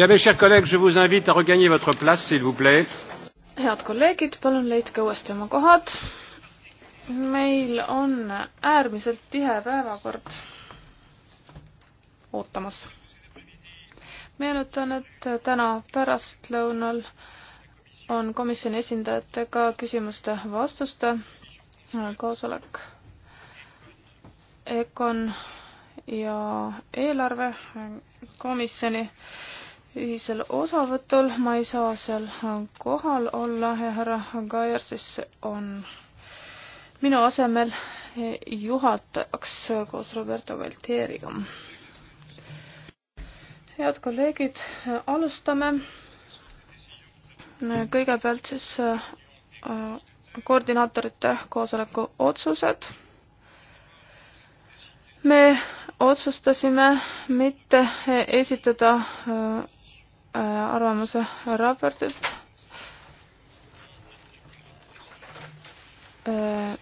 Bien, mes chers collègues, je vous invite à regagner votre place, s'il vous plaît. head kolleegid, palun leidke uuesti oma kohad. meil on äärmiselt tihe päevakord ootamas. meenutan, et täna pärastlõunal on komisjoni esindajatega küsimuste-vastuste koosolek. EKON ja eelarvekomisjoni ühisel osavõtul, ma ei saa seal kohal olla ja härra Gaier siis on minu asemel juhatajaks koos Roberto Galtieriga. head kolleegid, alustame. kõigepealt siis äh, koordinaatorite koosoleku otsused. me otsustasime mitte esitada äh, Äh, arvamuse raportit. Äh,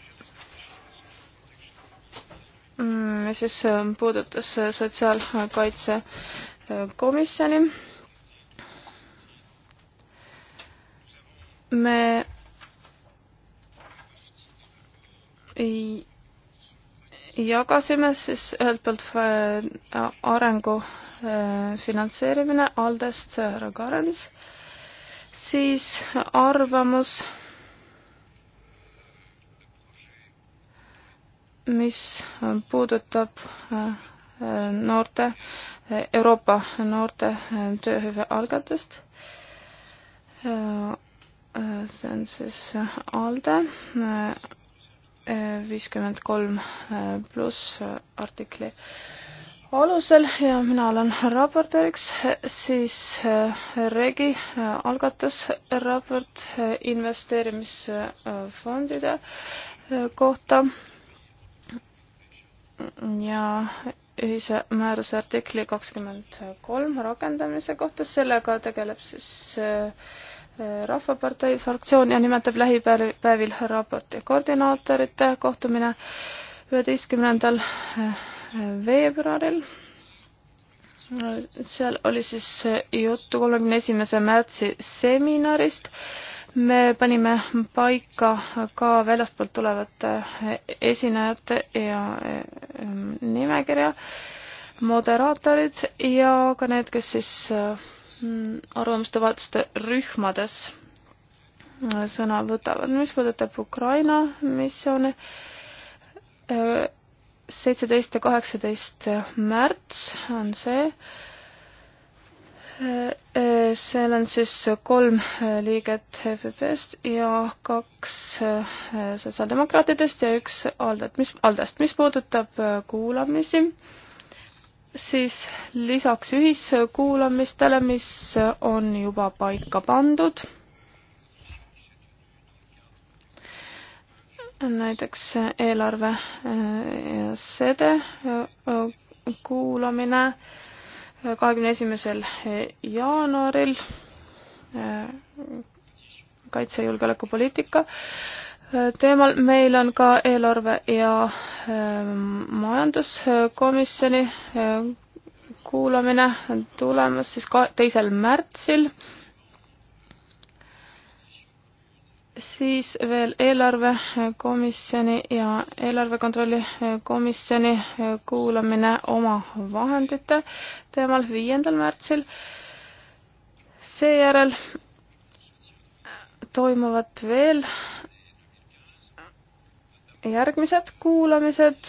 mis mm, siis äh, puudutas sotsiaalkaitsekomisjoni. me jagasime siis ühelt poolt arengu Äh, finantseerimine Aldest härra Karens, siis arvamus, mis puudutab äh, noorte, Euroopa noorte äh, tööhüve algatust. see on siis ALDE viiskümmend kolm pluss artikli alusel ja mina olen raportööriks, siis äh, Regi äh, algatas raport äh, investeerimisfondide kohta ja ühise määruse artikli kakskümmend kolm rakendamise kohta, sellega tegeleb siis Rahvapartei fraktsioon ja nimetab lähipäevil raporti koordinaatorite kohtumine üheteistkümnendal veebruaril. seal oli siis juttu kolmekümne esimese märtsi seminarist. me panime paika ka väljastpoolt tulevate esinejate ja e, e, nimekirja, moderaatorid ja ka need, kes siis mm, arvamuste vahetuste rühmades sõna võtavad. mis puudutab Ukraina missiooni, e, seitseteist ja kaheksateist märts on see. seal on siis kolm liiget FÜP-st ja kaks sotsiaaldemokraatidest ja üks Aldet, mis, Aldest, mis puudutab kuulamisi, siis lisaks ühiskuulamistele, mis on juba paika pandud näiteks eelarve äh, ja sede äh, kuulamine äh, kahekümne esimesel jaanuaril kaitse- ja julgeolekupoliitika teemal. meil on ka eelarve ja majanduskomisjoni kuulamine tulemas siis ka teisel märtsil siis veel eelarvekomisjoni ja eelarvekontrolli komisjoni kuulamine oma vahendite teemal viiendal märtsil. seejärel toimuvad veel järgmised kuulamised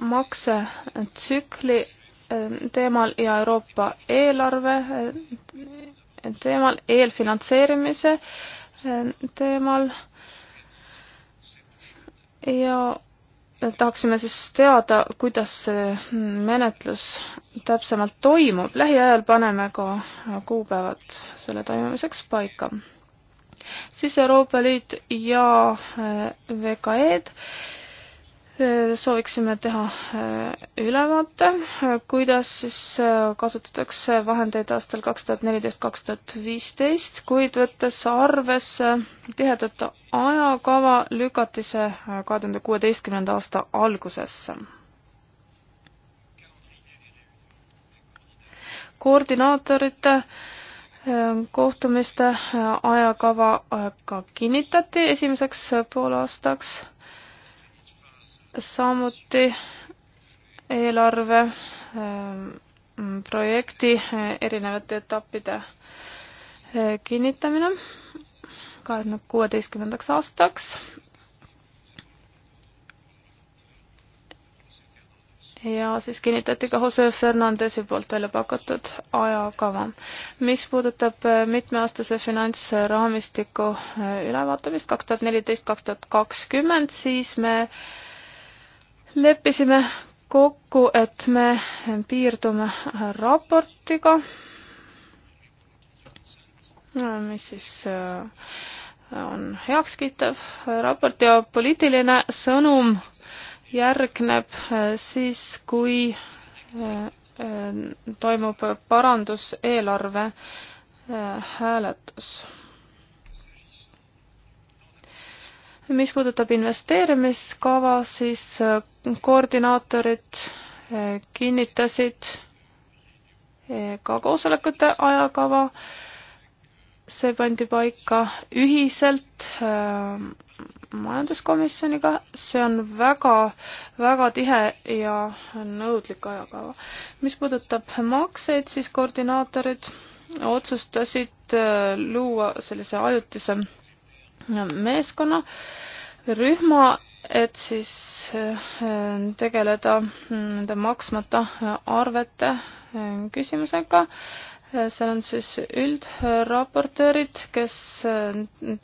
maksetsükli eh, teemal ja Euroopa eelarve eh, teemal, eelfinantseerimise äh, teemal. ja tahaksime siis teada, kuidas see mm, menetlus täpsemalt toimub. lähiajal paneme ka kuupäevad selle toimumiseks paika. siis Euroopa Liit ja äh, VKE-d sooviksime teha äh, ülevaate, äh, kuidas siis äh, kasutatakse vahendeid aastal kaks tuhat neliteist, kaks tuhat viisteist, kuid võttes arvesse tihedat ajakava, lükati see kahe tuhande kuueteistkümnenda aasta algusesse koordinaatorite kohtumiste ajakava ka kinnitati esimeseks poolaastaks samuti eelarve ähm, projekti äh, erinevate etappide äh, kinnitamine kahekümne kuueteistkümnendaks aastaks. ja siis kinnitati ka Jose Fernandesi poolt välja pakutud ajakava. mis puudutab äh, mitmeaastase finantsraamistiku ülevaatamist kaks tuhat neliteist, kaks tuhat kakskümmend, siis me äh, leppisime kokku, et me piirdume raportiga, mis siis äh, on heakskiitev raport ja poliitiline sõnum järgneb äh, siis, kui äh, toimub paranduseelarve hääletus äh, mis puudutab investeerimiskava, siis äh, koordinaatorid äh, kinnitasid äh, ka koosolekute ajakava. see pandi paika ühiselt majanduskomisjoniga, see on väga, väga tihe ja nõudlik ajakava. mis puudutab makseid, siis koordinaatorid otsustasid luua sellise ajutise meeskonna, rühma, et siis äh, tegeleda mm, nende maksmata äh, arvete äh, küsimusega. seal on siis üldraportöörid, kes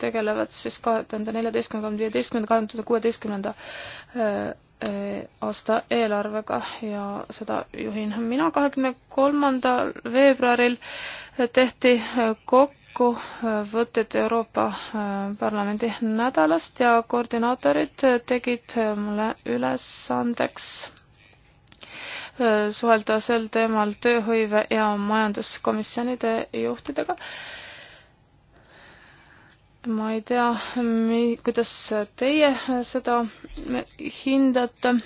tegelevad siis kahe tuhande neljateistkümnenda, viieteistkümnenda, kahe tuhande kuueteistkümnenda aasta eelarvega ja seda juhin mina. kahekümne kolmandal veebruaril tehti kokku kokkuvõtted Euroopa äh, Parlamendi nädalast ja koordinaatorid tegid äh, mulle ülesandeks äh, suhelda sel teemal tööhõive ja majanduskomisjonide juhtidega ma ei tea, kuidas teie seda hindate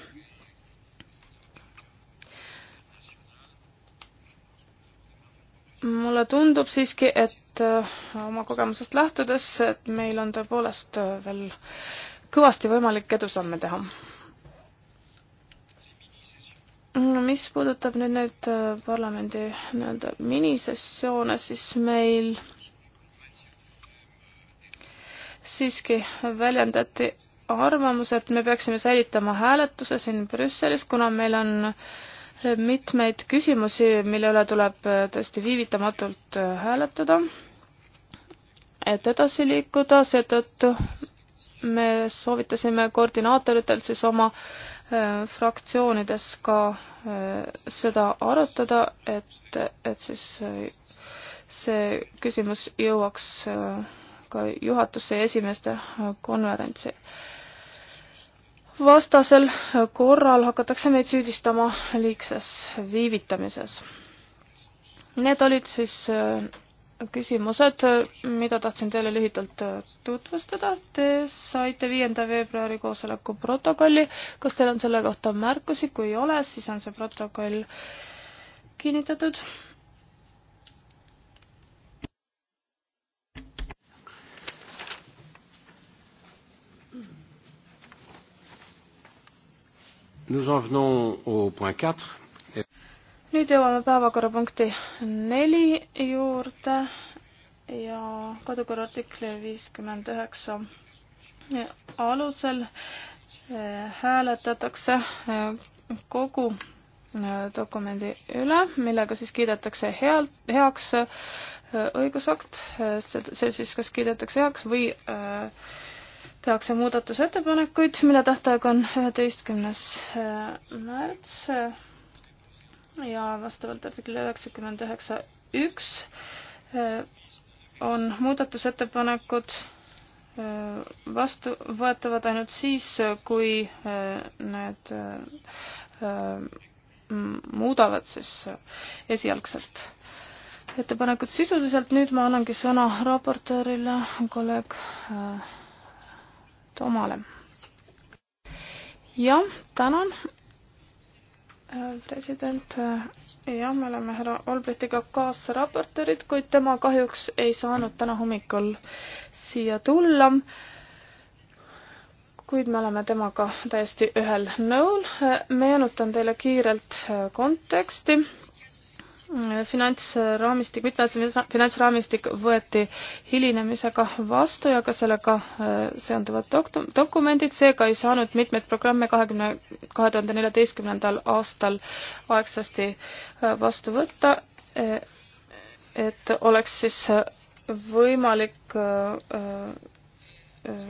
mulle tundub siiski, et äh, oma kogemusest lähtudes, et meil on tõepoolest äh, veel kõvasti võimalik edusamme teha. mis puudutab nüüd neid äh, parlamendi nii-öelda minisessioone, siis meil siiski väljendati arvamus, et me peaksime säilitama hääletuse siin Brüsselis, kuna meil on äh, mitmeid küsimusi, mille üle tuleb äh, tõesti viivitamatult äh, hääletada, et edasi liikuda, seetõttu me soovitasime koordinaatoritel siis oma äh, fraktsioonides ka seda arutada, et, et siis see küsimus jõuaks ka juhatusse ja esimeeste konverentsi vastasel korral hakatakse meid süüdistama liigses viivitamises. Need olid siis äh, küsimused, mida tahtsin teile lühidalt äh, tutvustada. Te saite viienda veebruari koosoleku protokolli. kas teil on selle kohta märkusi? kui ei ole, siis on see protokoll kinnitatud nüüd jõuame päevakorrapunkti neli juurde ja kodukorra artikli viiskümmend üheksa alusel eh, hääletatakse eh, kogu eh, dokumendi üle, millega siis kiidetakse hea, heaks õigusakt, see siis kas kiidetakse heaks või äh, tehakse muudatusettepanekuid, mille tähtaeg on üheteistkümnes äh, märts äh, ja vastavalt artiklile üheksakümmend üheksa üks äh, on muudatusettepanekud vastu võetavad ainult siis, kui need muudavad siis esialgselt ettepanekut sisuliselt. nüüd ma annangi sõna raportöörile, kolleeg ainult omale. jah, tänan. Äh, president, äh, jah, me oleme härra Albrechtiga kaasraportöörid, kuid tema kahjuks ei saanud täna hommikul siia tulla kuid me oleme temaga täiesti ühel nõul. Äh, meenutan teile kiirelt konteksti finantsraamistik, mitmes finantsraamistik võeti hilinemisega vastu ja ka sellega äh, seonduvad dok-, dokumendid, seega ei saanud mitmeid programme kahekümne, kahe tuhande neljateistkümnendal aastal aegsasti äh, vastu võtta, äh, et oleks siis võimalik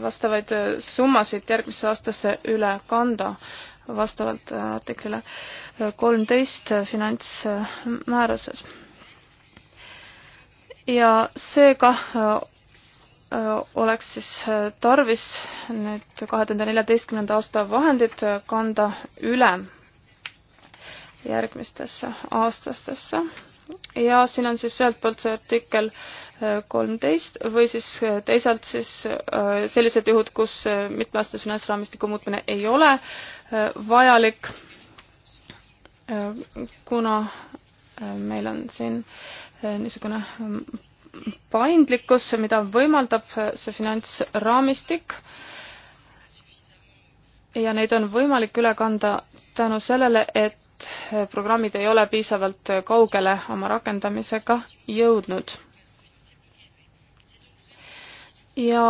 vastavaid summasid järgmisse aastasse üle kanda vastavalt äh, artiklile äh, kolmteist äh, finantsmääruses. ja seega oleks siis tarvis need kahe tuhande neljateistkümnenda aasta vahendid kanda üle järgmistesse aastastesse ja siin on siis ühelt poolt see artikkel kolmteist või siis teisalt siis sellised juhud, kus mitmeaastase finantsraamistiku muutmine ei ole Äh, vajalik, äh, kuna äh, meil on siin niisugune mm, paindlikkus, mida võimaldab see finantsraamistik ja neid on võimalik üle kanda tänu sellele, et programmid ei ole piisavalt kaugele oma rakendamisega jõudnud. ja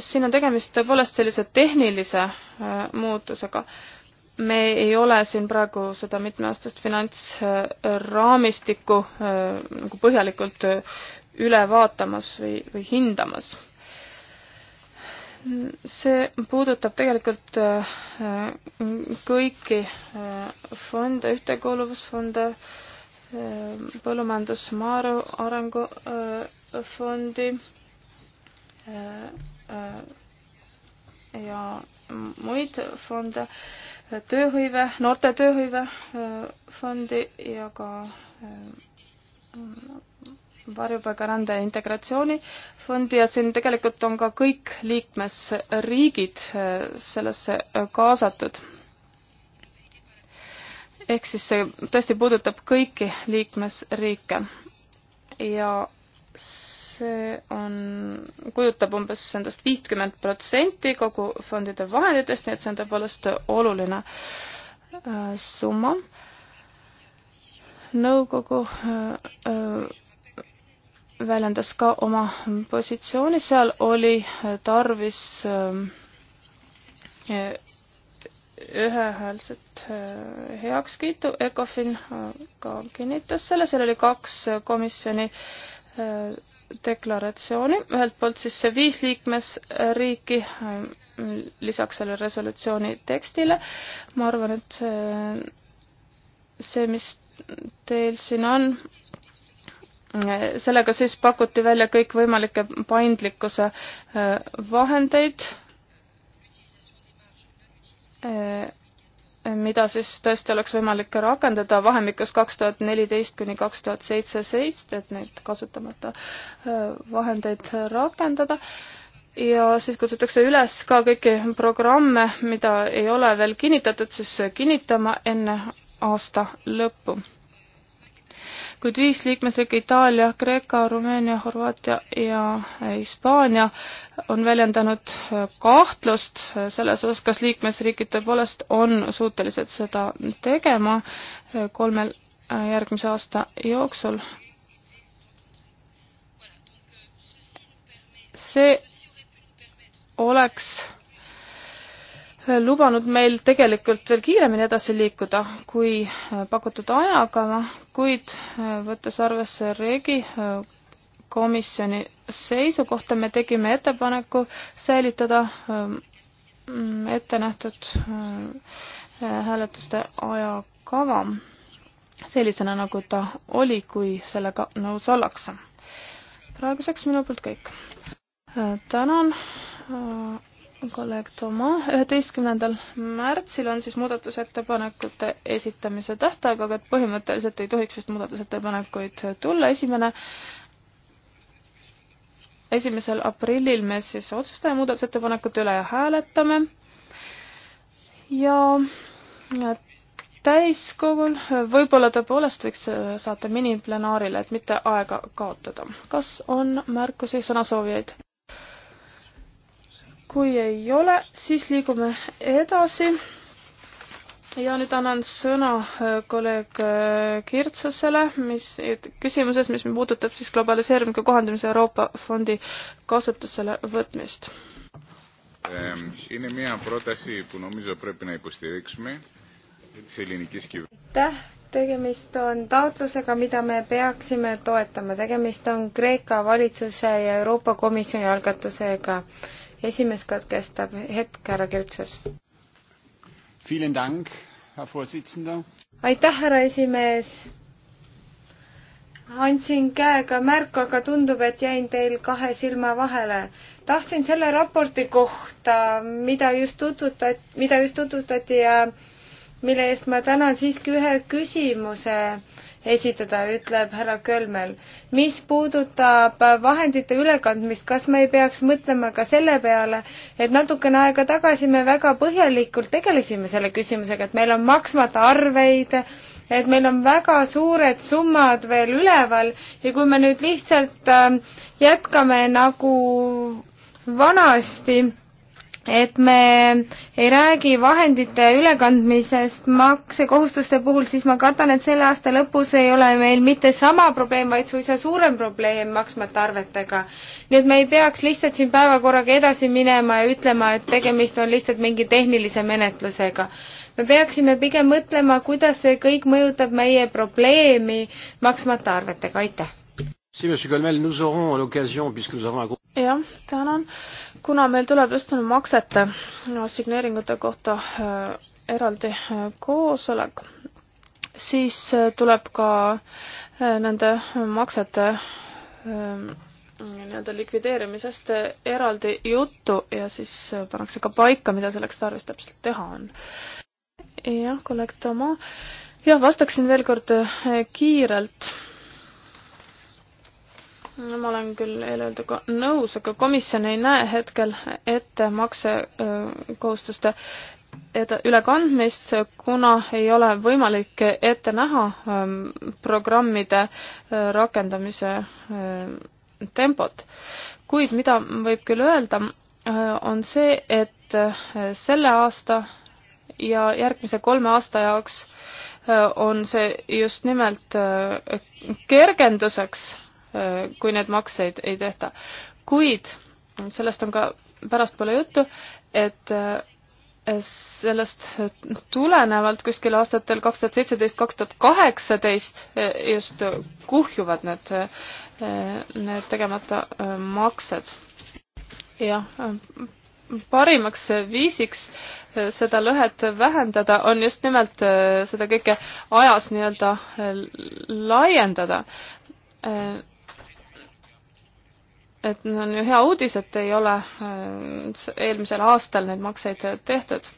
siin on tegemist tõepoolest sellise tehnilise äh, muutusega. me ei ole siin praegu seda mitmeaastast finantsraamistikku äh, nagu põhjalikult äh, üle vaatamas või, või hindamas. see puudutab tegelikult kõiki fonde, ühtekuuluvusfonde, põllumajandusmaaelu arengufondi, Äh, ja muid fonde, tööhõive, noorte tööhõive äh, fondi ja ka äh, varjupaigarände integratsioonifondi ja siin tegelikult on ka kõik liikmesriigid sellesse kaasatud. ehk siis see tõesti puudutab kõiki liikmesriike ja see on, kujutab umbes endast viitkümmend protsenti kogu fondide vahenditest, nii et see on tõepoolest oluline äh, summa. nõukogu äh, äh, väljendas ka oma positsiooni, seal oli tarvis ühehäälset heakskiitu, ECOFIN ka kinnitas selle, seal oli kaks komisjoni deklaratsiooni, ühelt poolt siis see viis liikmesriiki mm, lisaks selle resolutsiooni tekstile, ma arvan, et see, see, mis teil siin on, sellega siis pakuti välja kõikvõimalikke paindlikkuse äh, vahendeid äh, mida siis tõesti oleks võimalik rakendada vahemikus kaks tuhat neliteist kuni kaks tuhat seitseteist, et neid kasutamata äh, vahendeid rakendada. ja siis kutsutakse üles ka kõiki programme, mida ei ole veel kinnitatud, siis kinnitama enne aasta lõppu kuid viis liikmesriiki Itaalia, Kreeka, Rumeenia, Horvaatia ja äh, Hispaania on väljendanud äh, kahtlust äh, selles osas, kas liikmesriigid tõepoolest on suutelised seda tegema kolmel järgmise aasta jooksul. see oleks lubanud meil tegelikult veel kiiremini edasi liikuda kui äh, pakutud ajaga, kuid äh, võttes arvesse Regi äh, komisjoni seisukohta, me tegime ettepaneku säilitada ähm, mm, ette nähtud hääletuste ajakava sellisena, nagu ta oli, kui sellega nõus ollakse. praeguseks minu poolt kõik. tänan kolleeg Toma, üheteistkümnendal märtsil on siis muudatusettepanekute esitamise tähtaeg, aga et põhimõtteliselt ei tohiks vist muudatusettepanekuid tulla, esimene esimesel aprillil me siis otsustame muudatusettepanekute üle ja hääletame ja, ja täiskogul võib-olla tõepoolest võiks saata miniplenaarile, et mitte aega kaotada. kas on märkusi, sõnasoovijaid? kui ei ole, siis liigume edasi. ja nüüd annan sõna äh, kolleeg äh, Kirtsasele, mis küsimuses, mis puudutab siis globaliseerumisega kohandamise Euroopa Fondi kasutusele võtmist. Ehm, aitäh, tegemist on taotlusega, mida me peaksime toetama, tegemist on Kreeka valitsuse ja Euroopa Komisjoni algatusega esimees katkestab hetk, härra Kertsos. aitäh, härra esimees. andsin käega märku, aga tundub, et jäin teil kahe silma vahele. tahtsin selle raporti kohta, mida just tutvutati, mida just tutvustati ja mille eest ma tänan siiski ühe küsimuse äh, esitada, ütleb härra Kölmel. mis puudutab vahendite ülekandmist, kas me ei peaks mõtlema ka selle peale, et natukene aega tagasi me väga põhjalikult tegelesime selle küsimusega, et meil on maksmata arveid, et meil on väga suured summad veel üleval ja kui me nüüd lihtsalt äh, jätkame nagu vanasti, et me ei räägi vahendite ülekandmisest maksekohustuste puhul, siis ma kardan, et selle aasta lõpus ei ole meil mitte sama probleem, vaid suisa suurem probleem maksmata arvetega. nii et me ei peaks lihtsalt siin päevakorraga edasi minema ja ütlema, et tegemist on lihtsalt mingi tehnilise menetlusega me peaksime pigem mõtlema, kuidas see kõik mõjutab meie probleemi maksmata arvetega, aitäh! jah, tänan. kuna meil tuleb just nüüd maksete signeeringute kohta äh, eraldi äh, koosolek, siis äh, tuleb ka nende maksete ähm, nii-öelda likvideerimisest eraldi juttu ja siis pannakse ka paika, mida selleks tarvis täpselt teha on. jah, kolleeg Toma. jah, vastaksin veel kord kiirelt ma olen küll eelöelduga nõus, aga komisjon ei näe hetkel ette maksekohustuste eda-, ülekandmist, kuna ei ole võimalik ette näha programmide rakendamise tempot. kuid mida võib küll öelda, on see, et selle aasta ja järgmise kolme aasta jaoks on see just nimelt kergenduseks kui need makseid ei tehta. kuid sellest on ka pärastpoole juttu, et eh, sellest tulenevalt kuskil aastatel kaks tuhat seitseteist, kaks tuhat kaheksateist eh, just kuhjuvad need, eh, need tegemata maksed. jah, parimaks viisiks seda lõhet vähendada on just nimelt seda kõike ajas nii-öelda laiendada et on ju hea uudis, et ei ole äh, eelmisel aastal neid makseid tehtud.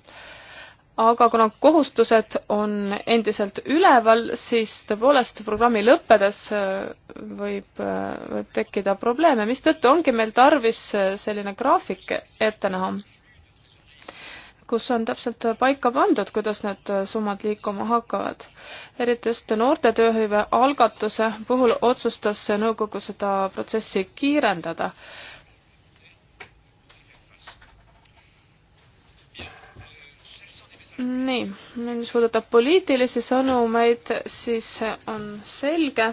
aga kuna kohustused on endiselt üleval, siis tõepoolest programmi lõppedes äh, võib, äh, võib tekkida probleeme, mistõttu ongi meil tarvis selline graafik ette näha kus on täpselt paika pandud, kuidas need summad liikuma hakkavad. eriti just noorte tööhõive algatuse puhul otsustas nõukogu seda protsessi kiirendada. nii, mis puudutab poliitilisi sõnumeid, siis on selge,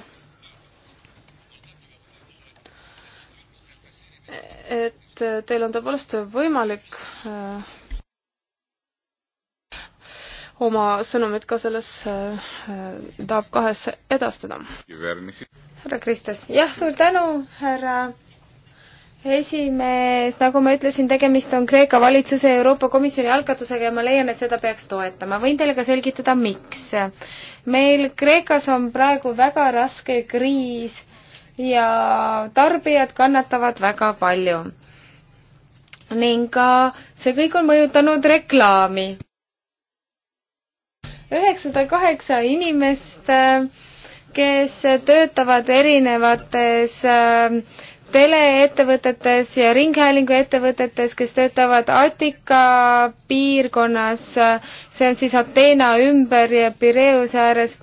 et teil on tõepoolest võimalik äh, oma sõnumit ka selles äh, tahab kahes edastada. härra Kristas, jah, suur tänu, härra esimees, nagu ma ütlesin, tegemist on Kreeka valitsuse ja Euroopa Komisjoni algatusega ja ma leian, et seda peaks toetama. võin teile ka selgitada, miks. meil Kreekas on praegu väga raske kriis ja tarbijad kannatavad väga palju. ning ka see kõik on mõjutanud reklaami üheksasada kaheksa inimest, äh, kes töötavad erinevates äh, teleettevõtetes ja ringhäälinguettevõtetes, kes töötavad Attika piirkonnas, äh, see on siis Ateena ümber ja Pireuse ääres.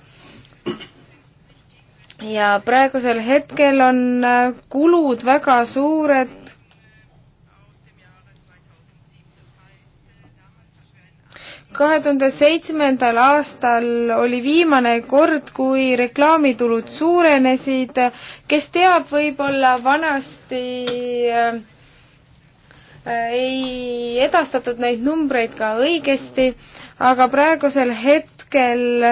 ja praegusel hetkel on kulud väga suured, kahe tuhande seitsmendal aastal oli viimane kord, kui reklaamitulud suurenesid. kes teab, võib-olla vanasti äh, ei edastatud neid numbreid ka õigesti, aga praegusel hetkel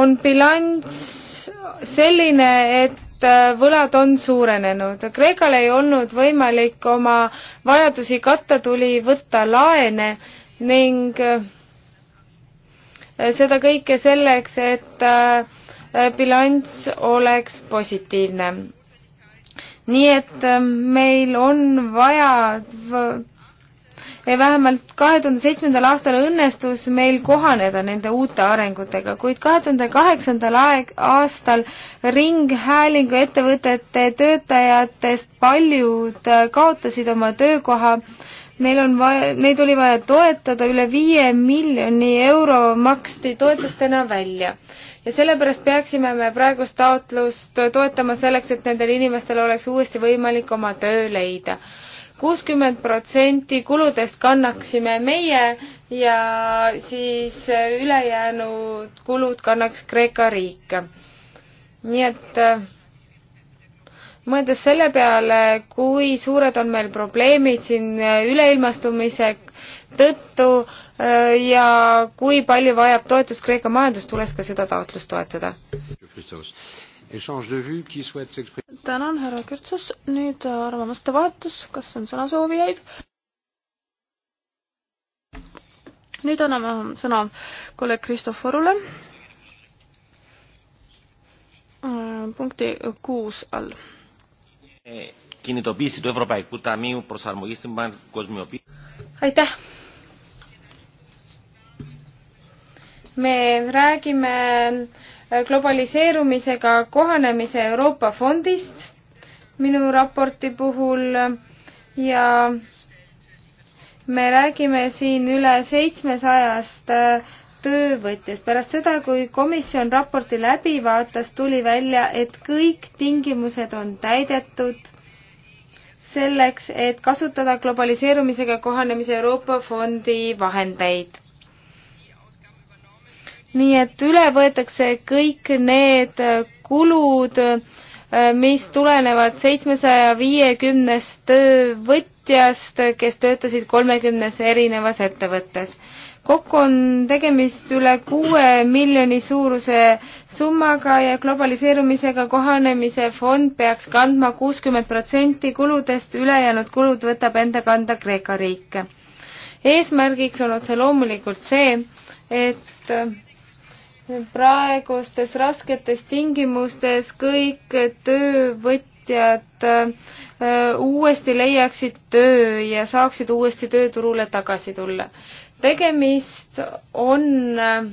on bilanss selline, et Äh, võlad on suurenenud. Kreekal ei olnud võimalik oma vajadusi katta, tuli võtta laene ning äh, seda kõike selleks, et äh, bilanss oleks positiivne. nii et meil on vaja ja vähemalt kahe tuhande seitsmendal aastal õnnestus meil kohaneda nende uute arengutega, kuid kahe tuhande kaheksandal aeg, aastal ringhäälingu ettevõtete töötajatest paljud äh, kaotasid oma töökoha. meil on vaja, neid oli vaja toetada, üle viie miljoni euro maksti toetustena välja ja sellepärast peaksime me praegust taotlust toetama selleks, et nendel inimestel oleks uuesti võimalik oma töö leida kuuskümmend protsenti kuludest kannaksime meie ja siis ülejäänud kulud kannaks Kreeka riik. nii et äh, mõeldes selle peale, kui suured on meil probleemid siin äh, üleilmastumise tõttu äh, ja kui palju vajab toetust Kreeka majandus, tuleks ka seda taotlust toetada tänan, härra Kürtsus, nüüd äh, arvamuste vahetus, kas on sõnasoovijaid? nüüd anname sõna kolleeg Kristoforule äh, punkti kuus all. kinnitopilsi του Ευρωπαϊκού Ταμείου προσαρμογής στην παγκοσμιοποίηση. Aitäh! me räägime globaliseerumisega kohanemise Euroopa fondist minu raporti puhul ja me räägime siin üle seitsmesajast äh, töövõtjast. pärast seda, kui komisjon raporti läbi vaatas, tuli välja, et kõik tingimused on täidetud selleks, et kasutada globaliseerumisega kohanemise Euroopa Fondi vahendeid nii et üle võetakse kõik need kulud, mis tulenevad seitsmesaja viiekümnest töövõtjast, kes töötasid kolmekümnes erinevas ettevõttes. kokku on tegemist üle kuue miljoni suuruse summaga ja globaliseerumisega kohanemise fond peaks kandma kuuskümmend protsenti kuludest, ülejäänud kulud võtab enda kanda Kreeka riik. eesmärgiks on otse loomulikult see, et praegustes rasketes tingimustes kõik töövõtjad äh, uuesti leiaksid töö ja saaksid uuesti tööturule tagasi tulla. tegemist on äh,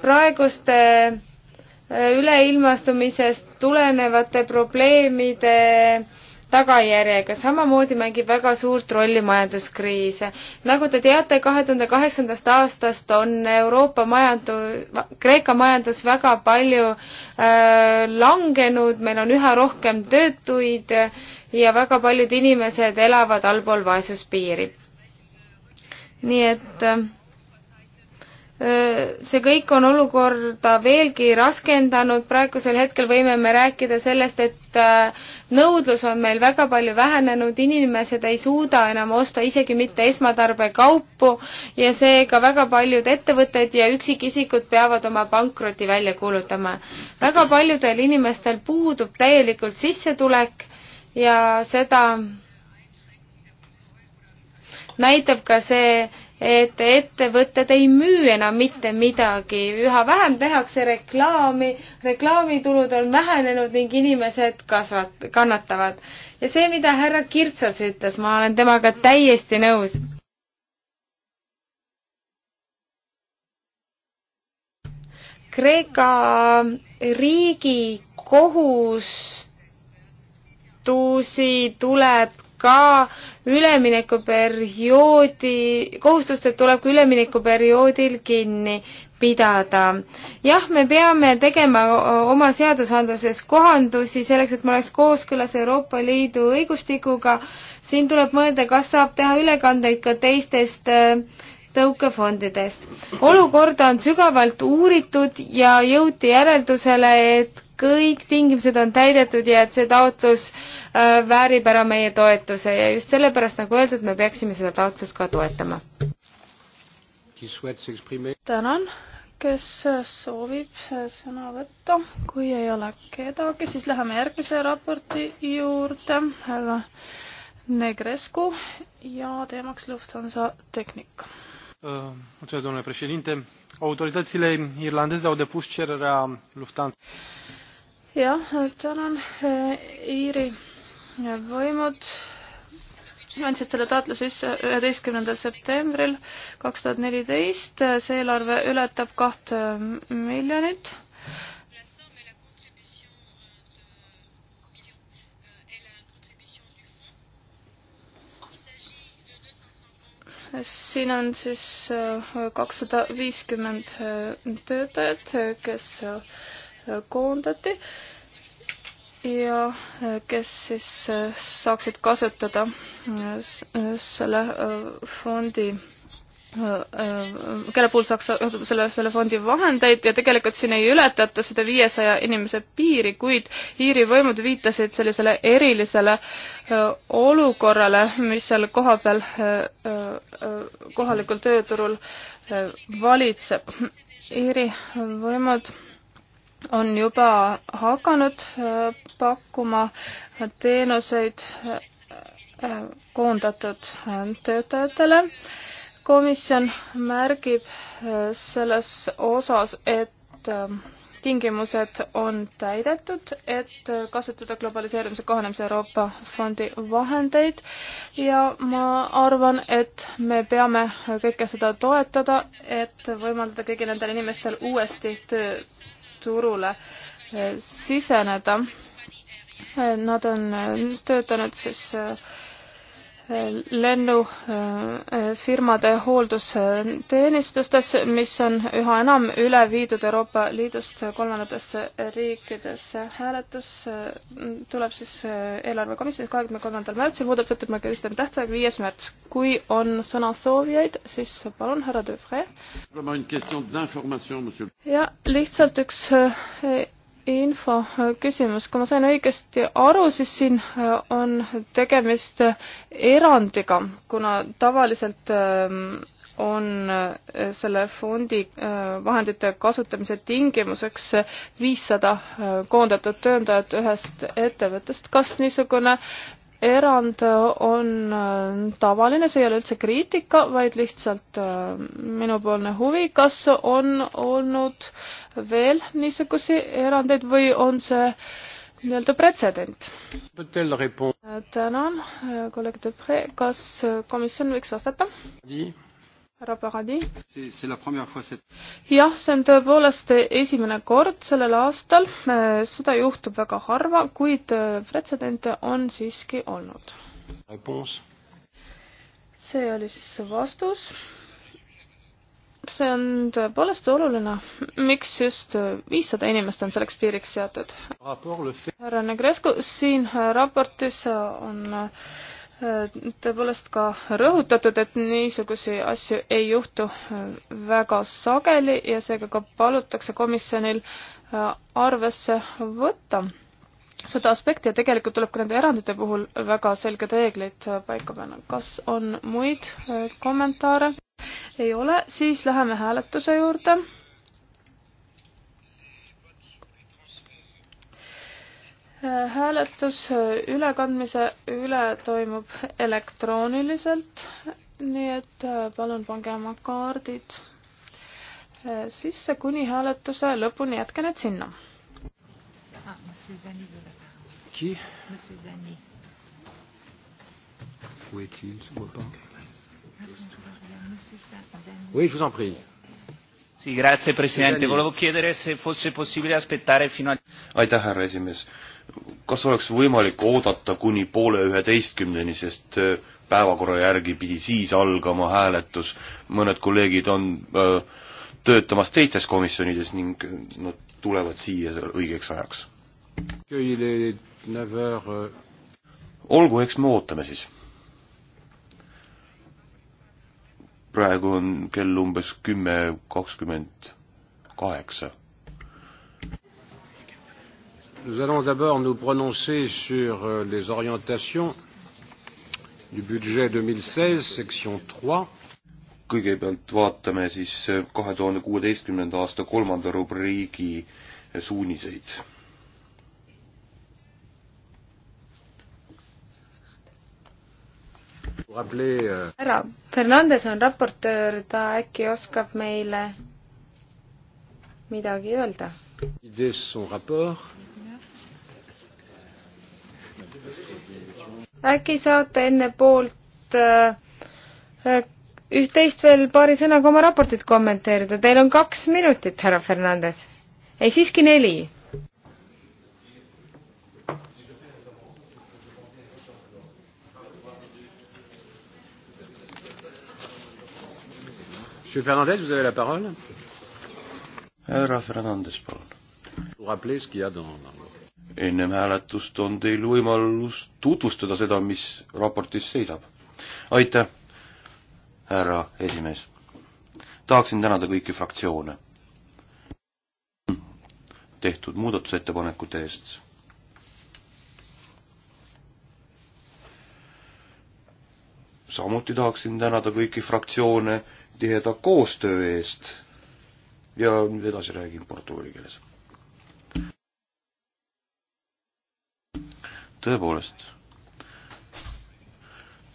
praeguste äh, üleilmastumisest tulenevate probleemide tagajärjega. samamoodi mängib väga suurt rolli majanduskriis. nagu te teate, kahe tuhande kaheksandast aastast on Euroopa majandus, Kreeka majandus väga palju äh, langenud, meil on üha rohkem töötuid ja väga paljud inimesed elavad allpool vaesuspiiri. nii et äh, Äh, see kõik on olukorda veelgi raskendanud, praegusel hetkel võime me rääkida sellest, et äh, nõudlus on meil väga palju vähenenud, inimesed ei suuda enam osta isegi mitte esmatarbekaupu ja seega väga paljud ettevõtted ja üksikisikud peavad oma pankroti välja kuulutama. väga paljudel inimestel puudub täielikult sissetulek ja seda näitab ka see, et ettevõtted ei müü enam mitte midagi, üha vähem tehakse reklaami, reklaamitulud on vähenenud ning inimesed kasvat-, kannatavad. ja see, mida härra Kirtsas ütles, ma olen temaga täiesti nõus. Kreeka riigikohustusi tuleb ka üleminekuperioodi, kohustustest tuleb ka üleminekuperioodil kinni pidada. jah, me peame tegema oma seadusandluses kohandusi selleks, et me oleks kooskõlas Euroopa Liidu õigustikuga. siin tuleb mõelda, kas saab teha ülekandeid ka teistest äh, tõukefondidest. olukorda on sügavalt uuritud ja jõuti järeldusele, et kõik tingimused on täidetud ja et see taotlus äh, väärib ära meie toetuse ja just sellepärast, nagu öeldud, me peaksime seda taotlust ka toetama. tänan, kes äh, soovib äh, sõna võtta, kui ei ole kedagi, siis läheme järgmise raporti juurde, härra Negrescu ja teemaks Lufthansa tehnika äh, domnule președinte autoritățile irlandeze au depus cererea lufthansa jah, tänan, äh, Iiri võimud andsid selle taotluse sisse üheteistkümnendal septembril kaks tuhat neliteist, see eelarve ületab kaht äh, miljonit. siin on siis äh, kakssada viiskümmend töötajat, kes koondati ja kes siis saaksid kasutada äh, selle äh, fondi äh, kelle puhul saaks kasutada selle, selle fondi vahendeid ja tegelikult siin ei ületata seda viiesaja inimese piiri, kuid Iiri võimud viitasid sellisele erilisele olukorrale, mis seal kohapeal, kohalikul tööturul valitseb. Iiri võimud on juba hakanud äh, pakkuma teenuseid äh, äh, koondatud töötajatele. komisjon märgib selles osas, et tingimused on täidetud, et kasutada globaliseerimise kohanemise Euroopa Fondi vahendeid ja ma arvan, et me peame kõike seda toetada, et võimaldada kõigil nendel inimestel uuesti töö turule eh, siseneda. Eh, nad on eh, töötanud siis lennufirmade äh, äh, hooldusteenistustes, mis on üha enam üle viidud Euroopa Liidust kolmandatesse riikidesse. hääletus äh, tuleb siis eelarvekomisjonis kahekümne kolmandal märtsil, muudatusettepaneku esitamise tähtaeg viies märts. kui on sõnasoovijaid, siis palun, härra Dufre. ja lihtsalt üks info küsimus, kui ma sain õigesti aru, siis siin äh, on tegemist äh, erandiga, kuna tavaliselt ähm, on äh, selle fondi vahendite kasutamise tingimuseks viissada koondatud töötajat ühest ettevõttest. kas niisugune erand äh, on äh, tavaline, see ei ole üldse kriitika, vaid lihtsalt äh, minupoolne huvi, kas on olnud veel niisuguseid erandeid või on see nii-öelda pretsedent? tänan, kolleeg Depre, kas komisjon võiks vastata? härra Paradis? jah, see on tõepoolest esimene kord sellel aastal, seda juhtub väga harva, kuid äh, pretsedente on siiski olnud. see oli siis see vastus. see on tõepoolest oluline, miks just äh, viissada inimest on selleks piiriks seatud. härra Negrescu, siin raportis on äh, tõepoolest ka rõhutatud, et niisuguseid asju ei juhtu äh, väga sageli ja seega ka palutakse komisjonil äh, arvesse võtta seda aspekti ja tegelikult tuleb ka nende erandite puhul väga selged reeglid äh, paika panna. kas on muid kommentaare? ei ole, siis läheme hääletuse juurde hääletus ülekandmise üle toimub elektrooniliselt, nii et äh, palun pange oma kaardid äh, sisse kuni hääletuse lõpuni, jätke need sinna. Ah, Qui Monsieur Zani. Où est-il Je ne vois pas. Oui, je vous en prie. Sì, grazie Presidente. Volevo chiedere se fosse possibile aspettare fino a... Aitäh, härra esimees kas oleks võimalik oodata kuni poole üheteistkümneni, sest äh, päevakorra järgi pidi siis algama hääletus, mõned kolleegid on öö, äh, töötamas teistes komisjonides ning nad tulevad siia õigeks ajaks. olgu, eks me ootame siis. praegu on kell umbes kümme kakskümmend kaheksa Nous allons d'abord nous prononcer sur euh, les orientations du budget 2016, section 3. kõigepealt vaatame siis euh, kahe tuhande kuueteistkümnenda aasta kolmanda rubriigi euh, suuniseid. härra Fernandes on raportöör, ta äkki oskab meile midagi öelda? äkki saate enne poolt äh, üht-teist veel paari sõnaga oma raportit kommenteerida. Teil on kaks minutit, härra Fernandes. ei, siiski neli. Monsieur Fernandez, vous avez la parole. Härra Fernandes, palun. Vous rappelez ce qu'il y a dans, dans ennem hääletust on teil võimalus tutvustada seda, mis raportis seisab. aitäh, härra esimees. tahaksin tänada kõiki fraktsioone tehtud muudatusettepanekute eest. samuti tahaksin tänada kõiki fraktsioone tiheda koostöö eest ja nüüd edasi räägin portugali keeles tõepoolest,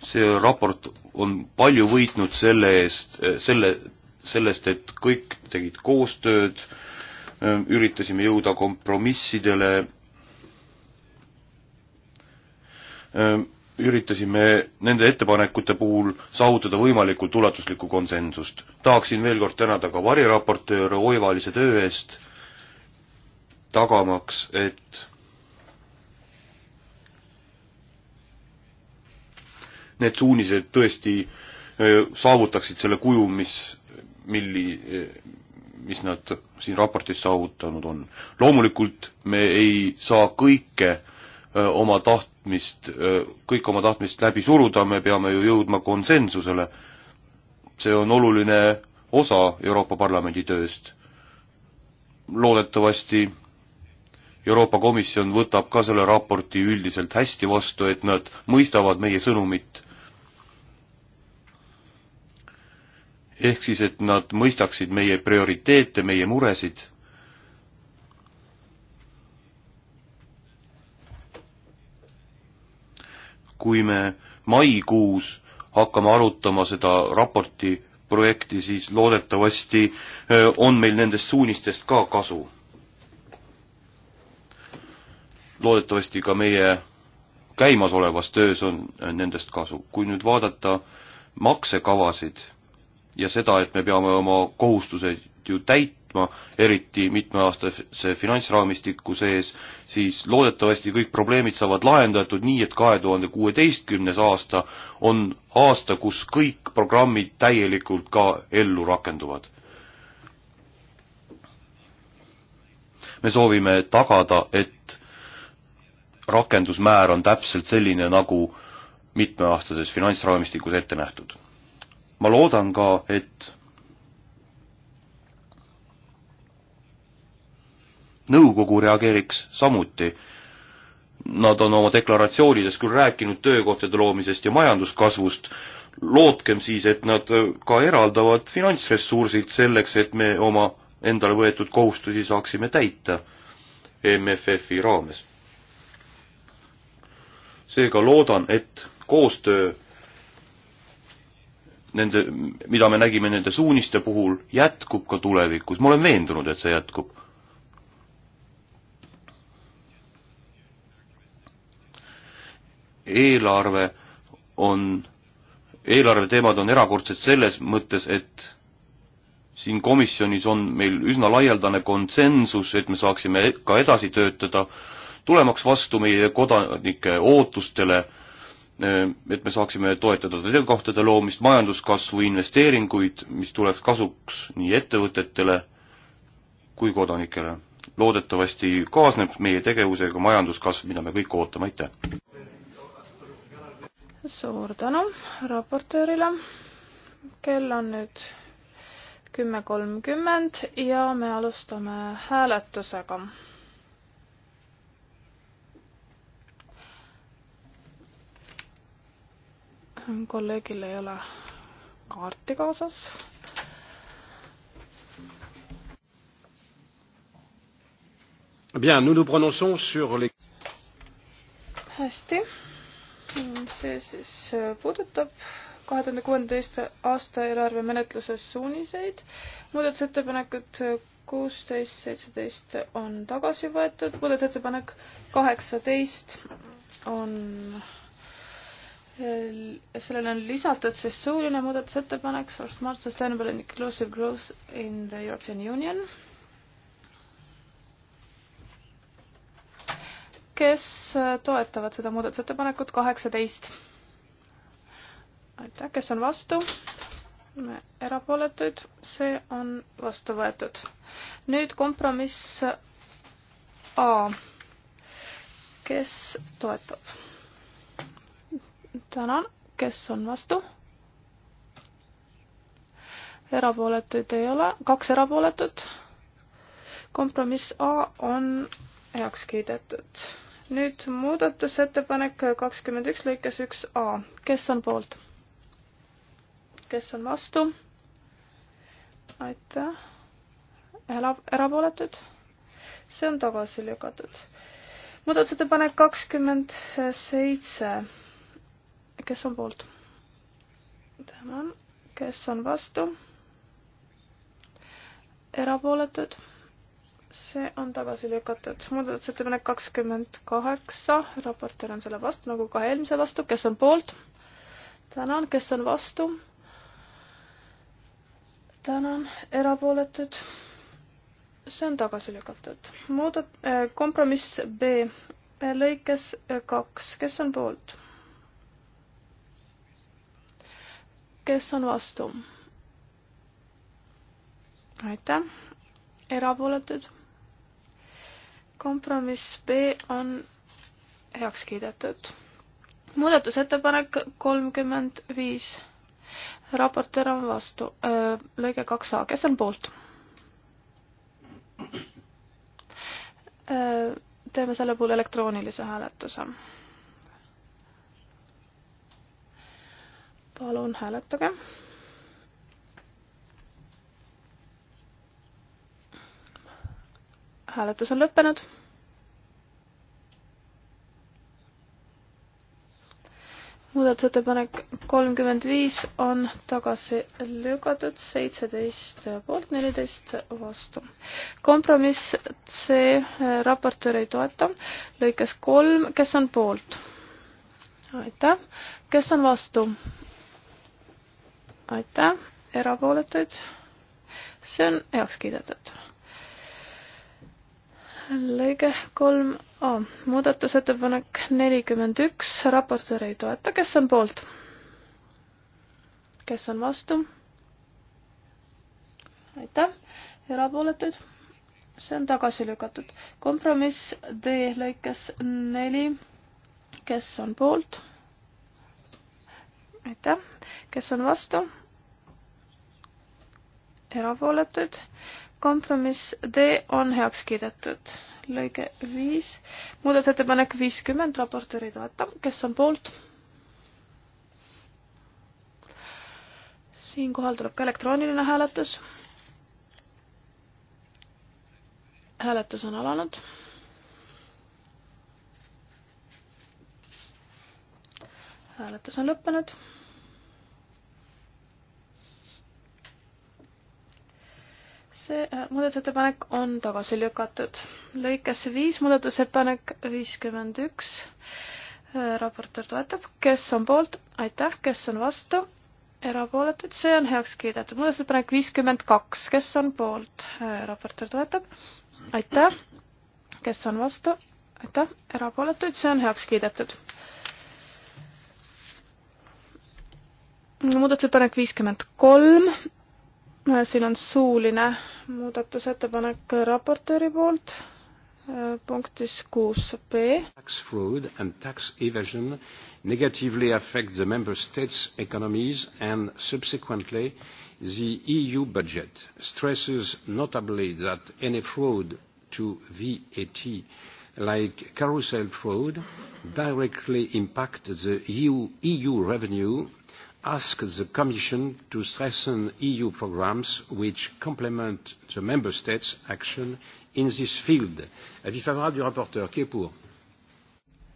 see raport on palju võitnud selle eest, selle, sellest, et kõik tegid koostööd, üritasime jõuda kompromissidele, üritasime nende ettepanekute puhul saavutada võimalikult ulatuslikku konsensust. tahaksin veel kord tänada ka variraportööre oivalise töö eest, tagamaks, et need suunised tõesti saavutaksid selle kuju, mis, milli, mis nad siin raportis saavutanud on. loomulikult me ei saa kõike öö, oma tahtmist, kõik oma tahtmist läbi suruda, me peame ju jõudma konsensusele. see on oluline osa Euroopa Parlamendi tööst. loodetavasti Euroopa Komisjon võtab ka selle raporti üldiselt hästi vastu, et nad mõistavad meie sõnumit ehk siis, et nad mõistaksid meie prioriteete, meie muresid. kui me maikuus hakkame arutama seda raporti projekti, siis loodetavasti on meil nendest suunistest ka kasu. loodetavasti ka meie käimasolevas töös on nendest kasu. kui nüüd vaadata maksekavasid ja seda, et me peame oma kohustused ju täitma, eriti mitmeaastase finantsraamistiku sees, siis loodetavasti kõik probleemid saavad lahendatud nii, et kahe tuhande kuueteistkümnes aasta on aasta, kus kõik programmid täielikult ka ellu rakenduvad. me soovime tagada, et rakendusmäär on täpselt selline, nagu mitmeaastases finantsraamistikus ette nähtud ma loodan ka, et nõukogu reageeriks samuti. Nad on oma deklaratsioonides küll rääkinud töökohtade loomisest ja majanduskasvust, lootkem siis, et nad ka eraldavad finantsressursid selleks, et me oma endale võetud kohustusi saaksime täita MFF-i raames. seega loodan, et koostöö nende, mida me nägime nende suuniste puhul, jätkub ka tulevikus, ma olen veendunud, et see jätkub. eelarve on, eelarveteemad on erakordsed selles mõttes, et siin komisjonis on meil üsna laialdane konsensus, et me saaksime ka edasi töötada, tulemaks vastu meie kodanike ootustele äh, Äh, et me saaksime toetada töökohtade loomist, majanduskasvu, investeeringuid, mis tuleks kasuks nii ettevõtetele kui kodanikele. loodetavasti kaasneb meie tegevusega majanduskasv, mida me kõik ootame, aitäh! suur tänu raportöörile, kell on nüüd kümme kolmkümmend ja me alustame hääletusega kolleegil ei ole kaarti kaasas. Bien, nous nous prononçons sur les... hästi, see siis äh, puudutab kahe tuhande kuueteist aasta eelarve menetluses suuniseid. muudatusettepanekud kuusteist, seitseteist on tagasi võetud, muudatusettepanek kaheksateist on sellele on lisatud siis suuline muudatusettepanek for smart sustainable and inclusive growth in the European Union. kes äh, toetavad seda muudatusettepanekut kaheksateist? aitäh, kes on vastu? erapooletuid, see on vastu võetud. nüüd kompromiss A. kes toetab? tänan, kes on vastu? erapooletuid ei ole, kaks erapooletut. kompromiss A on heaks kiidetud. nüüd muudatusettepanek kakskümmend üks lõikes üks A, kes on poolt? kes on vastu? aitäh. elab, erapooletud? see on tagasi lükatud. muudatusettepanek kakskümmend seitse kes on poolt? tänan, kes on vastu? erapooletud? see on tagasi lükatud. muudatusettepanek kakskümmend kaheksa, raportöör on selle vastu nagu ka eelmise vastu, kes on poolt? tänan, kes on vastu? tänan, erapooletud? see on tagasi lükatud. muudat-, eh, kompromiss B lõikes kaks, kes on poolt? kes on vastu? aitäh, erapooletud. kompromiss B on heaks kiidetud. muudatusettepanek kolmkümmend viis. raportöör on vastu, lõige kaks A, kes on poolt? teeme selle puhul elektroonilise hääletuse palun hääletage. hääletus on lõppenud. muudatusettepanek kolmkümmend viis on tagasi lükatud, seitseteist poolt, neliteist vastu. kompromiss C eh, raportöör ei toeta, lõikes kolm, kes on poolt? aitäh, kes on vastu? aitäh, erapooletuid. see on heaks kiidetud. lõige kolm A, muudatusettepanek nelikümmend üks, raportöör ei toeta, kes on poolt? kes on vastu? aitäh, erapooletuid. see on tagasi lükatud. kompromiss D lõikes neli, kes on poolt? aitäh, kes on vastu? erapooletuid. kompromiss D on heaks kiidetud. lõige viis, muudatusettepanek viiskümmend, raportööri toetab, kes on poolt? siinkohal tuleb ka elektrooniline hääletus. hääletus on alanud. hääletus on lõppenud see äh, muudatusettepanek on tagasi lükatud. lõikesse viis muudatusettepanek viiskümmend üks. Äh, raportöör toetab, kes on poolt, aitäh, kes on vastu, erapooletud, see on heaks kiidetud. muudatusettepanek viiskümmend kaks, kes on poolt, äh, raportöör toetab, aitäh, kes on vastu, aitäh, erapooletuid, see on heaks kiidetud. muudatusettepanek viiskümmend kolm siin on suuline muudatusettepanek raportööri poolt äh, punktis kuus B. Tax fraud and tax evasion negatively affect the member states' economies and subsequently the EU budget stresses notably that any fraud to VAT like carousel fraud directly impact the EU, EU revenue ask the Commission to strengthen EU programs which complement the Member States' action in this field. Avis favorable du rapporteur. Qui est pour?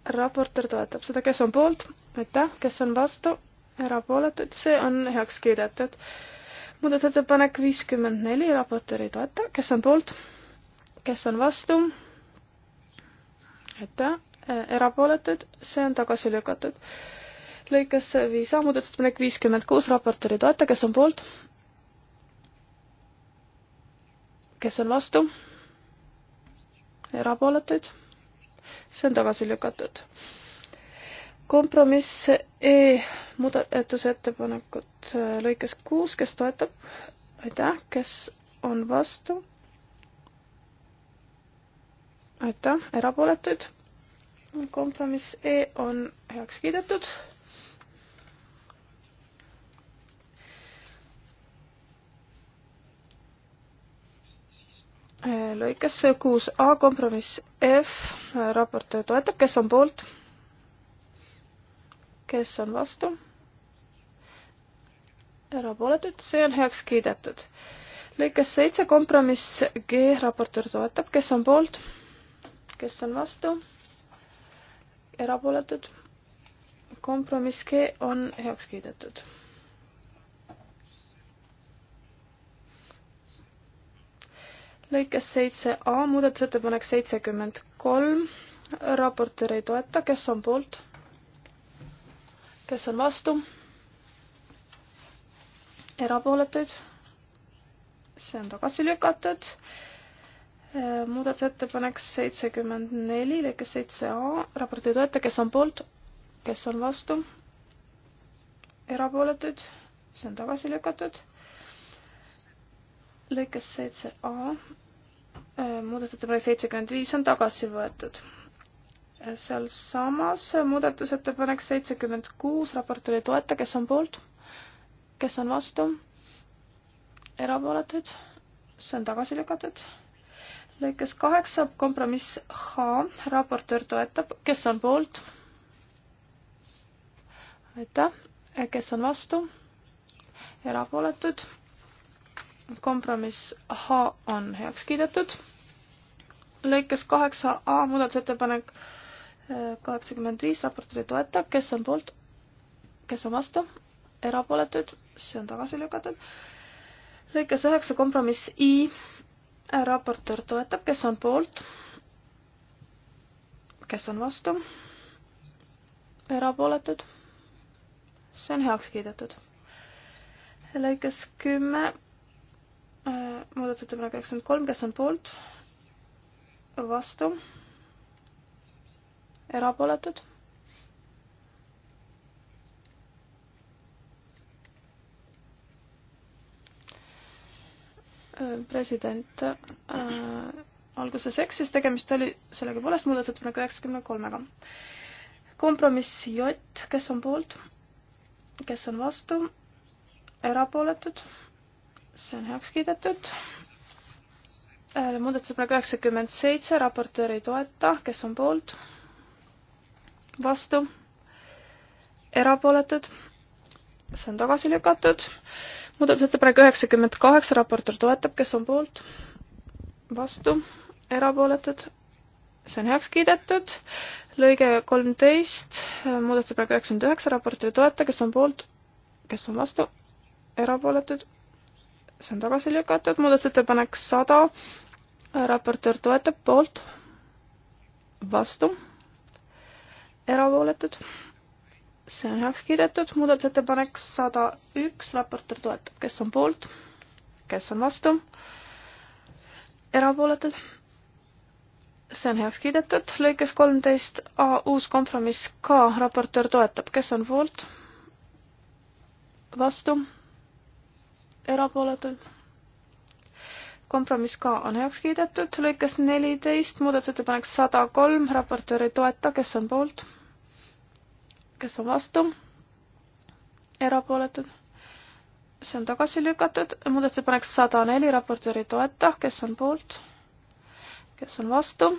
raportöör toetab seda, kes on poolt, aitäh, kes on vastu, erapooletud, see on heaks kiidetud. muudatusettepanek viiskümmend neli, raportöör ei toeta, kes on poolt, kes on vastu, aitäh, erapooletud, see on tagasi lükatud lõikesse viis A muudatusettepanek viiskümmend kuus, raportööri toeta, kes on poolt? kes on vastu? erapooletuid? see on tagasi lükatud. kompromiss E muudatusettepanekut äh, lõikes kuus, kes toetab? aitäh, kes on vastu? aitäh, erapooletuid? kompromiss E on heaks kiidetud lõikesse kuus A kompromiss F, raportöö toetab, kes on poolt? kes on vastu? erapooletud, see on heaks kiidetud. lõikes seitse kompromiss G, raportöör toetab, kes on poolt? kes on vastu? erapooletud. kompromiss G on heaks kiidetud lõikes seitse A muudatusettepanek seitsekümmend kolm, raportöör ei toeta, kes on poolt? kes on vastu? erapooletuid? see on tagasi lükatud. Äh, muudatusettepanek seitsekümmend neli, lõige seitse A, raporti toeta, kes on poolt, kes on vastu? erapooletuid, see on tagasi lükatud lõikes seitse A äh, muudatusettepanek seitsekümmend viis on tagasi võetud. sealsamas muudatusettepanek seitsekümmend kuus, raportööri toeta, kes on poolt, kes on vastu, erapooletud, see on tagasi lükatud. lõikes kaheksa kompromiss H, raportöör toetab, kes on poolt? aitäh, kes on vastu? erapooletud kompromiss H on heaks kiidetud. lõikes kaheksa A muudatusettepanek äh, kaheksakümmend viis, raportööri toetab, kes on poolt, kes on vastu, erapooletuid, see on tagasi lükatud. lõikes üheksa kompromiss I, äh, raportöör toetab, kes on poolt, kes on vastu, erapooletud, see on heaks kiidetud. lõikes kümme 10 Äh, muudatusettepanek üheksakümmend kolm, kes on poolt? vastu? erapooletud? Äh, president äh, alguses eksis, tegemist oli sellegipoolest muudatusettepaneku üheksakümne kolmega. kompromiss J, kes on poolt, kes on vastu, erapooletud see on heaks kiidetud. Äh, muudatusettepanek üheksakümmend seitse, raportöör ei toeta, kes on poolt? vastu? erapooletud? see on tagasi lükatud. muudatusettepanek üheksakümmend kaheksa, raportöör toetab, kes on poolt? vastu? erapooletud? see on heaks kiidetud. lõige kolmteist, äh, muudatusettepanek üheksakümmend üheksa, raportöör toeta, kes on poolt? kes on vastu? erapooletud? see on tagasi lükatud, muudatusettepanek sada, raportöör toetab poolt, vastu, erapooletud, see on heaks kiidetud, muudatusettepanek sada üks, raportöör toetab, kes on poolt, kes on vastu, erapooletud, see on heaks kiidetud, lõikes kolmteist A uus kompromiss ka, raportöör toetab, kes on poolt, vastu erapooletud. kompromiss ka on heaks kiidetud, lõikes neliteist, muudatusettepanek sada kolm, raportöör ei toeta, kes on poolt? kes on vastu? erapooletud. see on tagasi lükatud, muudatusettepanek sada neli, raportöör ei toeta, kes on poolt? kes on vastu?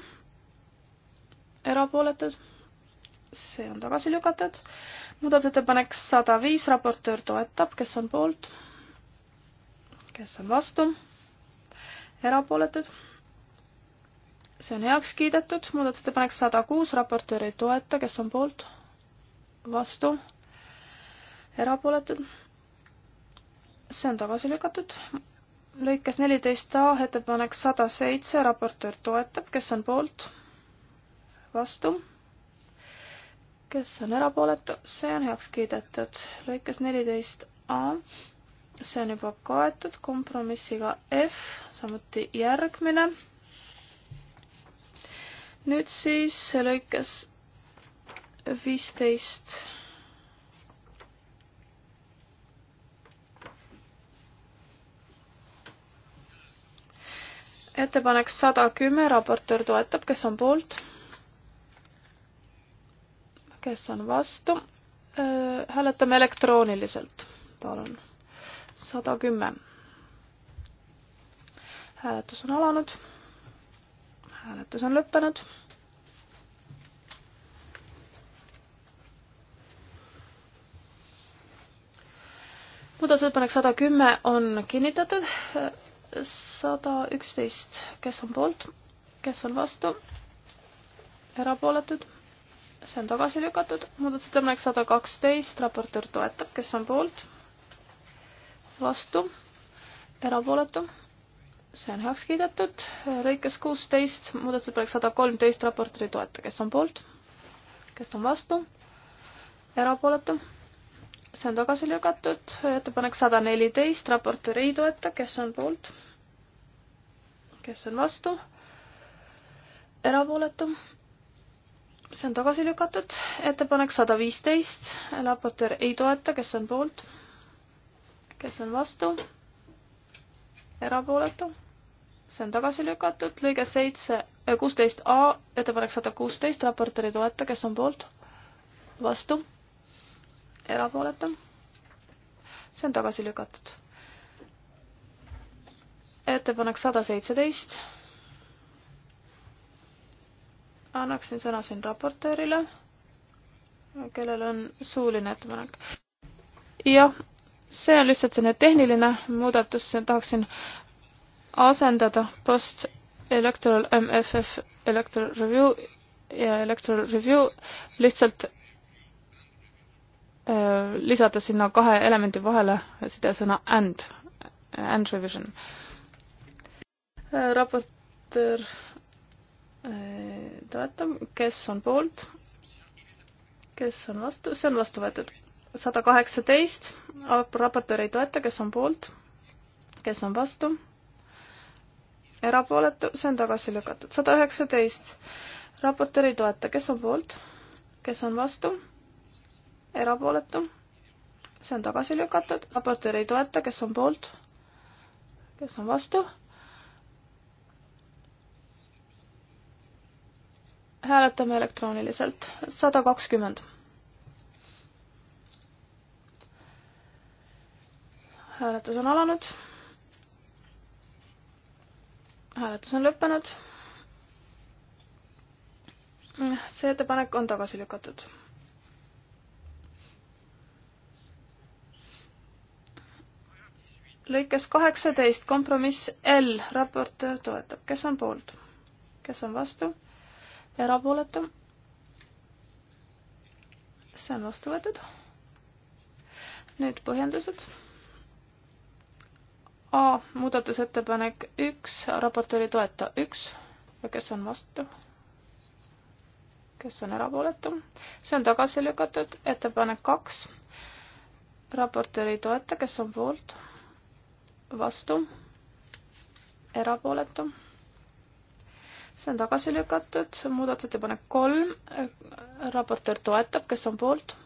erapooletud. see on tagasi lükatud. muudatusettepanek sada viis, raportöör toetab, kes on poolt? kes on vastu, erapooletud. see on heaks kiidetud, muudatusettepanek sada kuus, raportöör ei toeta, kes on poolt, vastu, erapooletud. see on tagasi lükatud. lõikes neliteist A ettepanek sada seitse, raportöör toetab, kes on poolt, vastu, kes on erapooletu, see on heaks kiidetud. lõikes neliteist A see on juba kaetud kompromissiga F, samuti järgmine. nüüd siis lõikes viisteist ettepanek sada kümme, raportöör toetab, kes on poolt? kes on vastu? hääletame elektrooniliselt, palun sada kümme. hääletus on alanud. hääletus on lõppenud. muudatusettepanek sada kümme on kinnitatud. sada üksteist, kes on poolt, kes on vastu? erapooletud see on tagasi lükatud, muudatusettepanek sada kaksteist, raportöör toetab, kes on poolt, vastu, erapooletu, see on heaks kiidetud, lõikes kuusteist, muudatusettepanek sada kolmteist, raportööri toeta, kes on poolt, kes on vastu, erapooletu, see on tagasi lükatud, ettepanek sada neliteist, raportööri ei toeta, kes on poolt, kes on vastu, erapooletu, see on tagasi lükatud, ettepanek sada viisteist, raportöör ei toeta, kes on poolt kes on vastu? erapooletu? see on tagasi lükatud, lõige seitse, äh, kuusteist A, ettepanek sada kuusteist, raportööri toeta, kes on poolt? vastu? erapooletu? see on tagasi lükatud. ettepanek sada seitseteist. annaksin sõna siin raportöörile, kellel on suuline ettepanek. jah see on lihtsalt selline tehniline muudatus, tahaksin asendada post electoral MFF electoral review ja electoral review lihtsalt öö, äh, lisada sinna kahe elemendi vahele sidesõna and, and revision. Äh, raportöör äh, toetab, kes on poolt, kes on vastu, see on vastu võetud sada kaheksateist, raportöör ei toeta, kes on poolt, kes on vastu, erapooletu, see on tagasi lükatud. sada üheksateist, raportöör ei toeta, kes on poolt, kes on vastu, erapooletu, see on tagasi lükatud. raportöör ei toeta, kes on poolt, kes on vastu. hääletame elektrooniliselt, sada kakskümmend hääletus on alanud. hääletus on lõppenud. see ettepanek on tagasi lükatud. lõikes kaheksateist kompromiss L, raportöör toetab, kes on poolt, kes on vastu, erapooletu. see on vastu võetud. nüüd põhjendused A muudatusettepanek üks, raportööri toeta üks ja kes on vastu? kes on erapooletu? see on tagasi lükatud, ettepanek kaks, raportööri toeta, kes on poolt? vastu? erapooletu? see on tagasi lükatud, muudatusettepanek kolm, raportöör toetab, kes on poolt,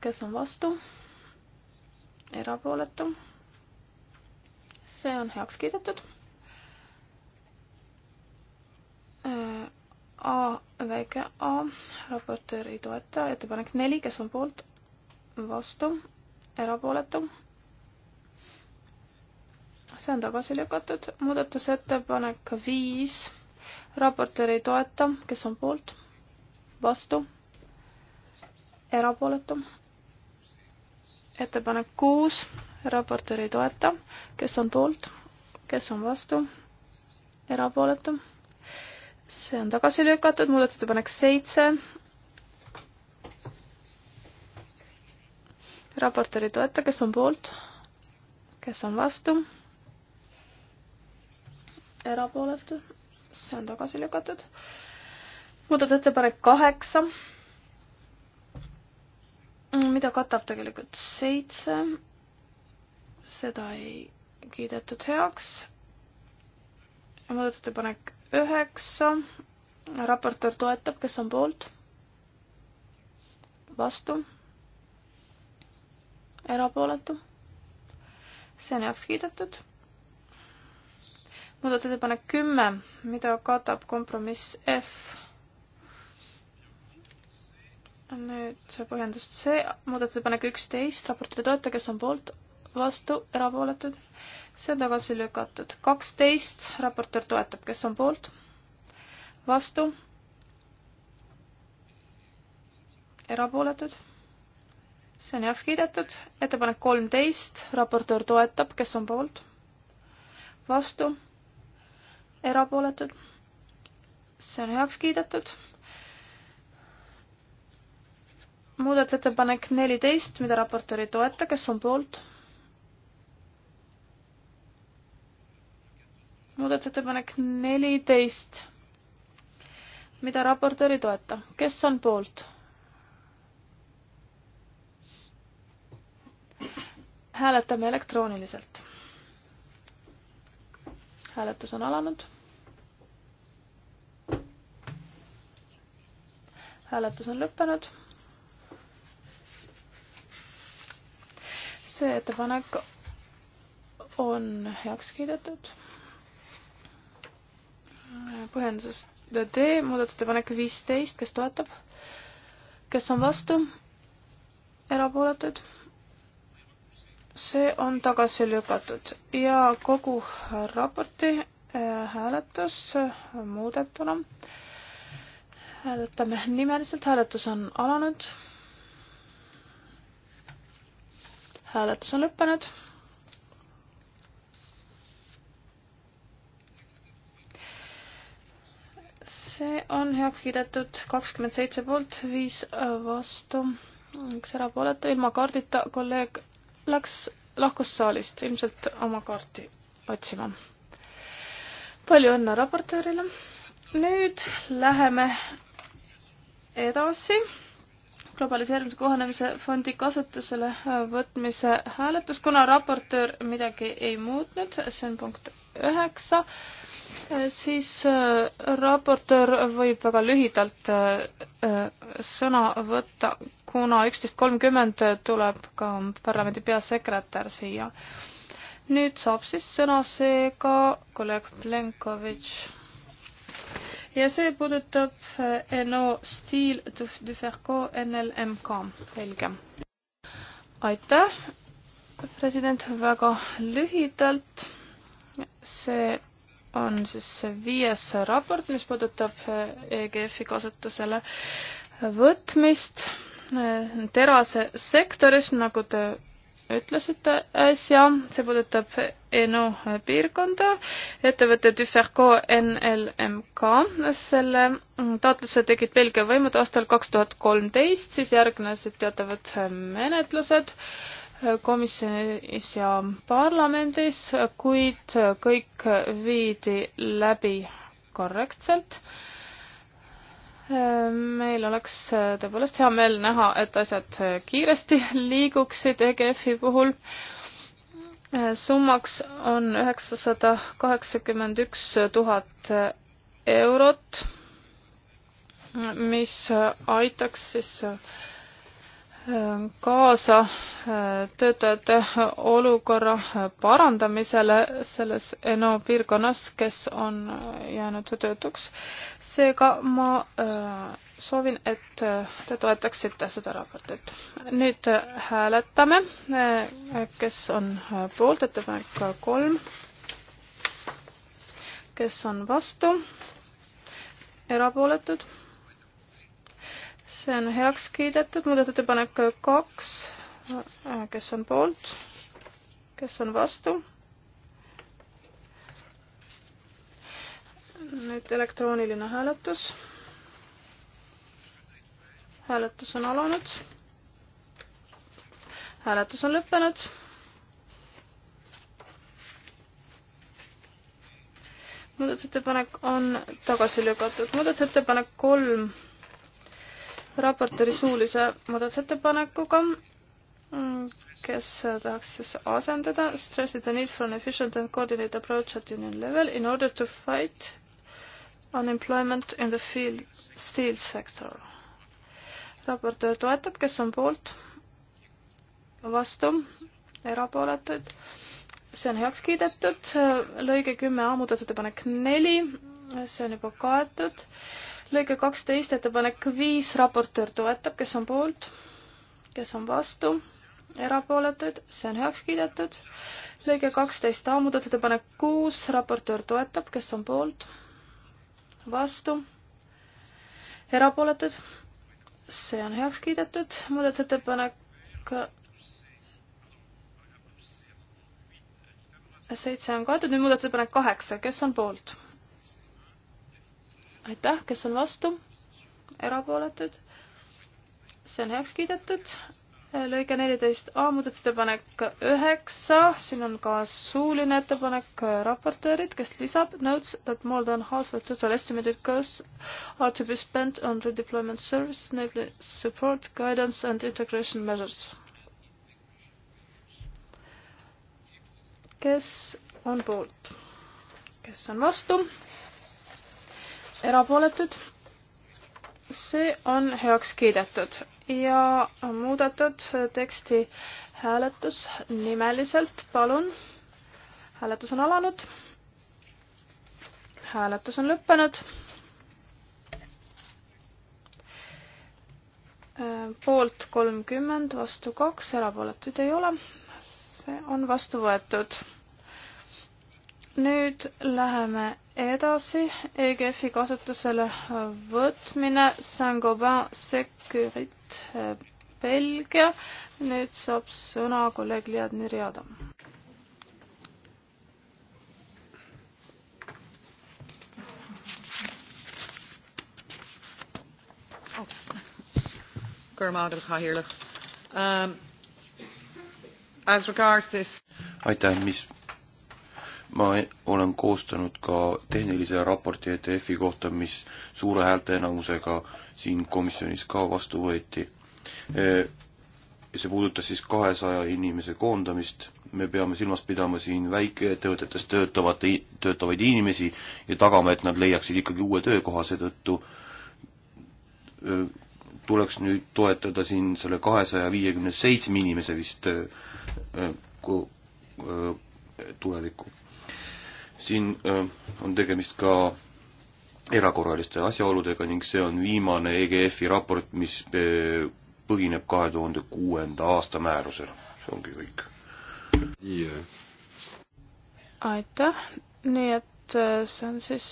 kes on vastu, erapooletu, see on heaks kiidetud. Äh, A väike A, raportöör ei toeta, ettepanek neli, kes on poolt, vastu, erapooletu. see on tagasi lükatud, muudatusettepanek viis, raportöör ei toeta, kes on poolt, vastu, erapooletu ettepanek kuus, raportöör ei toeta, kes on poolt, kes on vastu, erapooletu. see on tagasi lükatud, muudatusettepanek seitse. raportöör ei toeta, kes on poolt, kes on vastu, erapooletu, see on tagasi lükatud. muudatusettepanek kaheksa Mm, mida katab tegelikult seitse. seda ei kiidetud heaks. muudatusettepanek üheksa. raportöör toetab, kes on poolt? vastu? erapooletu? see on heaks kiidetud. muudatusettepanek kümme, mida katab kompromiss F nüüd põhjendus C, muudatusepanek üksteist, raportile toeta, kes on poolt, vastu, erapooletud, see on tagasi lükatud. kaksteist, raportöör toetab, kes on poolt, vastu, erapooletud, see on heaks kiidetud. ettepanek kolmteist, raportöör toetab, kes on poolt, vastu, erapooletud, see on heaks kiidetud muudatusettepanek neliteist, mida raportöör ei toeta, kes on poolt? muudatusettepanek neliteist, mida raportöör ei toeta, kes on poolt? hääletame elektrooniliselt. hääletus on alanud. hääletus on lõppenud see ettepanek on heaks kiidetud. põhjendusest D, muudatusettepanek viisteist, kes toetab? kes on vastu? erapooletud? see on tagasi lükatud ja kogu raporti äh, hääletus muudetuna hääletame nimeliselt, hääletus on alanud hääletus on lõppenud. see on heaks kiidetud kakskümmend seitse poolt, viis äh, vastu, üks erapooletu, ilma kaardita kolleeg läks, lahkus saalist ilmselt oma kaarti otsima. palju õnne raportöörile. nüüd läheme edasi globaliseerimise kohanemise fondi kasutusele äh, võtmise hääletus, kuna raportöör midagi ei muutnud, see on punkt üheksa, äh, siis äh, raportöör võib väga lühidalt sõna võtta, kuna üksteist kolmkümmend tuleb ka parlamendi peasekretär siia. nüüd saab siis sõna seega kolleeg Plenkovitš ja see puudutab eh, NO Steel du Ferco NLMK, Belgia. aitäh, president, väga lühidalt. see on siis see viies raport, mis puudutab EGF-i eh, e kasutusele võtmist eh, terasesektoris, nagu te ütlesite äsja, see puudutab Eno piirkonda, ettevõte Duferco NLMK, selle taotluse tegid Belgia võimud aastal kaks tuhat kolmteist, siis järgnesid teatavad menetlused komisjonis ja parlamendis, kuid kõik viidi läbi korrektselt meil oleks äh, tõepoolest hea meel näha, et asjad äh, kiiresti liiguksid EGF-i puhul. Äh, summaks on üheksasada kaheksakümmend üks tuhat eurot, mis aitaks siis kaasa äh, töötajate olukorra parandamisele selles Eno piirkonnas, kes on jäänud töötuks. seega ma äh, soovin, et äh, te toetaksite seda raportit. nüüd hääletame, kes on poolt, ettepanek kolm. kes on vastu? erapooletud see on heaks kiidetud, muudatusettepanek kaks, kes on poolt, kes on vastu. nüüd elektrooniline hääletus. hääletus on alanud. hääletus on lõppenud. muudatusettepanek on tagasi lükatud, muudatusettepanek kolm raportööri suulise muudatusettepanekuga, kes tahaks siis asendada stress the need for an efficient and coordinated approach at union level in order to fight unemployment in the field steel sector. raportöör toetab, kes on poolt, vastu, erapooletuid, see on heaks kiidetud, lõige kümme A muudatusettepanek neli, see on juba kaetud lõige kaksteist, ettepanek viis, raportöör toetab, kes on poolt, kes on vastu, erapooletuid, see on heaks kiidetud. lõige kaksteist A, muudatusettepanek kuus, raportöör toetab, kes on poolt, vastu, erapooletuid, see on heaks kiidetud. muudatusettepanek seitse on kaetud, nüüd muudatusettepanek kaheksa, kes on poolt? aitäh, kes on vastu? erapooletud? see on heaks kiidetud. lõige neliteist A muudatusettepanek üheksa, siin on ka suuline ettepanek äh, raportöörid, kes lisab notes that more than half of total estimated costs are to be spent on redeployment services, namely support, guidance and integration measures. kes on poolt? kes on vastu? erapooletud. see on heaks kiidetud ja muudetud teksti hääletus nimeliselt, palun. hääletus on alanud. hääletus on lõppenud. Äh, poolt kolmkümmend, vastu kaks, erapooletuid ei ole. see on vastu võetud. nüüd läheme edasi EGF-i kasutusele võtmine, Saint-Gobain Securit eh, Belgia. nüüd saab sõna kolleeg Liadmiri Adam. Ehm, aitäh, mis ma olen koostanud ka tehnilise raporti ETF-i kohta, mis suure häälteenamusega siin komisjonis ka vastu võeti. E, see puudutas siis kahesaja inimese koondamist, me peame silmas pidama siin väikeettevõtetes töötavate, töötavaid inimesi ja tagama, et nad leiaksid ikkagi uue töökoha, seetõttu e, tuleks nüüd toetada siin selle kahesaja viiekümne seitsme inimese vist e, tulevikku siin äh, on tegemist ka erakorraliste asjaoludega ning see on viimane EGF-i raport, mis äh, põhineb kahe tuhande kuuenda aasta määrusel. see ongi kõik yeah.. aitäh, nii et äh, see on siis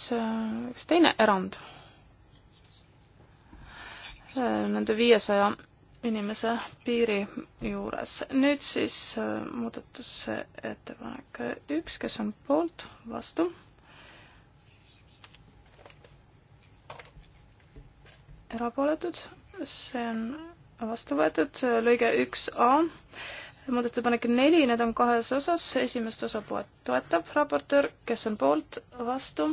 üks teine erand nende viiesaja 500 inimese piiri juures. nüüd siis äh, muudatusettepanek üks, kes on poolt, vastu. erapooletud, see on vastu võetud, lõige üks A. muudatusettepanek neli, need on kahes osas, esimest osa toetab raportöör, kes on poolt, vastu,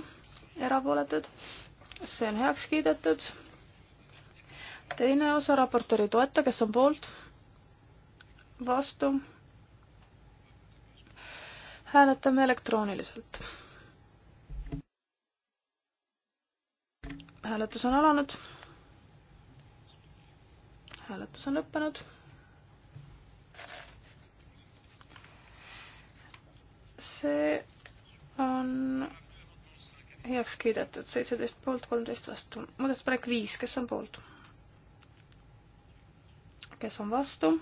erapooletud, see on heaks kiidetud teine osa raportööri toeta, kes on poolt? vastu? hääletame elektrooniliselt. hääletus on alanud. hääletus on lõppenud. see on heaks kiidetud, seitseteist poolt, kolmteist vastu. muudatusettepanek viis, kes on poolt? kes on vastu?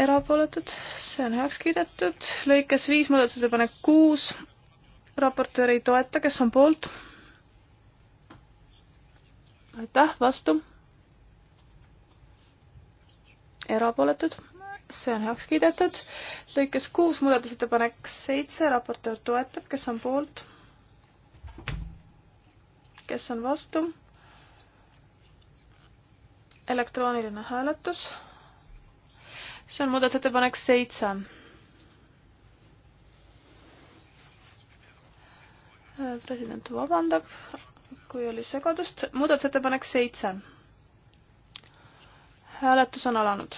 erapooletud, see on heaks kiidetud. lõikes viis muudatusettepanek kuus, raportöör ei toeta, kes on poolt? aitäh, vastu? erapooletud, see on heaks kiidetud. lõikes kuus muudatusettepanek seitse, raportöör toetab, kes on poolt? kes on vastu? elektrooniline hääletus. see on muudatusettepanek seitse. president vabandab, kui oli segadust. muudatusettepanek seitse. hääletus on alanud.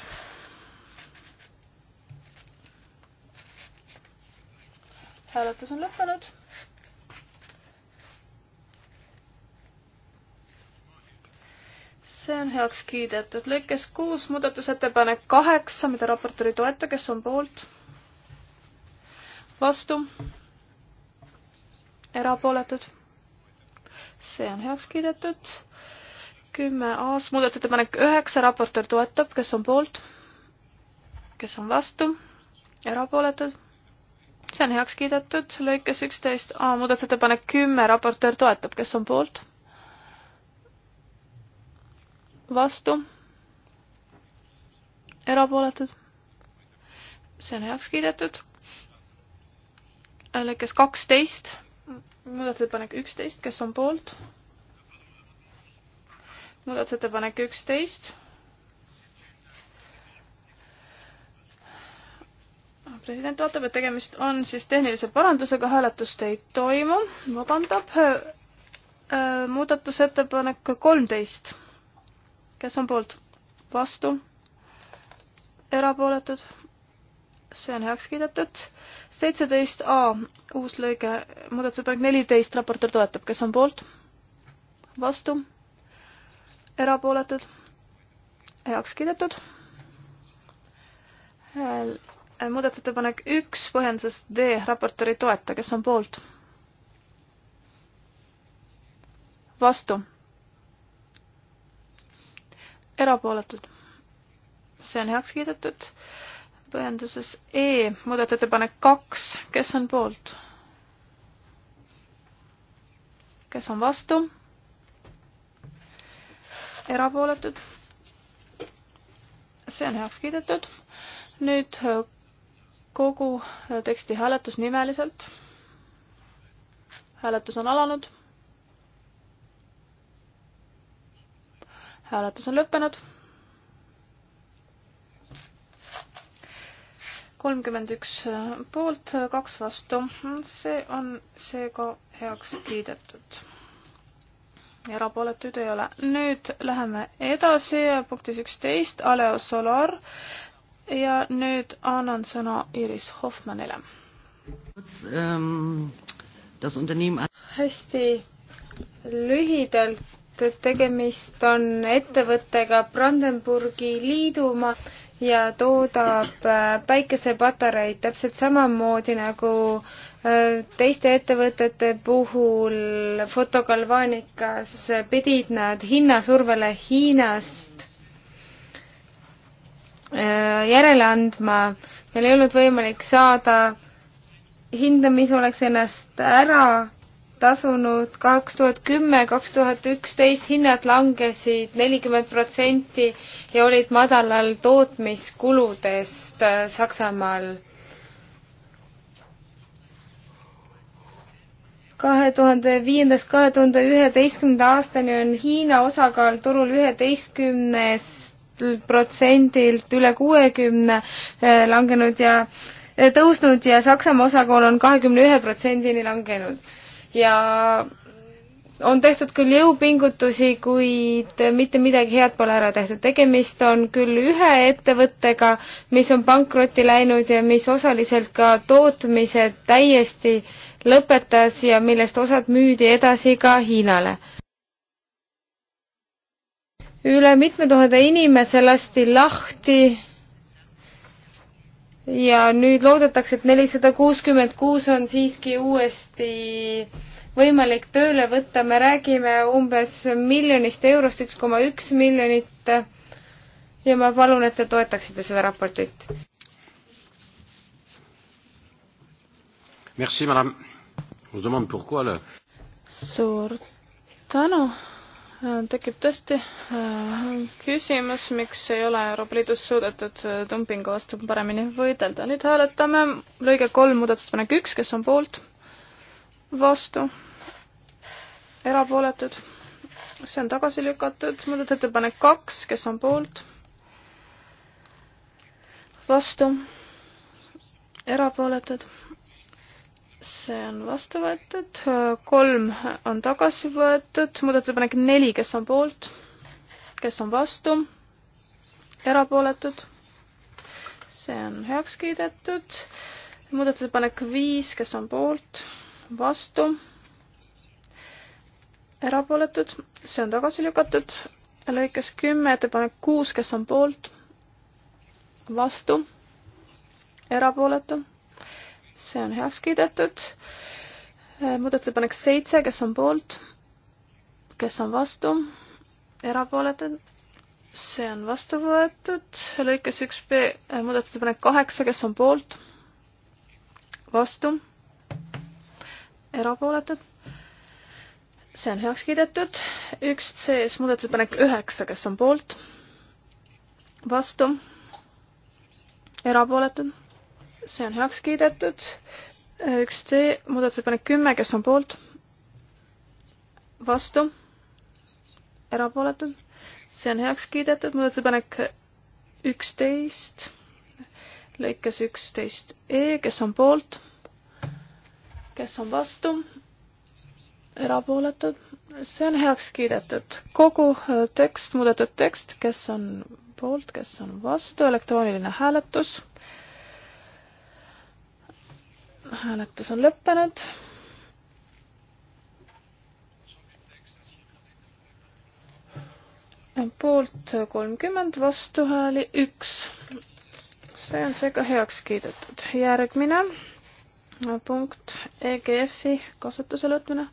hääletus on lõppenud see on heaks kiidetud. lõikes kuus muudatusettepanek kaheksa, mida raportöör ei toeta, kes on poolt? vastu? erapooletud? see on heaks kiidetud. kümme A-s muudatusettepanek üheksa, raportöör toetab, kes on poolt? kes on vastu? erapooletud? see on heaks kiidetud. lõikes üksteist A muudatusettepanek kümme, raportöör toetab, kes on poolt? vastu, erapooletud, see on heaks kiidetud. lõikes kaksteist, muudatusettepanek üksteist, kes on poolt? muudatusettepanek üksteist. president vaatab, et tegemist on siis tehnilise parandusega, hääletust ei toimu, vabandab. Äh, äh, muudatusettepanek kolmteist kes on poolt, vastu, erapooletud, see on heaks kiidetud. seitseteist A uus lõige, muudatusettepanek neliteist, raportöör toetab, kes on poolt, vastu, erapooletud, heaks kiidetud äh, muudatusettepanek üks põhjendusest D, raportöör ei toeta, kes on poolt? vastu? erapooletud. see on heaks kiidetud. põhjenduses E muudatusettepanek kaks, kes on poolt? kes on vastu? erapooletud. see on heaks kiidetud. nüüd kogu teksti hääletus nimeliselt. hääletus on alanud hääletus on lõppenud. kolmkümmend üks poolt, kaks vastu. see on seega heaks kiidetud. erapooletuid ei ole. nüüd läheme edasi punktis üksteist, Aleo Solar ja nüüd annan sõna Iris Hoffmannile. Ähm, hästi lühidalt tegemist on ettevõttega Brandenburgi liidumaa ja toodab äh, päikesepatareid täpselt samamoodi nagu äh, teiste ettevõtete puhul fotogalvaanikas pidid nad hinnasurvele Hiinast äh, järele andma. Neil ei olnud võimalik saada hinda, mis oleks ennast ära tasunud. kaks tuhat kümme, kaks tuhat üksteist hinnad langesid nelikümmend protsenti ja olid madalal tootmiskuludest äh, Saksamaal. kahe tuhande viiendast kahe tuhande üheteistkümnenda aastani on Hiina osakaal turul üheteistkümnest protsendilt üle kuuekümne äh, langenud ja äh, tõusnud ja Saksamaa osakaal on kahekümne ühe protsendini langenud ja on tehtud küll jõupingutusi, kuid mitte midagi head pole ära tehtud. tegemist on küll ühe ettevõttega, mis on pankrotti läinud ja mis osaliselt ka tootmise täiesti lõpetas ja millest osad müüdi edasi ka Hiinale. üle mitme tuhande inimese lasti lahti ja nüüd loodetakse, et nelisada kuuskümmend kuus on siiski uuesti võimalik tööle võtta, me räägime umbes miljonist eurost, üks koma üks miljonit. ja ma palun, et te toetaksite seda raportit. suur tänu tekib tõesti äh, küsimus, miks ei ole Euroopa Liidus suudetud äh, dumpingu vastu paremini võidelda. nüüd hääletame lõige kolm, muudatusettepanek üks, kes on poolt, vastu, erapooletud, see on tagasi lükatud, muudatusettepanek kaks, kes on poolt, vastu, erapooletud see on vastu võetud, kolm on tagasi võetud, muudatusettepanek neli, kes on poolt, kes on vastu, erapooletud, see on heaks kiidetud, muudatusettepanek viis, kes on poolt, vastu, erapooletud, see on tagasi lükatud, lõikes kümme, ettepanek kuus, kes on poolt, vastu, erapooletu see on heaks kiidetud. muudatusettepanek seitse, kes on poolt, kes on vastu, erapooletud, see on vastu võetud. lõikes üks B eh, muudatusettepanek kaheksa, kes on poolt, vastu, erapooletud, see on heaks kiidetud. üks C-s muudatusettepanek üheksa, kes on poolt, vastu, erapooletud see on heaks kiidetud. üks D muudatusettepanek kümme, kes on poolt? vastu? erapooletud? see on heaks kiidetud, muudatusettepanek üksteist, lõikes üksteist E, kes on poolt? kes on vastu? erapooletud, see on heaks kiidetud. kogu äh, tekst, muudetud tekst, kes on poolt, kes on vastu, elektrooniline hääletus hääletus on lõppenud. poolt kolmkümmend, vastuhääli üks. see on seega heaks kiidetud. järgmine punkt EGF-i kasutusele võtmine.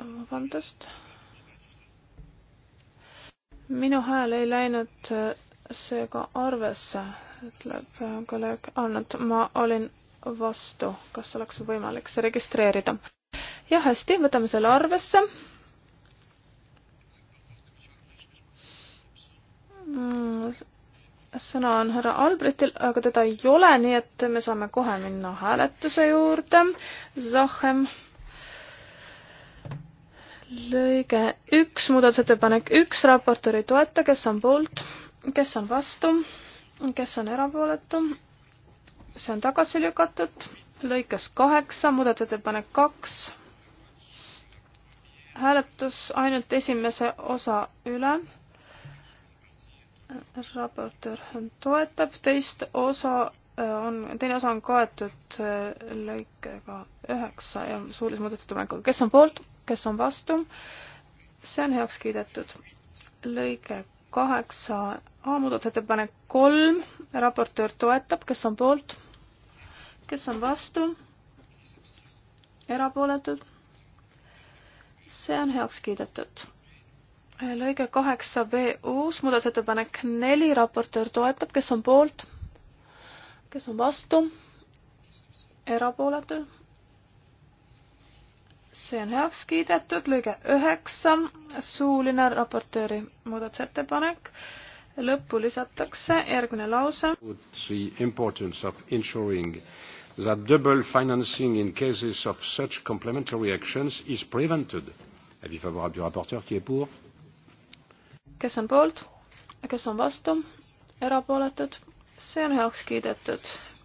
vabandust. minu hääl ei läinud seega arvesse, ütleb kolleeg Arnold. ma olin vastu, kas oleks võimalik see registreerida? jah, hästi, võtame selle arvesse. Mm, sõna on härra Albretil, aga teda ei ole, nii et me saame kohe minna hääletuse juurde. Zahem lõige üks, muudatusettepanek üks, raportööri toeta, kes on poolt, kes on vastu, kes on erapooletu, see on tagasi lükatud, lõikes kaheksa, muudatusettepanek kaks. hääletus ainult esimese osa üle. raportöör toetab, teist osa äh, on, teine osa on kaetud äh, lõikega üheksa ja suulise muudatusettepanekuga. kes on poolt, kes on vastu? see on heaks kiidetud. lõige kaheksa A muudatusettepanek kolm, raportöör toetab, kes on poolt? kes on vastu, erapooletud, see on heaks kiidetud. lõige kaheksa B uus muudatusettepanek neli, raportöör toetab, kes on poolt, kes on vastu, erapooletud, see on heaks kiidetud, lõige üheksa, suuline raportööri muudatusettepanek lõppu lisatakse järgmine lause. The importance of ensuring that double financing in cases of such complementary actions is prevented. avis favorable du rapporteur qui est pour. kes on poolt, kes on vastu, erapooletud, see on heaks kiidetud.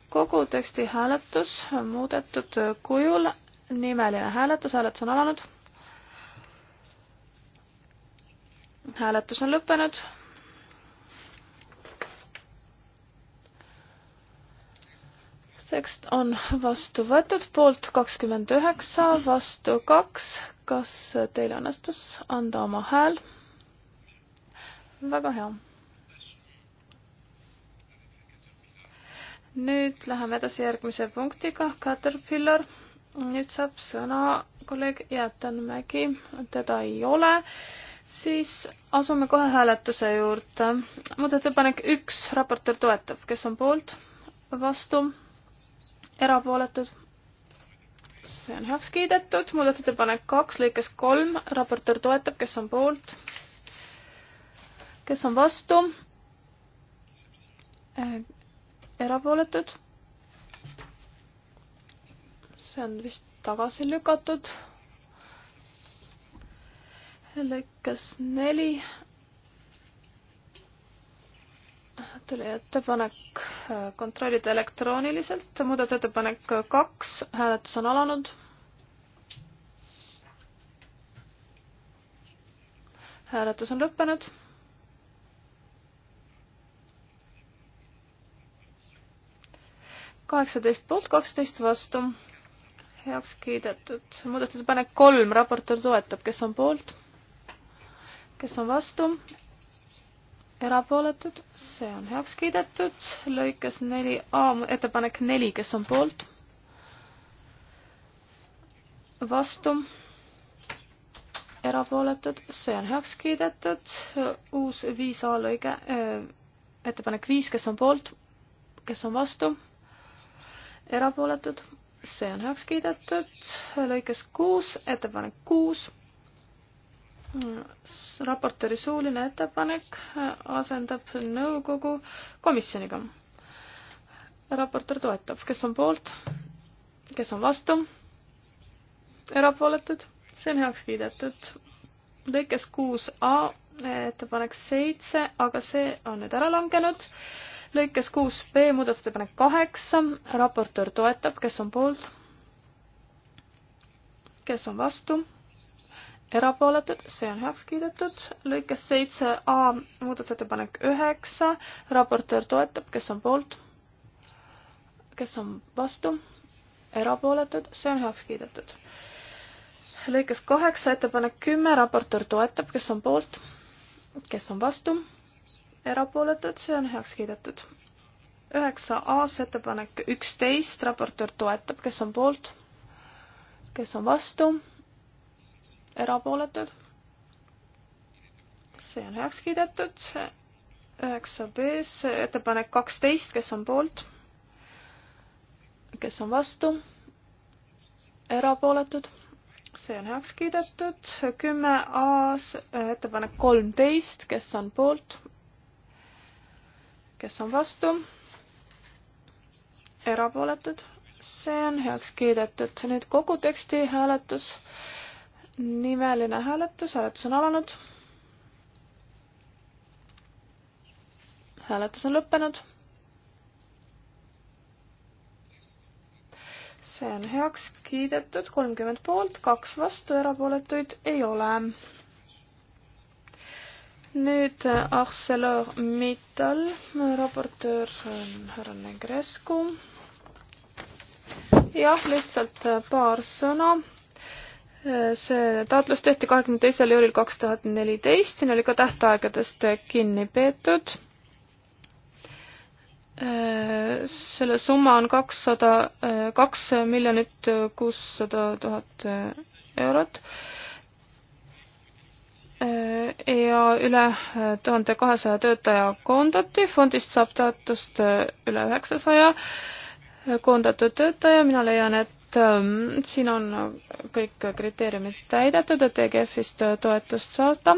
kogu teksti hääletus muudetud kujul, nimeline hääletus, hääletus on alanud. hääletus on lõppenud tekst on vastu võetud, poolt kakskümmend üheksa, vastu kaks. kas teil õnnestus anda oma hääl? väga hea. nüüd läheme edasi järgmise punktiga, Caterpillar. nüüd saab sõna kolleeg Jäätanmägi, teda ei ole. siis asume kohe hääletuse juurde. muudatusettepanek üks, raportöör toetab, kes on poolt? vastu erapooletud, see on heaks kiidetud, muudatusettepanek kaks lõikes kolm, raportöör toetab, kes on poolt, kes on vastu, äh, erapooletud, see on vist tagasi lükatud, lõikes neli tuli ettepanek äh, kontrollida elektrooniliselt, muudatusettepanek kaks, hääletus on alanud. hääletus on lõppenud. kaheksateist poolt, kaksteist vastu, heaks kiidetud. muudatusettepanek kolm, raportöör toetab, kes on poolt, kes on vastu erapooletud, see on heaks kiidetud, lõikes neli A ettepanek neli, kes on poolt? vastu, erapooletud, see on heaks kiidetud, uus viis A lõige, eh, ettepanek viis, kes on poolt, kes on vastu, erapooletud, see on heaks kiidetud, lõikes kuus, ettepanek kuus raportööri suuline ettepanek äh, asendab nõukogu komisjoniga. raportöör toetab, kes on poolt, kes on vastu, erapooletud, see on heaks kiidetud. lõikes kuus A äh, ettepanek seitse, aga see on nüüd ära langenud. lõikes kuus B muudatusettepanek kaheksa, raportöör toetab, kes on poolt, kes on vastu erapooletud, see on heaks kiidetud. lõikes seitse A muudatusettepanek üheksa, raportöör toetab, kes on poolt, kes on vastu, erapooletud, see on heaks kiidetud. lõikes kaheksa ettepanek kümme, raportöör toetab, kes on poolt, kes on vastu, erapooletud, see on heaks kiidetud. üheksa A-s ettepanek üksteist, raportöör toetab, kes on poolt, kes on vastu erapooletud. see on heaks kiidetud. üheksa B-s ettepanek kaksteist, kes on poolt? kes on vastu? erapooletud. see on heaks kiidetud. kümme A-s ettepanek kolmteist, kes on poolt? kes on vastu? erapooletud. see on heaks kiidetud. nüüd kogu teksti hääletus nimeline hääletus, hääletus on alanud. hääletus on lõppenud. see on heaks kiidetud, kolmkümmend poolt, kaks vastu, erapooletuid ei ole. nüüd ArcelorMittal, raportöör on härra Negrescu. jah, lihtsalt paar sõna see taotlus tehti kahekümne teisel juulil kaks tuhat neliteist, siin oli ka tähtaegadest kinni peetud. selle summa on kakssada, kaks miljonit kuussada tuhat eurot. ja üle tuhande kahesaja töötaja koondati, fondist saab toetust üle üheksasaja koondatud töötaja, mina leian, et Ähm, siin on kõik kriteeriumid täidetud, et EGF-ist toetust saada.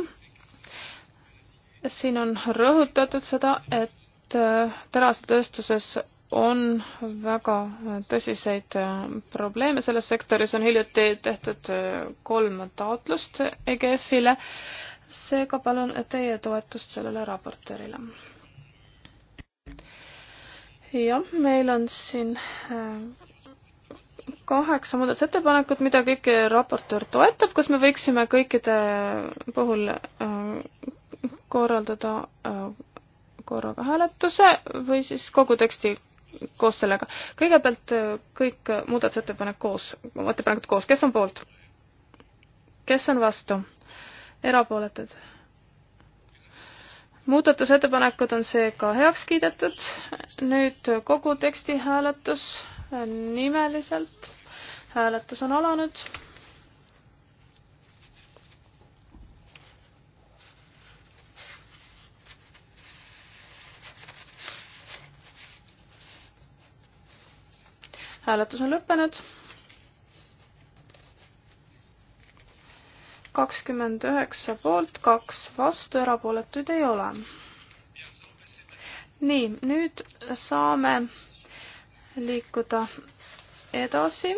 siin on rõhutatud seda, et äh, terasetööstuses on väga tõsiseid äh, probleeme, selles sektoris on hiljuti tehtud äh, kolm taotlust EGF-ile, seega palun teie toetust sellele raportöörile. jah, meil on siin kaheksa muudatusettepanekut, mida kõike raportöör toetab, kas me võiksime kõikide puhul äh, korraldada äh, korraga hääletuse või siis kogu teksti koos sellega. kõigepealt äh, kõik muudatusettepanek koos, ettepanekud koos, kes on poolt? kes on vastu? erapooletud? muudatusettepanekud on seega heaks kiidetud, nüüd kogu teksti hääletus nimeliselt. hääletus on alanud. hääletus on lõppenud. kakskümmend üheksa poolt, kaks vastu, erapooletuid ei ole. nii, nüüd saame liikuda edasi.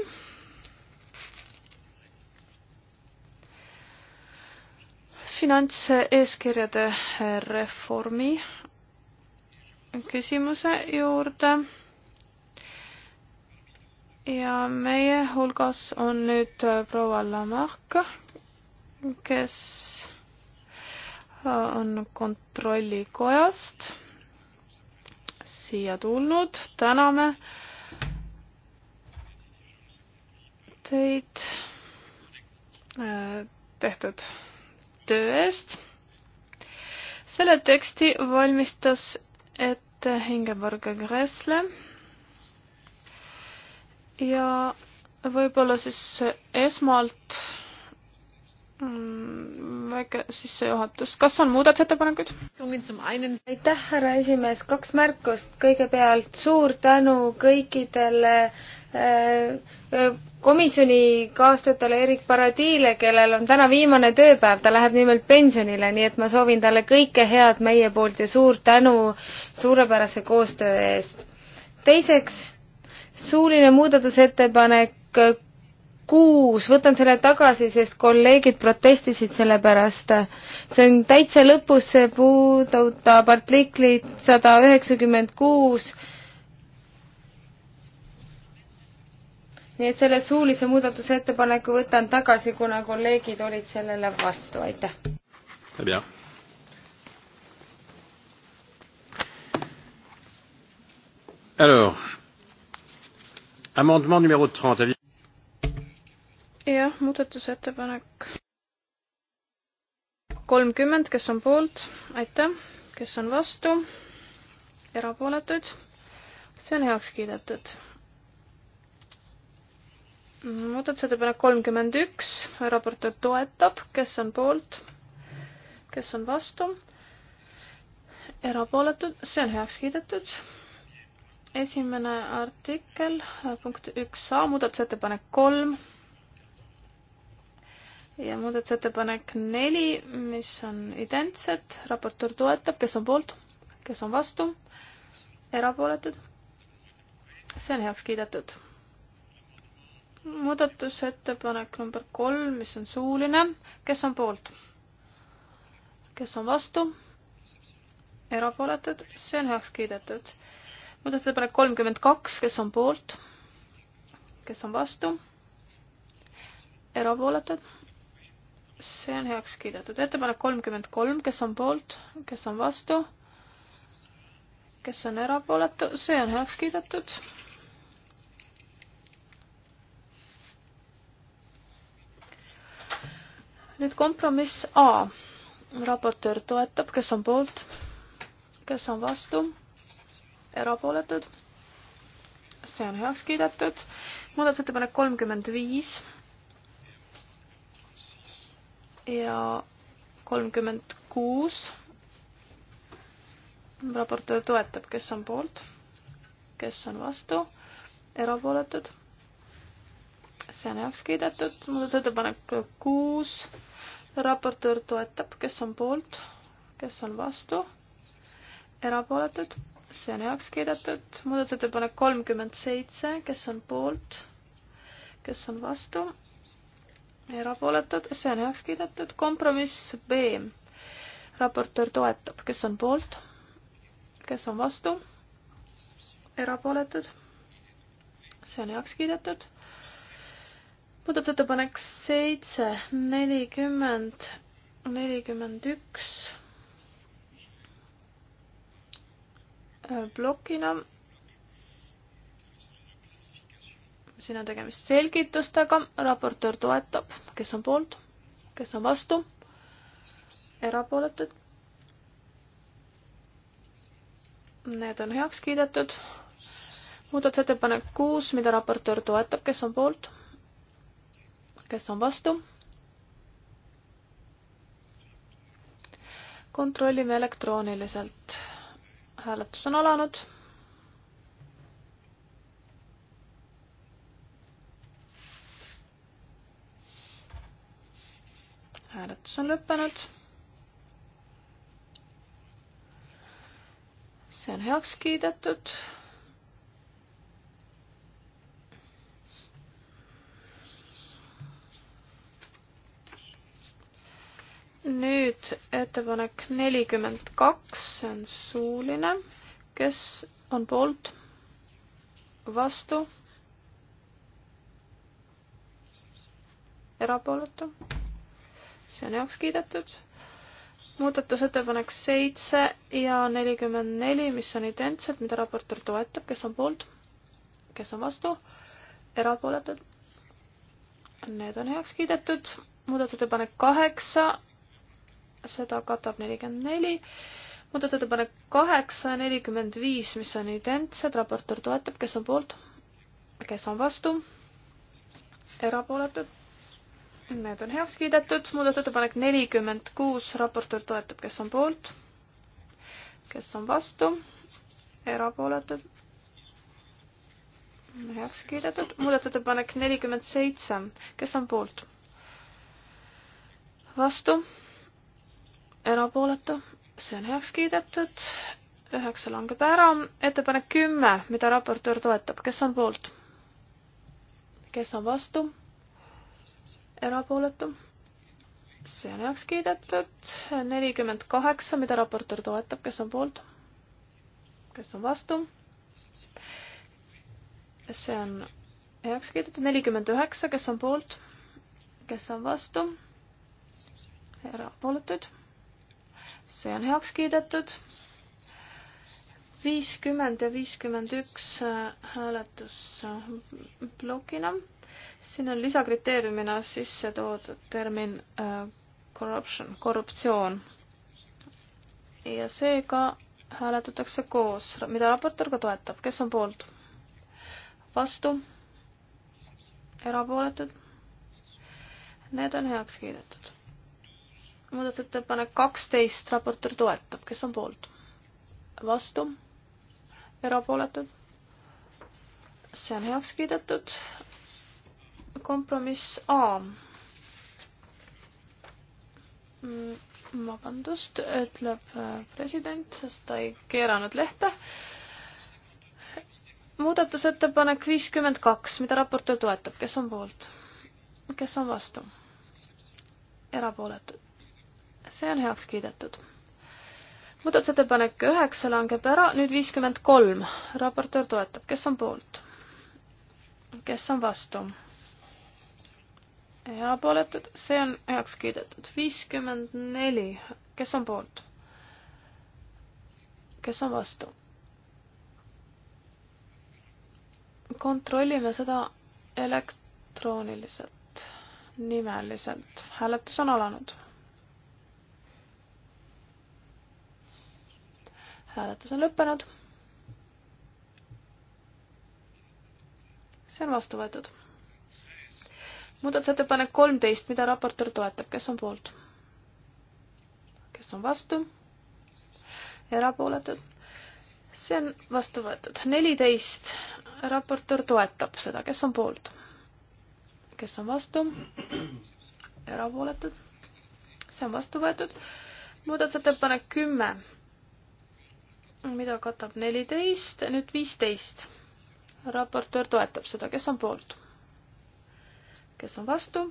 finantseeskirjade reformi küsimuse juurde ja meie hulgas on nüüd proua Lamarck, kes on kontrollikojast siia tulnud, täname teid äh, tehtud töö eest. selle teksti valmistas ette Ingeborg Gressle. ja võib-olla siis esmalt mm, väike sissejuhatus, kas on muudatusettepanekuid? aitäh, härra esimees, kaks märkust. kõigepealt suur tänu kõikidele äh, Äh, äh, komisjoni kaastöötajale Erik Paradiile, kellel on täna viimane tööpäev, ta läheb nimelt pensionile, nii et ma soovin talle kõike head meie poolt ja suur tänu suurepärase koostöö eest. teiseks, suuline muudatusettepanek kuus, võtan selle tagasi, sest kolleegid protestisid selle pärast. see on täitsa lõpus, see puudutab artiklit sada üheksakümmend kuus nii et selle suulise muudatusettepaneku võtan tagasi, kuna kolleegid olid sellele vastu, aitäh. Alors, amendement numéro 30. jah, muudatusettepanek kolmkümmend, kes on poolt, aitäh, kes on vastu, erapooletuid, see on heaks kiidetud muudatusettepanek kolmkümmend üks, raportöör toetab, kes on poolt, kes on vastu, erapooletud, see on heaks kiidetud. esimene artikkel, punkt üks A, muudatusettepanek kolm ja muudatusettepanek neli, mis on identsed, raportöör toetab, kes on poolt, kes on vastu, erapooletud, see on heaks kiidetud muudatusettepanek number kolm, mis on suuline, kes on poolt? kes on vastu? erapooletud, see on heaks kiidetud. muudatusettepanek kolmkümmend kaks, kes on poolt? kes on vastu? erapooletud, see on heaks kiidetud. ettepanek kolmkümmend kolm, kes on poolt, kes on vastu? kes on erapooletu, see on heaks kiidetud nüüd kompromiss A. raportöör toetab, kes on poolt, kes on vastu, erapooletud. see on heaks kiidetud. muudatusettepanek kolmkümmend viis ja kolmkümmend kuus. raportöör toetab, kes on poolt, kes on vastu, erapooletud see on heaks kiidetud, muudatusettepanek kuus raportöör toetab, kes on poolt, kes on vastu, erapooletud, see on heaks kiidetud, muudatusettepanek kolmkümmend seitse, kes on poolt, kes on vastu, erapooletud, see on heaks kiidetud, kompromiss B, raportöör toetab, kes on poolt, kes on vastu, erapooletud, see on heaks kiidetud muudatusettepanek seitse, nelikümmend, nelikümmend üks äh, plokina. siin on tegemist selgitustega, raportöör toetab, kes on poolt, kes on vastu, erapooletud. Need on heaks kiidetud. muudatusettepanek kuus, mida raportöör toetab, kes on poolt kes on vastu? kontrollime elektrooniliselt. hääletus on alanud. hääletus on lõppenud. see on heaks kiidetud nüüd ettepanek nelikümmend kaks, see on suuline, kes on poolt, vastu, erapooletu, see on heaks kiidetud. muudatusettepanek seitse ja nelikümmend neli, mis on identsed, mida raportöör toetab, kes on poolt, kes on vastu, erapooletud, need on heaks kiidetud. muudatusettepanek kaheksa seda katab nelikümmend neli, muudatusettepanek kaheksa ja nelikümmend viis, mis on identsed, raportöör toetab, kes on poolt, kes on vastu, erapooletud, need on heaks kiidetud, muudatusettepanek nelikümmend kuus, raportöör toetab, kes on poolt, kes on vastu, erapooletud, heaks kiidetud, muudatusettepanek nelikümmend seitse, kes on poolt, vastu erapooletu, see on heaks kiidetud, üheksa langeb ära, ettepanek kümme, mida raportöör toetab, kes on poolt? kes on vastu? erapooletu, see on heaks kiidetud, nelikümmend kaheksa, mida raportöör toetab, kes on poolt? kes on vastu? see on heaks kiidetud, nelikümmend üheksa, kes on poolt? kes on vastu? erapooletuid see on heaks kiidetud. viiskümmend ja viiskümmend üks äh, hääletus äh, plokina. siin on lisakriteeriumina sisse toodud termin äh, corruption, korruptsioon. ja seega hääletatakse koos, mida raportöör ka toetab, kes on poolt? vastu? erapooletud? Need on heaks kiidetud muudatusettepanek kaksteist, raportöör toetab, kes on poolt? vastu? erapooletud? see on heaks kiidetud. kompromiss A. Mm, vabandust, ütleb äh, president, sest ta ei keeranud lehte. muudatusettepanek viiskümmend kaks, mida raportöör toetab, kes on poolt? kes on vastu? erapooletud see on heaks kiidetud. muudatusettepanek üheksa langeb ära, nüüd viiskümmend kolm. raportöör toetab, kes on poolt? kes on vastu? erapooletud, see on heaks kiidetud. viiskümmend neli, kes on poolt? kes on vastu? kontrollime seda elektrooniliselt, nimeliselt. hääletus on alanud. hääletus on lõppenud. see on vastu võetud. muudatusettepanek kolmteist, mida raportöör toetab, kes on poolt? kes on vastu? erapooletud? see on vastu võetud. neliteist, raportöör toetab seda, kes on poolt? kes on vastu? erapooletud? see on vastu võetud. muudatusettepanek kümme mida katab neliteist, nüüd viisteist. raportöör toetab seda, kes on poolt? kes on vastu?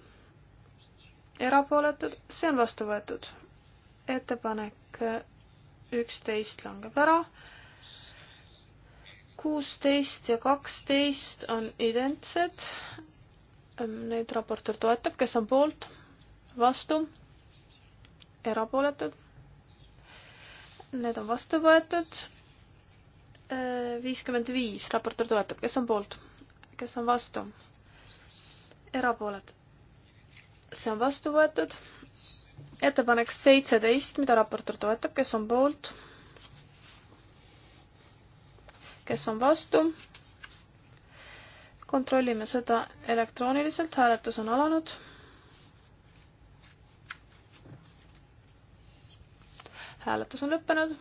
erapooletud, see on vastu võetud. ettepanek äh, üksteist langeb ära. kuusteist ja kaksteist on identsed. Ähm, Neid raportöör toetab, kes on poolt, vastu, erapooletud, Need on vastu võetud. Äh, viiskümmend viis, raportöör toetab, kes on poolt, kes on vastu? erapooled. see on vastu võetud. ettepanek seitseteist, mida raportöör toetab, kes on poolt? kes on vastu? kontrollime seda elektrooniliselt, hääletus on alanud hääletus on lõppenud.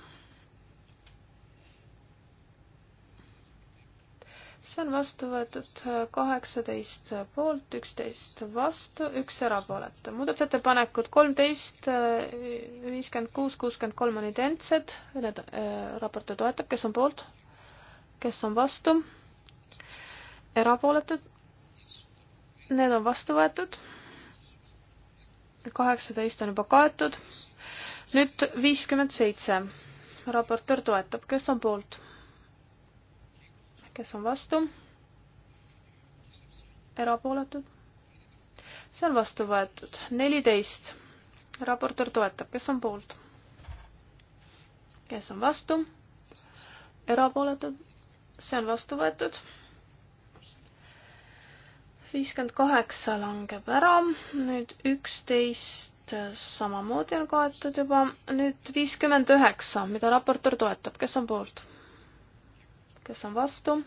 see on vastu võetud kaheksateist poolt, üksteist vastu, üks erapooletu. muudatusettepanekud kolmteist, viiskümmend kuus, kuuskümmend kolm on identsed, need äh, raportöö toetab, kes on poolt, kes on vastu, erapooletud, need on vastu võetud, kaheksateist on juba kaetud nüüd viiskümmend seitse. raportöör toetab, kes on poolt? kes on vastu? erapooletud? see on vastu võetud. neliteist. raportöör toetab, kes on poolt? kes on vastu? erapooletud? see on vastu võetud. viiskümmend kaheksa langeb ära, nüüd üksteist samamoodi on kaetud juba nüüd viiskümmend üheksa, mida raportöör toetab, kes on poolt? kes on vastu?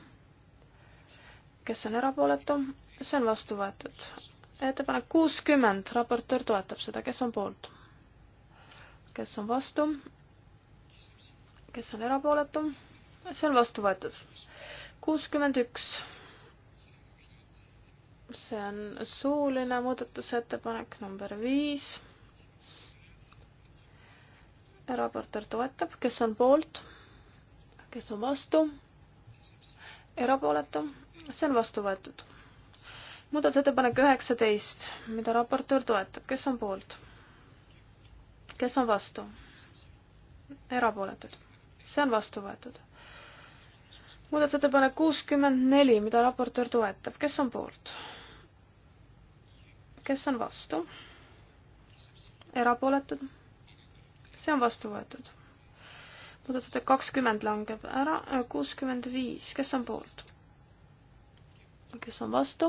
kes on erapooletu? see on vastu võetud. ettepanek kuuskümmend, raportöör toetab seda, kes on poolt? kes on vastu? kes on erapooletu? see on vastu võetud. kuuskümmend üks see on suuline muudatusettepanek number viis raportöör toetab, kes on poolt, kes on vastu, erapooletu, see on vastu võetud. muudatusettepanek üheksateist, mida raportöör toetab, kes on poolt, kes on vastu, erapooletud, see on vastu võetud. muudatusettepanek kuuskümmend neli, mida raportöör toetab, kes on poolt, kes on vastu, erapooletud see on vastu võetud. muudatusettepanek kakskümmend langeb ära, äh, kuuskümmend viis, kes on poolt? kes on vastu?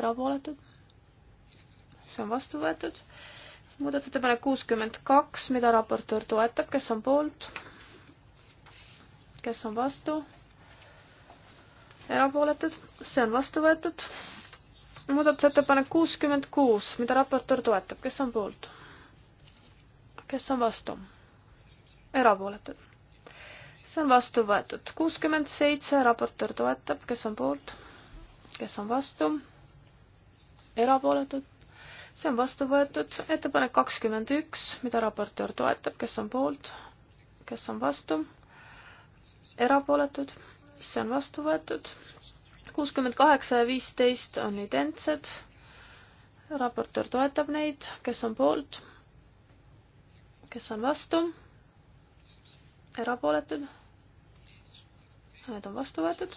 erapooletud? see on vastu võetud. muudatusettepanek kuuskümmend kaks, mida raportöör toetab, kes on poolt? kes on vastu? erapooletud, see on vastu võetud. muudatusettepanek kuuskümmend kuus, mida raportöör toetab, kes on poolt? kes on vastu? erapooletud. see on vastu võetud. kuuskümmend seitse, raportöör toetab, kes on poolt? kes on vastu? erapooletud. see on vastu võetud. ettepanek kakskümmend üks, mida raportöör toetab, kes on poolt? kes on vastu? erapooletud. see on vastu võetud. kuuskümmend kaheksa ja viisteist on identsed. raportöör toetab neid, kes on poolt? kes on vastu? erapooletud? Need on vastu võetud.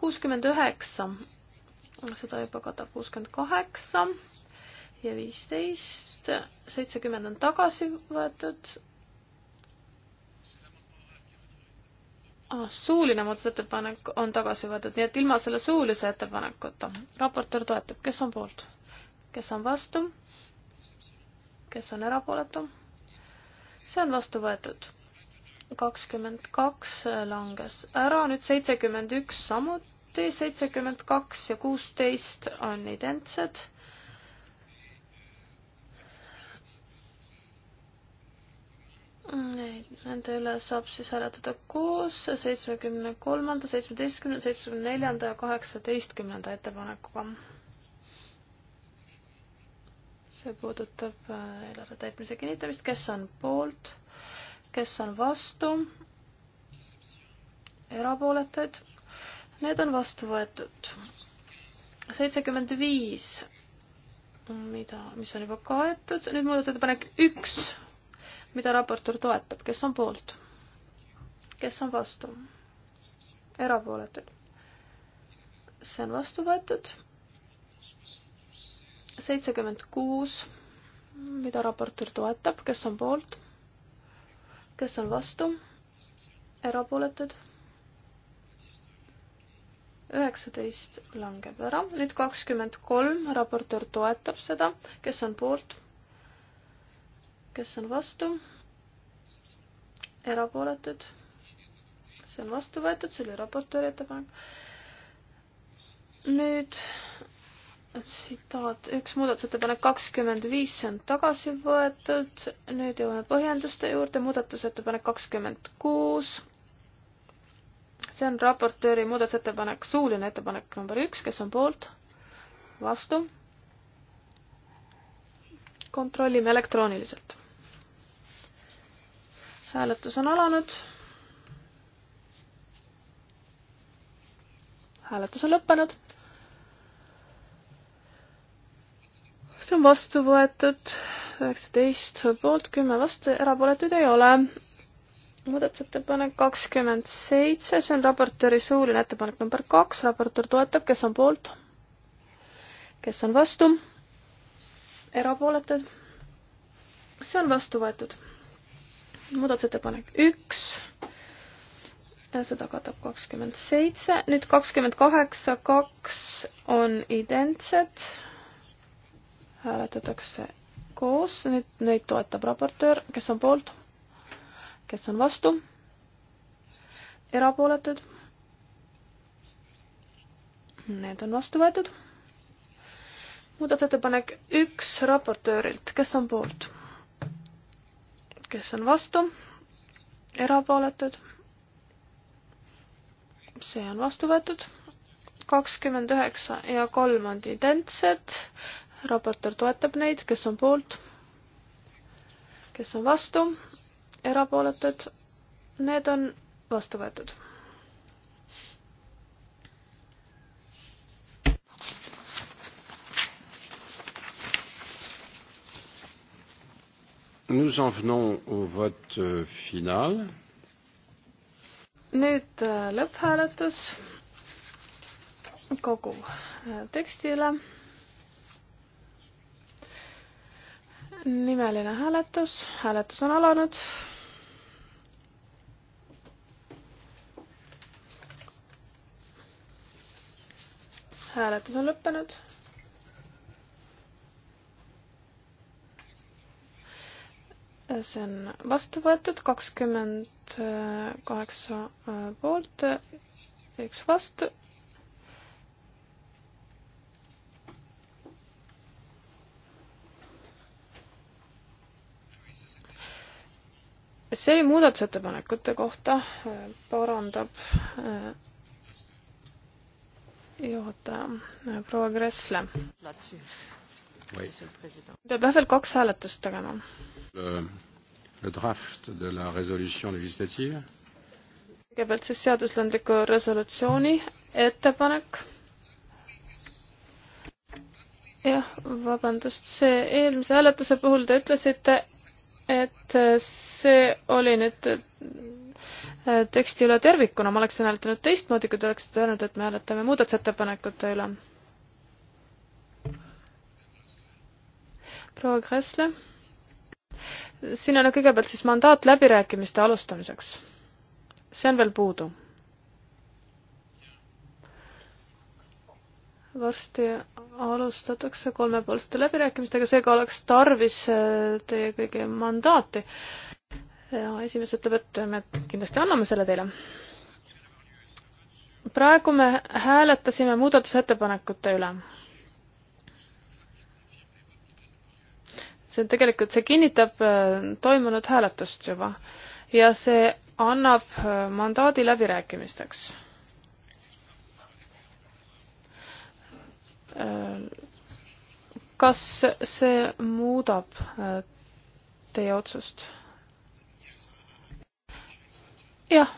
kuuskümmend üheksa, seda juba katab kuuskümmend kaheksa ja viisteist, seitsekümmend on tagasi võetud. Ah, suuline muudatusettepanek on tagasi võetud, nii et ilma selle suulise ettepanekuta. raportöör toetab, kes on poolt, kes on vastu, kes on erapooletu see on vastu võetud. kakskümmend kaks langes ära, nüüd seitsekümmend üks samuti, seitsekümmend kaks ja kuusteist on identsed. Neid, nende üle saab siis hääletada koos seitsmekümne kolmanda, seitsmeteistkümnenda, seitsmekümne neljanda ja kaheksateistkümnenda ettepanekuga see puudutab äh, eelarve täitmise kinnitamist, kes on poolt, kes on vastu, erapooletuid, need on vastu võetud. seitsekümmend viis, mida, mis on juba kaetud, nüüd muudatusettepanek üks, mida raportöör toetab, kes on poolt, kes on vastu, erapooletuid, see on vastu võetud seitsekümmend kuus, mida raportöör toetab, kes on poolt, kes on vastu, erapooletud. üheksateist langeb ära, nüüd kakskümmend kolm, raportöör toetab seda, kes on poolt, kes on vastu, erapooletud see on vastu võetud, see oli raportööri ettepanek. nüüd tsitaat, üks muudatusettepanek kakskümmend viis, see on tagasi võetud, nüüd jõuame põhjenduste juurde, muudatusettepanek kakskümmend kuus, see on raportööri muudatusettepanek, suuline ettepanek number üks, kes on poolt, vastu, kontrollime elektrooniliselt. hääletus on alanud. hääletus on lõppenud see on vastu võetud üheksateist poolt, kümme vastu, erapooletuid ei ole. muudatusettepanek kakskümmend seitse, see on raportööri suuline ettepanek number kaks, raportöör toetab, kes on poolt, kes on vastu, erapooletud, see on vastu võetud. muudatusettepanek üks ja seda katab kakskümmend seitse, nüüd kakskümmend kaheksa, kaks on identsed hääletatakse koos, nüüd neid toetab raportöör, kes on poolt, kes on vastu, erapooletud. Need on vastu võetud. muudatusettepanek üks raportöörilt, kes on poolt, kes on vastu, erapooletud. see on vastu võetud kakskümmend üheksa ja kolm on identsed, raportöör toetab neid, kes on poolt, kes on vastu, erapooletud, need on vastu võetud. Nous en venons au vote euh, final. nüüd äh, lõpphääletus kogu äh, tekstile nimeline hääletus, hääletus on alanud. hääletus on lõppenud. see on vastu võetud kakskümmend kaheksa poolt, üks vastu see muudatusettepanekute kohta äh, parandab äh, juhataja äh, proua Kressle. peab jah veel kaks hääletust tegema. kõigepealt siis seaduslandliku resolutsiooni ettepanek jah, vabandust, see eelmise hääletuse puhul te ütlesite, et see oli nüüd äh, teksti üle tervikuna, ma oleksin hääletanud teistmoodi, kui te oleksite öelnud, et me hääletame muudatusettepanekute üle. proua Kressle. siin on kõigepealt siis mandaat läbirääkimiste alustamiseks. see on veel puudu varsti alustatakse kolmepoolsete läbirääkimistega, seega oleks tarvis äh, teie kõigi mandaati. ja esimees ütleb, et me kindlasti anname selle teile. praegu me hääletasime muudatusettepanekute üle see on tegelikult, see kinnitab äh, toimunud hääletust juba ja see annab äh, mandaadi läbirääkimisteks. kas see muudab äh, teie otsust? jah,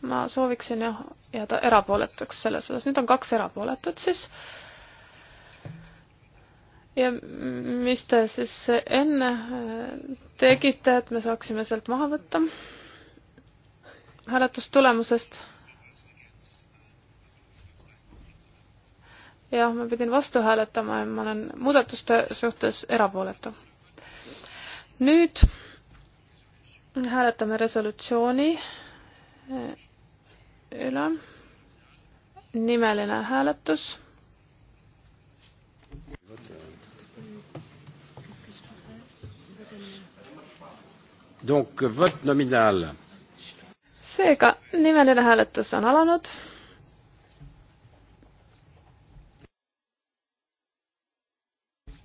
ma sooviksin jah jääda erapooletuks selles osas, nüüd on kaks erapooletut siis. ja mis te siis enne äh, tegite, et me saaksime sealt maha võtta hääletustulemusest? jah, ma pidin vastu hääletama ja ma olen muudatuste suhtes erapooletu. nüüd hääletame resolutsiooni eh, üle. nimeline hääletus. Donc vote nominal. seega nimeline hääletus on alanud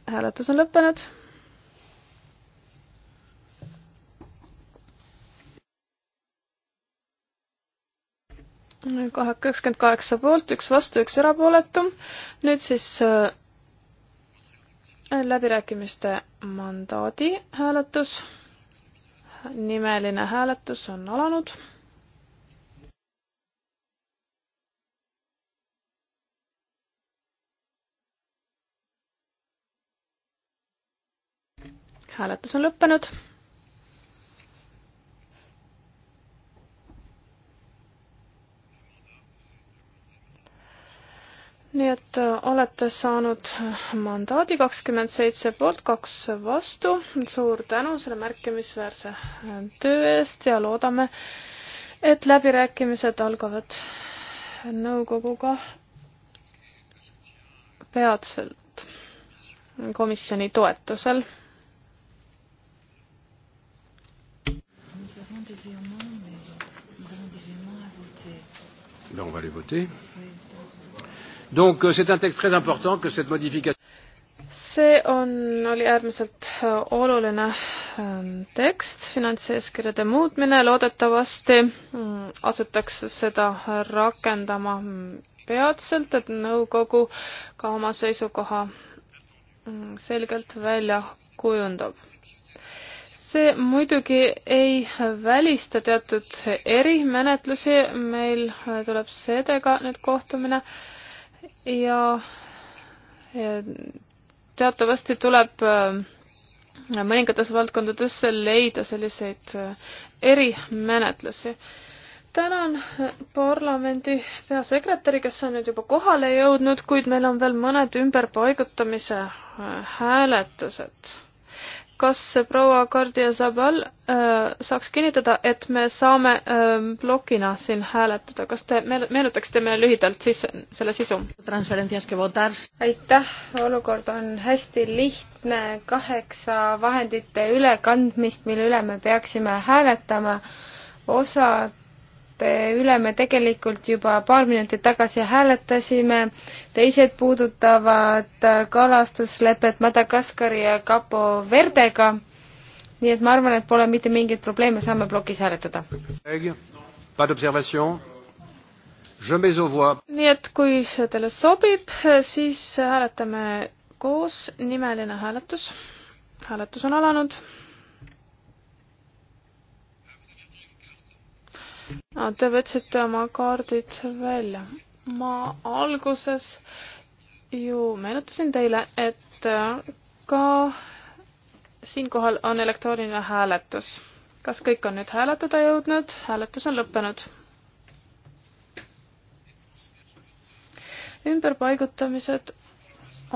hääletus on lõppenud. kahe, kakskümmend kaheksa poolt, üks vastu, üks erapooletu. nüüd siis äh, läbirääkimiste mandaadi hääletus. nimeline hääletus on alanud hääletus on lõppenud. nii et äh, olete saanud äh, mandaadi kakskümmend seitse poolt, kaks vastu. suur tänu selle märkimisväärse äh, töö eest ja loodame, et läbirääkimised algavad nõukoguga peatselt komisjoni toetusel des virements, mais nous avons des virements à voter. Ben, on va les voter. Oui, donc euh, c'est un texte très important que cette modification see on, oli äärmiselt äh, oluline ähm, tekst, finantseeskirjade muutmine, loodetavasti mm, asutakse seda rakendama mm, peatselt, et nõukogu ka oma seisukoha mm, selgelt välja kujundab see muidugi ei välista teatud erimenetlusi, meil tuleb seedega nüüd kohtumine ja, ja teatavasti tuleb äh, mõningates valdkondades leida selliseid äh, erimenetlusi. tänan äh, parlamendi peasekretäri, kes on nüüd juba kohale jõudnud, kuid meil on veel mõned ümberpaigutamise hääletused kas proua Kardia Zabal äh, saaks kinnitada, et me saame äh, plokina siin hääletada, kas te meenutaksite meile lühidalt siis selle sisu? aitäh, olukord on hästi lihtne, kaheksa vahendite ülekandmist, mille üle me peaksime hääletama, osad määruste üle me tegelikult juba paar minutit tagasi hääletasime, teised puudutavad kalastuslepet Madagaskari ja Capo Verdega, nii et ma arvan, et pole mitte mingeid probleeme, saame plokis hääletada. nii et kui see teile sobib, siis hääletame koos, nimeline hääletus. hääletus on alanud Te võtsite oma kaardid välja. ma alguses ju meenutasin teile, et äh, ka siinkohal on elektrooniline hääletus. kas kõik on nüüd hääletada jõudnud? hääletus on lõppenud. ümberpaigutamised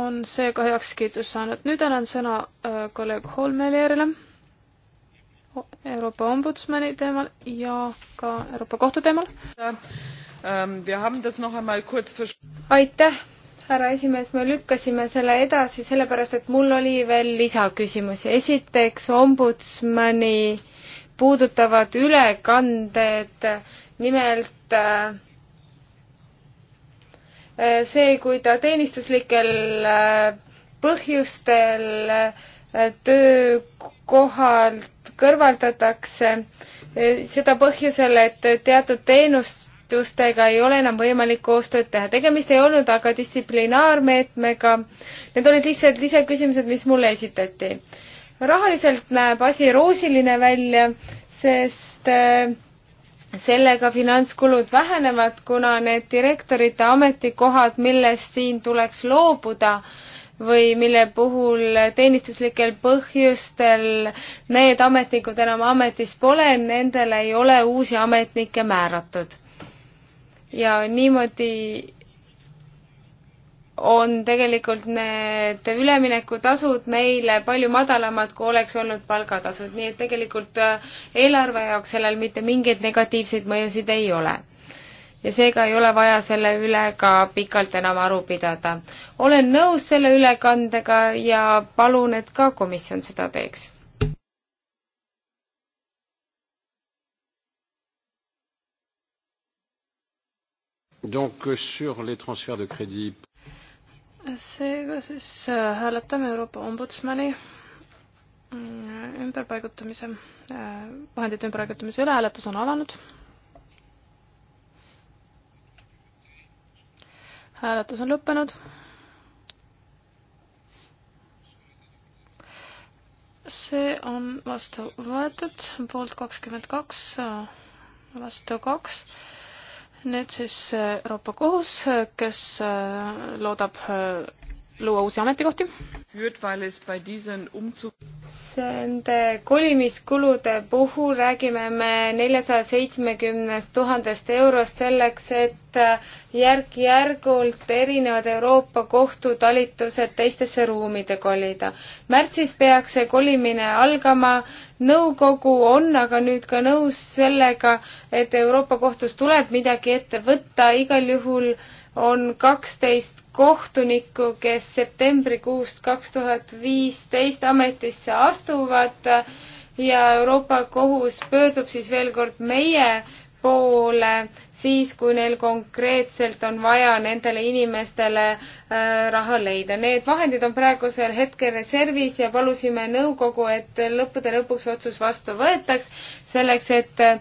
on seega heakskiidu saanud. nüüd annan sõna äh, kolleeg Holmelierile Euroopa Ombudsmani teemal ja ka Euroopa Kohtu teemal. Ähm, aitäh, härra esimees, me lükkasime selle edasi sellepärast, et mul oli veel lisaküsimusi. esiteks Ombudsmani puudutavad ülekanded, nimelt äh, see, kui ta teenistuslikel äh, põhjustel äh, töö kohalt kõrvaldatakse, eh, seda põhjusel, et teatud teenustustega ei ole enam võimalik koostööd teha. tegemist ei olnud aga distsiplinaarmeetmega, need olid lihtsalt lisaküsimused, mis mulle esitati. rahaliselt näeb asi roosiline välja, sest eh, sellega finantskulud vähenevad, kuna need direktorite ametikohad, millest siin tuleks loobuda, või mille puhul teenistuslikel põhjustel need ametnikud enam ametis pole, nendele ei ole uusi ametnikke määratud. ja niimoodi on tegelikult need üleminekutasud neile palju madalamad, kui oleks olnud palgatasud, nii et tegelikult äh, eelarve jaoks sellel mitte mingeid negatiivseid mõjusid ei ole ja seega ei ole vaja selle üle ka pikalt enam aru pidada. olen nõus selle ülekandega ja palun, et ka komisjon seda teeks. Donc sur les transferts de crédit. seega siis äh, hääletame Euroopa Ombudsmani mm, ümberpaigutamise, äh, vahendite ümberpaigutamise üle, hääletus on alanud hääletus on lõppenud. see on vastu võetud, poolt kakskümmend kaks, vastu kaks. nüüd siis Euroopa Kohus, kes loodab luua uusi ametikohti. Nende kolimiskulude puhul räägime me neljasaja seitsmekümnest tuhandest eurost selleks, et järk-järgult erinevad Euroopa kohtutalitused teistesse ruumide kolida. märtsis peaks see kolimine algama, nõukogu on aga nüüd ka nõus sellega, et Euroopa Kohtus tuleb midagi ette võtta, igal juhul on kaksteist kohtunikku, kes septembrikuust kaks tuhat viisteist ametisse astuvad ja Euroopa Kohus pöördub siis veel kord meie poole siis, kui neil konkreetselt on vaja nendele inimestele äh, raha leida. Need vahendid on praegusel hetkel reservis ja palusime nõukogu, et lõppude lõpuks otsus vastu võetaks, selleks et äh,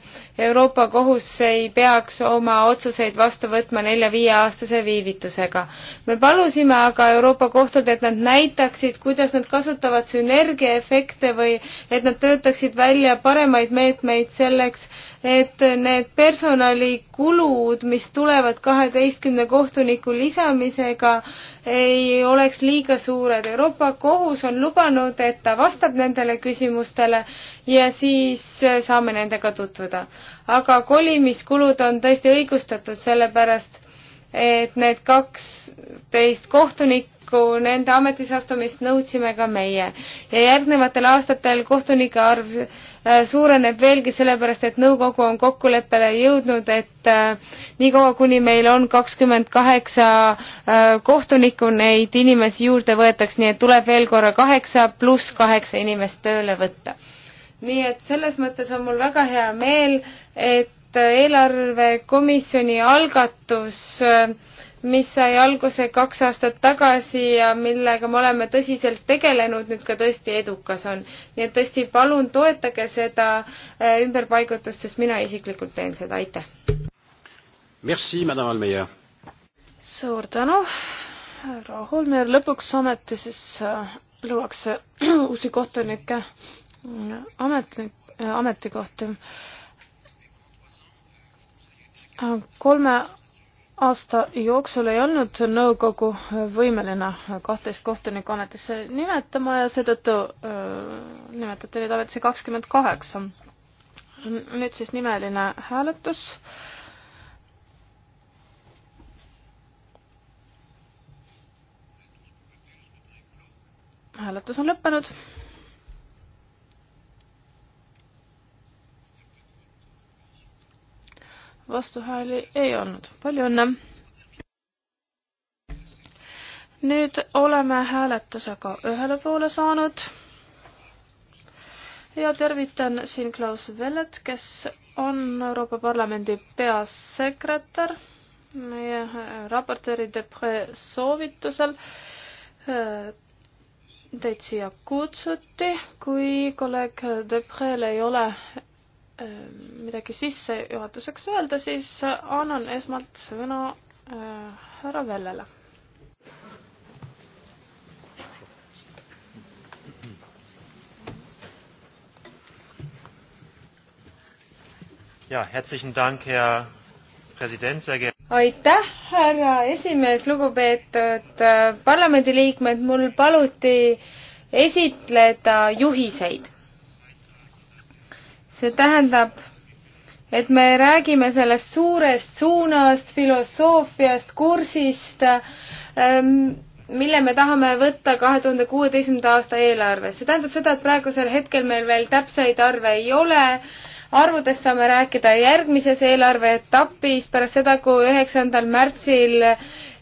Euroopa Kohus ei peaks oma otsuseid vastu võtma nelja-viieaastase viivitusega. me palusime aga Euroopa Kohtult, et nad näitaksid, kuidas nad kasutavad sünergiaefekte või et nad töötaksid välja paremaid meetmeid selleks, et need personalikulud, mis tulevad kaheteistkümne kohtuniku lisamisega, ei oleks liiga suured. Euroopa Kohus on lubanud, et ta vastab nendele küsimustele ja siis saame nendega tutvuda. aga kolimiskulud on tõesti õigustatud, sellepärast et need kaksteist kohtunikku jätku nende ametisse astumist nõudsime ka meie. ja järgnevatel aastatel kohtunike arv äh, suureneb veelgi, sellepärast et nõukogu on kokkuleppele jõudnud, et äh, niikaua, kuni meil on kakskümmend kaheksa äh, kohtunikku, neid inimesi juurde võetaks, nii et tuleb veel korra kaheksa pluss kaheksa inimest tööle võtta. nii et selles mõttes on mul väga hea meel, et äh, eelarvekomisjoni algatus äh, mis sai alguse kaks aastat tagasi ja millega me oleme tõsiselt tegelenud, nüüd ka tõesti edukas on. nii et tõesti palun toetage seda äh, ümberpaigutust, sest mina isiklikult teen seda, aitäh! Merci, madame Almeja! suur tänu, rahul meil lõpuks ometi siis äh, luuakse uusi kohtunikke äh, ametnik, ametikohti. kolme aasta jooksul ei olnud nõukogu võimeline kahteteist kohtunikku ametisse nimetama ja seetõttu äh, nimetati neid ametisse kakskümmend kaheksa. nüüd siis nimeline hääletus. hääletus on lõppenud vastuhääli ei olnud. palju õnne! nüüd oleme hääletusega ühele poole saanud ja tervitan siin Klaus Vellet, kes on Euroopa Parlamendi peasekretär meie raportööri Depre soovitusel äh, teid siia kutsuti, kui kolleeg Deprel ei ole Äh, midagi sissejuhatuseks öelda, siis annan esmalt sõna äh, härra Vellele. ja, herzlichen Dank, Herr Präsident, sehr geehrter aitäh, härra esimees, lugupeetud äh, parlamendiliikmed, mul paluti esitleda juhiseid see tähendab, et me räägime sellest suurest suunast, filosoofiast, kursist, ähm, mille me tahame võtta kahe tuhande kuueteistkümnenda aasta eelarves. see tähendab seda, et praegusel hetkel meil veel täpseid arve ei ole, arvudest saame rääkida järgmises eelarveetapis pärast seda, kui üheksandal märtsil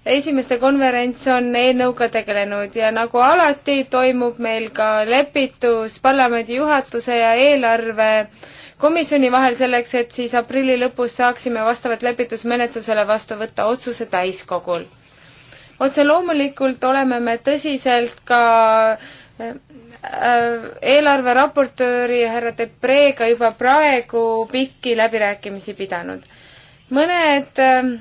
esimeste konverents on eelnõuga tegelenud ja nagu alati, toimub meil ka lepitus parlamendi juhatuse ja eelarve komisjoni vahel selleks, et siis aprilli lõpus saaksime vastavalt lepitusmenetlusele vastu võtta otsuse täiskogul. otse loomulikult oleme me tõsiselt ka äh, eelarveraportööri härra Depreega juba praegu pikki läbirääkimisi pidanud. mõned äh,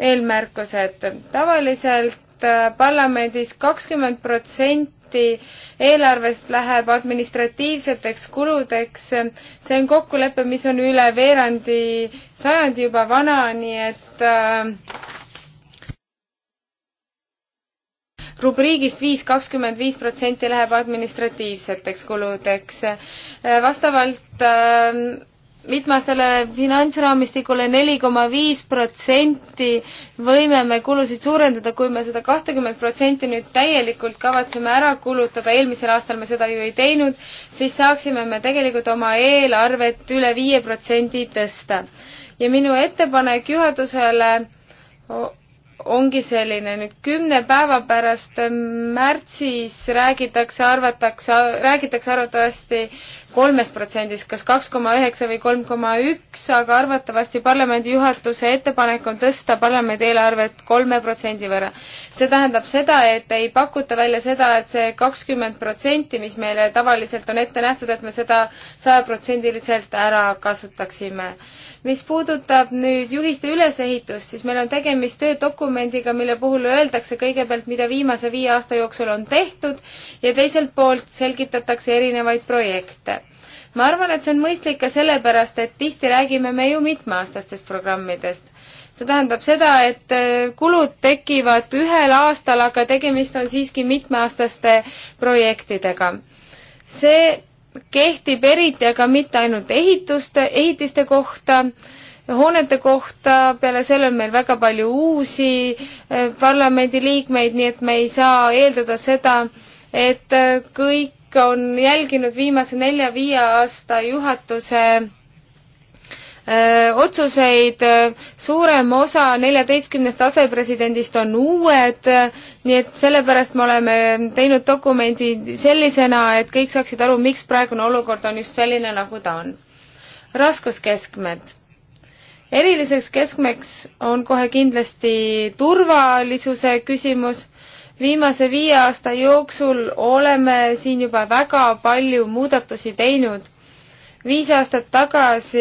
eelmärkused. tavaliselt äh, parlamendis kakskümmend protsenti eelarvest läheb administratiivseteks kuludeks. see on kokkulepe, mis on üle veerandi sajandi juba vana, nii et äh, rubriigist viis kakskümmend viis protsenti läheb administratiivseteks kuludeks. Äh, vastavalt mitmeaastale finantsraamistikule neli koma viis protsenti võime me kulusid suurendada, kui me seda kahtekümmet protsenti nüüd täielikult kavatseme ära kulutada, eelmisel aastal me seda ju ei teinud, siis saaksime me tegelikult oma eelarvet üle viie protsendi tõsta. ja minu ettepanek juhatusele ongi selline, nüüd kümne päeva pärast märtsis räägitakse, arvatakse, räägitakse arvatavasti kolmest protsendist, kas kaks koma üheksa või kolm koma üks, aga arvatavasti parlamendi juhatuse ettepanek on tõsta parlamendi eelarvet kolme protsendi võrra. see tähendab seda, et ei pakuta välja seda, et see kakskümmend protsenti, mis meile tavaliselt on ette nähtud, et me seda sajaprotsendiliselt ära kasutaksime mis puudutab nüüd juhiste ülesehitust, siis meil on tegemist töödokumendiga, mille puhul öeldakse kõigepealt, mida viimase viie aasta jooksul on tehtud ja teiselt poolt selgitatakse erinevaid projekte ma arvan, et see on mõistlik ka sellepärast, et tihti räägime me ju mitmeaastastest programmidest. see tähendab seda, et äh, kulud tekivad ühel aastal, aga tegemist on siiski mitmeaastaste projektidega. see kehtib eriti aga mitte ainult ehituste, ehitiste kohta, hoonete kohta, peale selle on meil väga palju uusi eh, parlamendiliikmeid, nii et me ei saa eeldada seda, et eh, kõik on jälginud viimase nelja-viie aasta juhatuse Äh, otsuseid, äh, suurem osa neljateistkümnest asepresidendist on uued, äh, nii et sellepärast me oleme teinud dokumendi sellisena, et kõik saaksid aru, miks praegune olukord on just selline, nagu ta on. raskuskeskmed eriliseks keskmeks on kohe kindlasti turvalisuse küsimus. viimase viie aasta jooksul oleme siin juba väga palju muudatusi teinud viis aastat tagasi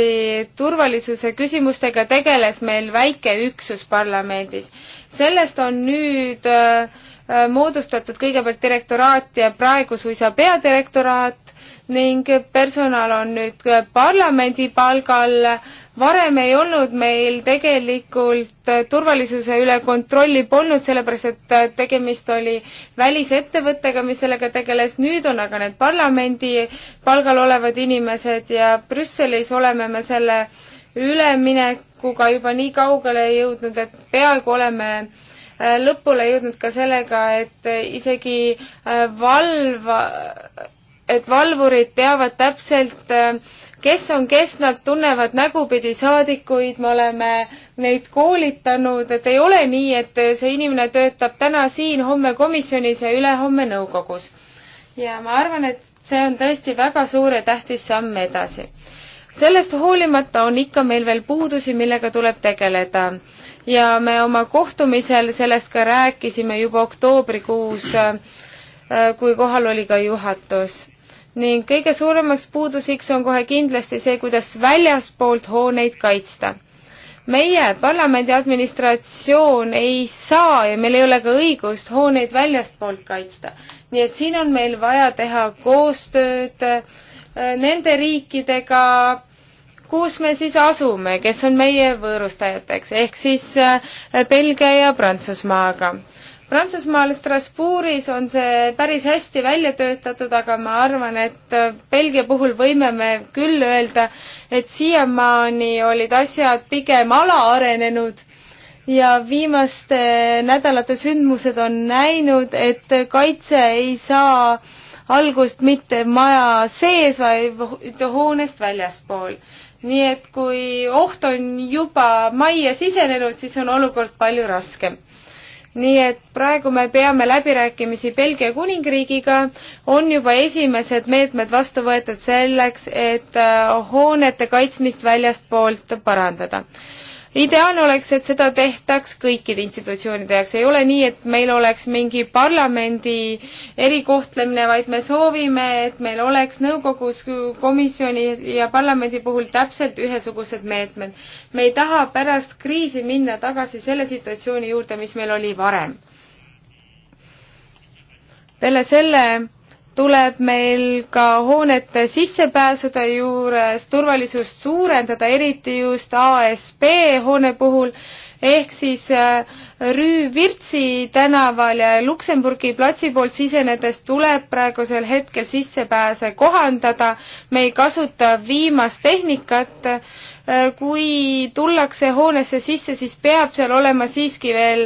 turvalisuse küsimustega tegeles meil väike üksus parlamendis. sellest on nüüd äh, äh moodustatud kõigepealt direktoraat ja praegu suisa peadirektoraat ning personal on nüüd parlamendi palgal. varem ei olnud meil tegelikult turvalisuse üle kontrolli polnud, sellepärast et tegemist oli välisettevõttega, mis sellega tegeles. nüüd on aga need parlamendi palgal olevad inimesed ja Brüsselis oleme me selle üleminekuga juba nii kaugele jõudnud, et peaaegu oleme äh, lõpule jõudnud ka sellega, et isegi äh, valva et valvurid teavad täpselt, äh, kes on kes, nad tunnevad nägupidi saadikuid, me oleme neid koolitanud, et ei ole nii, et see inimene töötab täna siin, homme komisjonis ja ülehomme nõukogus. ja ma arvan, et see on tõesti väga suur ja tähtis samm edasi. sellest hoolimata on ikka meil veel puudusi, millega tuleb tegeleda ja me oma kohtumisel sellest ka rääkisime juba oktoobrikuus, äh, äh, kui kohal oli ka juhatus ning kõige suuremaks puuduseks on kohe kindlasti see, kuidas väljaspoolt hooneid kaitsta. meie parlamendi administratsioon ei saa ja meil ei ole ka õigust hooneid väljastpoolt kaitsta. nii et siin on meil vaja teha koostööd äh, nende riikidega, kus me siis asume, kes on meie võõrustajateks, ehk siis äh, Belgia ja Prantsusmaaga Prantsusmaal Strasbourgis on see päris hästi välja töötatud, aga ma arvan, et äh, Belgia puhul võime me küll öelda, et siiamaani olid asjad pigem alaarenenud ja viimaste nädalate sündmused on näinud, et kaitse ei saa algust mitte maja sees, vaid hoonest väljaspool nii et kui oht on juba majja sisenenud, siis on olukord palju raskem nii et praegu me peame läbirääkimisi Belgia kuningriigiga, on juba esimesed meetmed vastu võetud selleks, et äh, hoonete kaitsmist väljastpoolt parandada ideaalne oleks, et seda tehtaks kõikide institutsioonide jaoks, ei ole nii, et meil oleks mingi parlamendi erikohtlemine, vaid me soovime, et meil oleks nõukogus, komisjoni ja parlamendi puhul täpselt ühesugused meetmed. me ei taha pärast kriisi minna tagasi selle situatsiooni juurde, mis meil oli varem. peale selle tuleb meil ka hoonete sissepääsude juures turvalisust suurendada, eriti just ASB hoone puhul, ehk siis äh, Rüü Virtsi tänaval ja Luksemburgi platsi poolt sisenedes tuleb praegusel hetkel sissepääse kohandada. me ei kasuta viimast tehnikat Äh, kui tullakse hoonesse sisse, siis peab seal olema siiski veel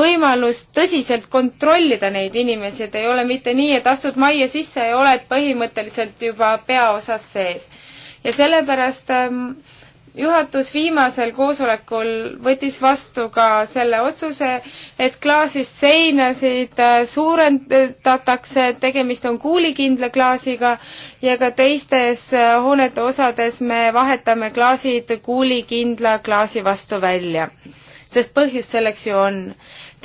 võimalus tõsiselt kontrollida neid inimesi, et ei ole mitte nii, et astud majja sisse ja oled põhimõtteliselt juba peaosas sees. ja sellepärast ähm, juhatus viimasel koosolekul võttis vastu ka selle otsuse, et klaasist seinasid äh, suurendatakse, tegemist on kuulikindla klaasiga ja ka teistes äh, hoonete osades me vahetame klaasid kuulikindla klaasi vastu välja, sest põhjust selleks ju on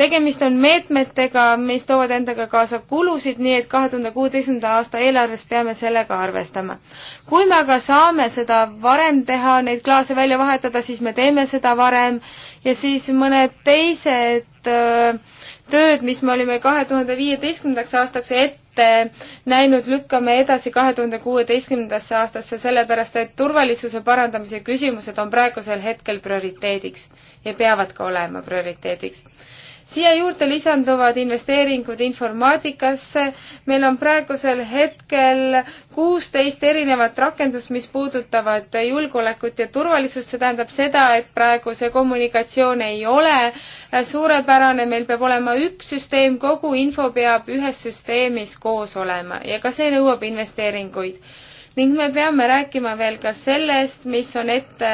tegemist on meetmetega, mis toovad endaga kaasa kulusid, nii et kahe tuhande kuueteistkümnenda aasta eelarves peame sellega arvestama. kui me aga saame seda varem teha, neid klaase välja vahetada, siis me teeme seda varem ja siis mõned teised öö, äh, tööd, mis me olime kahe tuhande viieteistkümnendaks aastaks ette näinud, lükkame edasi kahe tuhande kuueteistkümnendasse aastasse, sellepärast et turvalisuse parandamise küsimused on praegusel hetkel prioriteediks ja peavad ka olema prioriteediks siia juurde lisanduvad investeeringud informaatikasse, meil on praegusel hetkel kuusteist erinevat rakendust, mis puudutavad julgeolekut ja turvalisust, see tähendab seda, et praegu see kommunikatsioon ei ole suurepärane, meil peab olema üks süsteem, kogu info peab ühes süsteemis koos olema ja ka see nõuab investeeringuid ning me peame rääkima veel ka sellest, mis on ette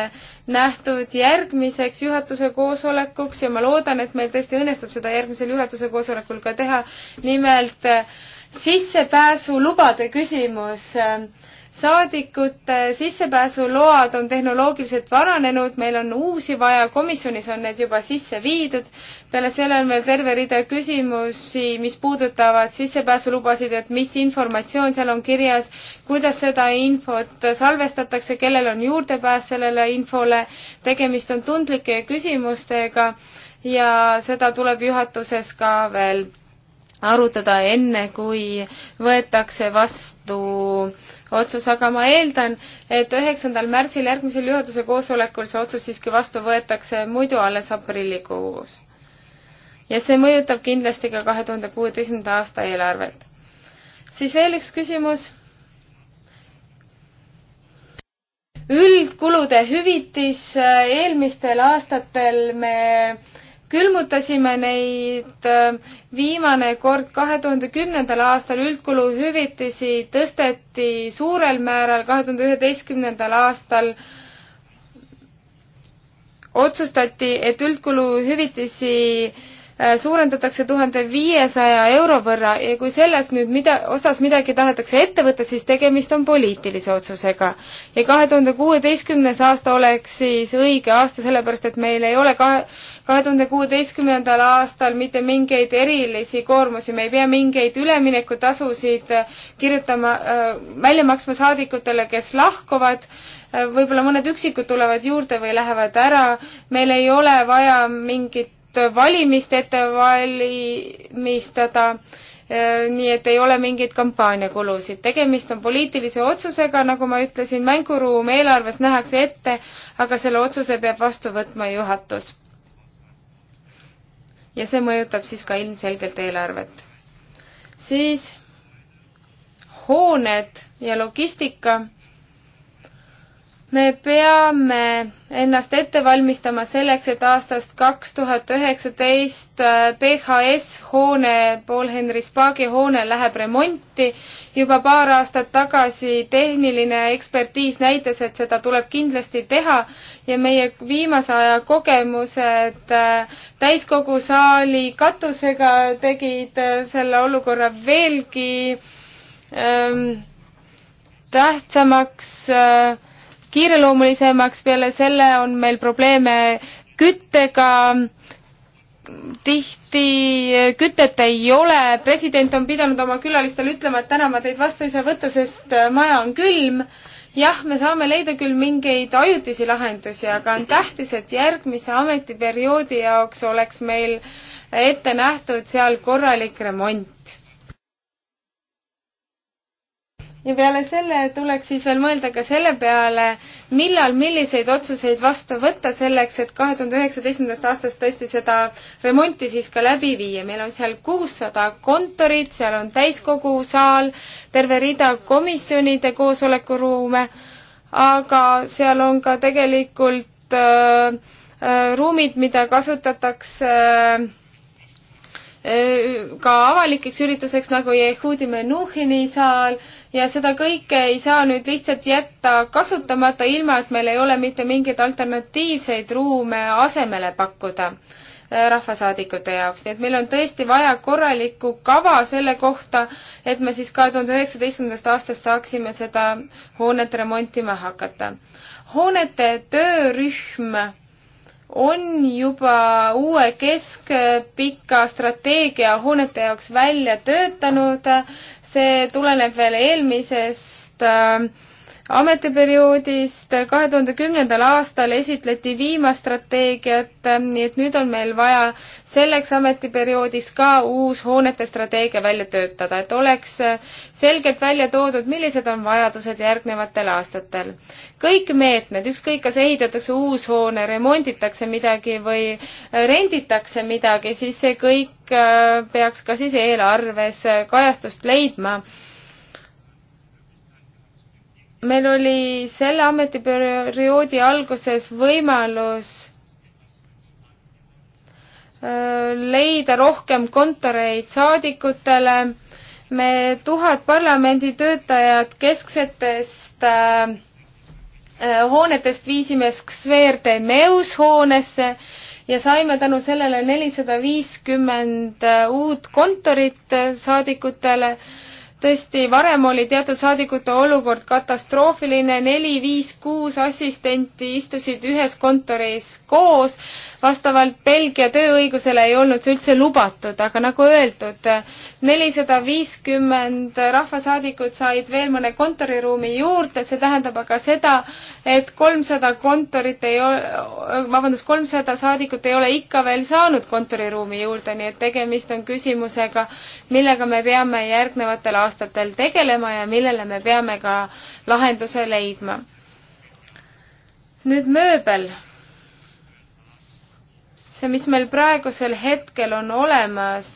nähtud järgmiseks juhatuse koosolekuks ja ma loodan, et meil tõesti õnnestub seda järgmisel juhatuse koosolekul ka teha. nimelt sissepääsulubade küsimus äh, saadikute sissepääsuload on tehnoloogiliselt vananenud, meil on uusi vaja, komisjonis on need juba sisse viidud. peale selle on veel terve rida küsimusi, mis puudutavad sissepääsulubasid, et mis informatsioon seal on kirjas, kuidas seda infot salvestatakse, kellel on juurdepääs sellele infole. tegemist on tundlike küsimustega ja seda tuleb juhatuses ka veel arutada enne, kui võetakse vastu äh, otsus, aga ma eeldan, et üheksandal märtsil järgmisel juhatuse koosolekul see otsus siiski vastu võetakse, muidu alles aprillikuus. ja see mõjutab kindlasti ka kahe tuhande kuueteistkümnenda aasta eelarvet. siis veel üks küsimus. üldkulude hüvitis eelmistel aastatel me külmutasime neid äh, viimane kord kahe tuhande kümnendal aastal, üldkuluhüvitisi tõsteti suurel määral kahe tuhande üheteistkümnendal aastal. otsustati, et üldkuluhüvitisi äh, suurendatakse tuhande viiesaja euro võrra ja kui selles nüüd mida, osas midagi tahetakse ette võtta, siis tegemist on poliitilise otsusega. ja kahe tuhande kuueteistkümnes aasta oleks siis õige aasta, sellepärast et meil ei ole kahe kahe tuhande kuueteistkümnendal aastal mitte mingeid erilisi koormusi, me ei pea mingeid üleminekutasusid äh, kirjutama äh,, välja maksma saadikutele, kes lahkuvad, äh, võib-olla mõned üksikud tulevad juurde või lähevad ära, meil ei ole vaja mingit valimist ette valmistada äh, nii et ei ole mingeid kampaaniakulusid. tegemist on poliitilise otsusega, nagu ma ütlesin, mänguruum eelarves nähakse ette, aga selle otsuse peab vastu võtma juhatus ja see mõjutab siis ka ilmselgelt eelarvet. siis hooned ja logistika me peame ennast ette valmistama selleks, et aastast kaks tuhat üheksateist äh, PHS hoone, Paul Henry Spagi hoone läheb remonti. juba paar aastat tagasi tehniline ekspertiis näitas, et seda tuleb kindlasti teha ja meie viimase aja kogemused äh, täiskogu saali katusega tegid äh, selle olukorra veelgi ähm, tähtsamaks äh, kiireloomulisemaks, peale selle on meil probleeme küttega, tihti kütet ei ole, president on pidanud oma külalistele ütlema, et täna ma teid vastu ei saa võtta, sest äh, maja on külm. jah, me saame leida küll mingeid ajutisi lahendusi, aga on tähtis, et järgmise ametiperioodi jaoks oleks meil ette nähtud seal korralik remont ja peale selle tuleks siis veel mõelda ka selle peale, millal milliseid otsuseid vastu võtta selleks, et kahe tuhande üheksateistkümnendast aastast tõesti seda remonti siis ka läbi viia. meil on seal kuussada kontorit, seal on täiskogu saal, terve rida komisjonide koosolekuruume, aga seal on ka tegelikult äh, äh ruumid, mida kasutatakse äh, ka avalikeks ürituseks nagu Yehudi Menuhini saal äh,, ja seda kõike ei saa nüüd lihtsalt jätta kasutamata, ilma et meil ei ole mitte mingeid alternatiivseid ruume asemele pakkuda äh, rahvasaadikute jaoks, nii et meil on tõesti vaja korralikku kava selle kohta, et me siis kahe tuhande üheksateistkümnendast aastast saaksime seda hoonet remontima hakata. hoonete töörühm on juba uue keskpika strateegia hoonete jaoks välja töötanud see tuleneb veel eelmisest äh, ametiperioodist kahe tuhande kümnendal aastal esitleti viimast strateegiat, nii et nüüd on meil vaja selleks ametiperioodiks ka uus hoonete strateegia välja töötada, et oleks selgelt välja toodud, millised on vajadused järgnevatel aastatel. kõik meetmed, ükskõik kas ehitatakse uus hoone, remonditakse midagi või renditakse midagi, siis see kõik äh, peaks ka siis eelarves kajastust leidma meil oli selle ametiperioodi alguses võimalus leida rohkem kontoreid saadikutele. me tuhat parlamenditöötajat kesksetest äh, hoonetest viisime Sverde Meus hoonesse ja saime tänu sellele nelisada viiskümmend uut kontorit saadikutele äh, tõesti, varem oli teatud saadikute olukord katastroofiline, neli, viis, kuus assistenti istusid ühes kontoris koos, vastavalt Belgia tööõigusele ei olnud see üldse lubatud, aga nagu öeldud, nelisada viiskümmend rahvasaadikut said veel mõne kontoriruumi juurde, see tähendab aga seda, et kolmsada kontorit ei ole, vabandust, kolmsada saadikut ei ole ikka veel saanud kontoriruumi juurde, nii et tegemist on küsimusega, millega me peame järgnevatel aastatel tegelema ja millele me peame ka lahenduse leidma. nüüd mööbel see, mis meil praegusel hetkel on olemas,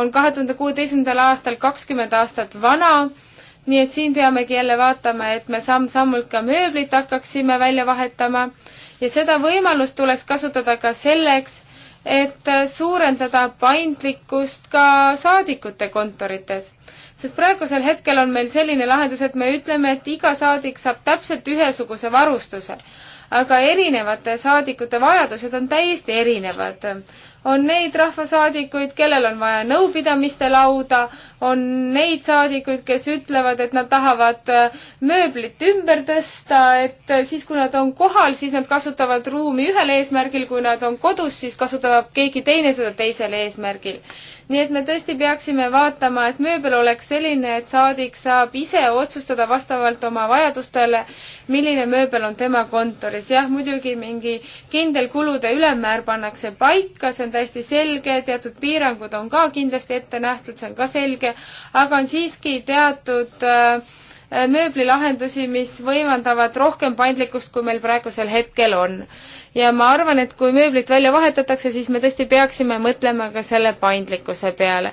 on kahe tuhande kuueteistkümnendal aastal kakskümmend aastat vana, nii et siin peamegi jälle vaatama, et me samm-sammult ka mööblit hakkaksime välja vahetama ja seda võimalust tuleks kasutada ka selleks, et suurendada paindlikkust ka saadikute kontorites. sest praegusel hetkel on meil selline lahendus, et me ütleme, et iga saadik saab täpselt ühesuguse varustuse aga erinevate saadikute vajadused on täiesti erinevad on neid rahvasaadikuid, kellel on vaja nõupidamiste lauda, on neid saadikuid, kes ütlevad, et nad tahavad äh, mööblit ümber tõsta, et äh, siis, kui nad on kohal, siis nad kasutavad ruumi ühel eesmärgil, kui nad on kodus, siis kasutab keegi teine seda teisel eesmärgil. nii et me tõesti peaksime vaatama, et mööbel oleks selline, et saadik saab ise otsustada vastavalt oma vajadustele, milline mööbel on tema kontoris. jah, muidugi mingi kindel kulude ülemmäär pannakse paika, see on on täiesti selge, teatud piirangud on ka kindlasti ette nähtud, see on ka selge, aga on siiski teatud äh, mööblilahendusi, mis võimaldavad rohkem paindlikkust, kui meil praegusel hetkel on. ja ma arvan, et kui mööblit välja vahetatakse, siis me tõesti peaksime mõtlema ka selle paindlikkuse peale.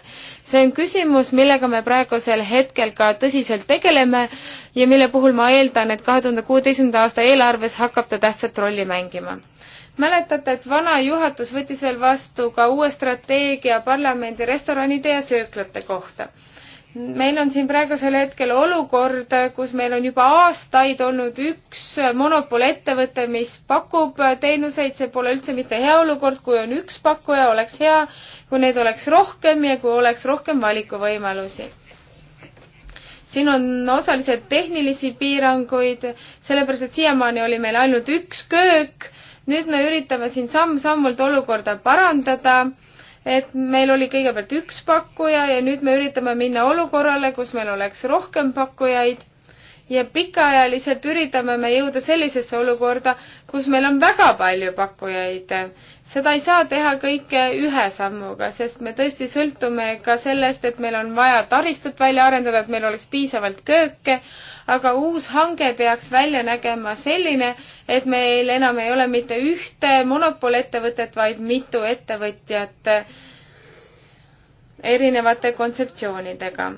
see on küsimus, millega me praegusel hetkel ka tõsiselt tegeleme ja mille puhul ma eeldan, et kahe tuhande kuueteistkümnenda aasta eelarves hakkab ta tähtsat rolli mängima mäletate, et vana juhatus võttis veel vastu ka uue strateegia parlamendi restoranide ja sööklate kohta. meil on siin praegusel hetkel olukord, kus meil on juba aastaid olnud üks monopolettevõte, mis pakub teenuseid, see pole üldse mitte hea olukord, kui on üks pakkuja, oleks hea, kui neid oleks rohkem ja kui oleks rohkem valikuvõimalusi siin on osaliselt tehnilisi piiranguid, sellepärast et siiamaani oli meil ainult üks köök nüüd me üritame siin samm-sammult olukorda parandada, et meil oli kõigepealt üks pakkuja ja nüüd me üritame minna olukorrale, kus meil oleks rohkem pakkujaid ja pikaajaliselt üritame me jõuda sellisesse olukorda, kus meil on väga palju pakkujaid. seda ei saa teha kõike ühe sammuga, sest me tõesti sõltume ka sellest, et meil on vaja taristut välja arendada, et meil oleks piisavalt kööke, aga uus hange peaks välja nägema selline, et meil enam ei ole mitte ühte monopolettevõtet, vaid mitu ettevõtjat erinevate kontseptsioonidega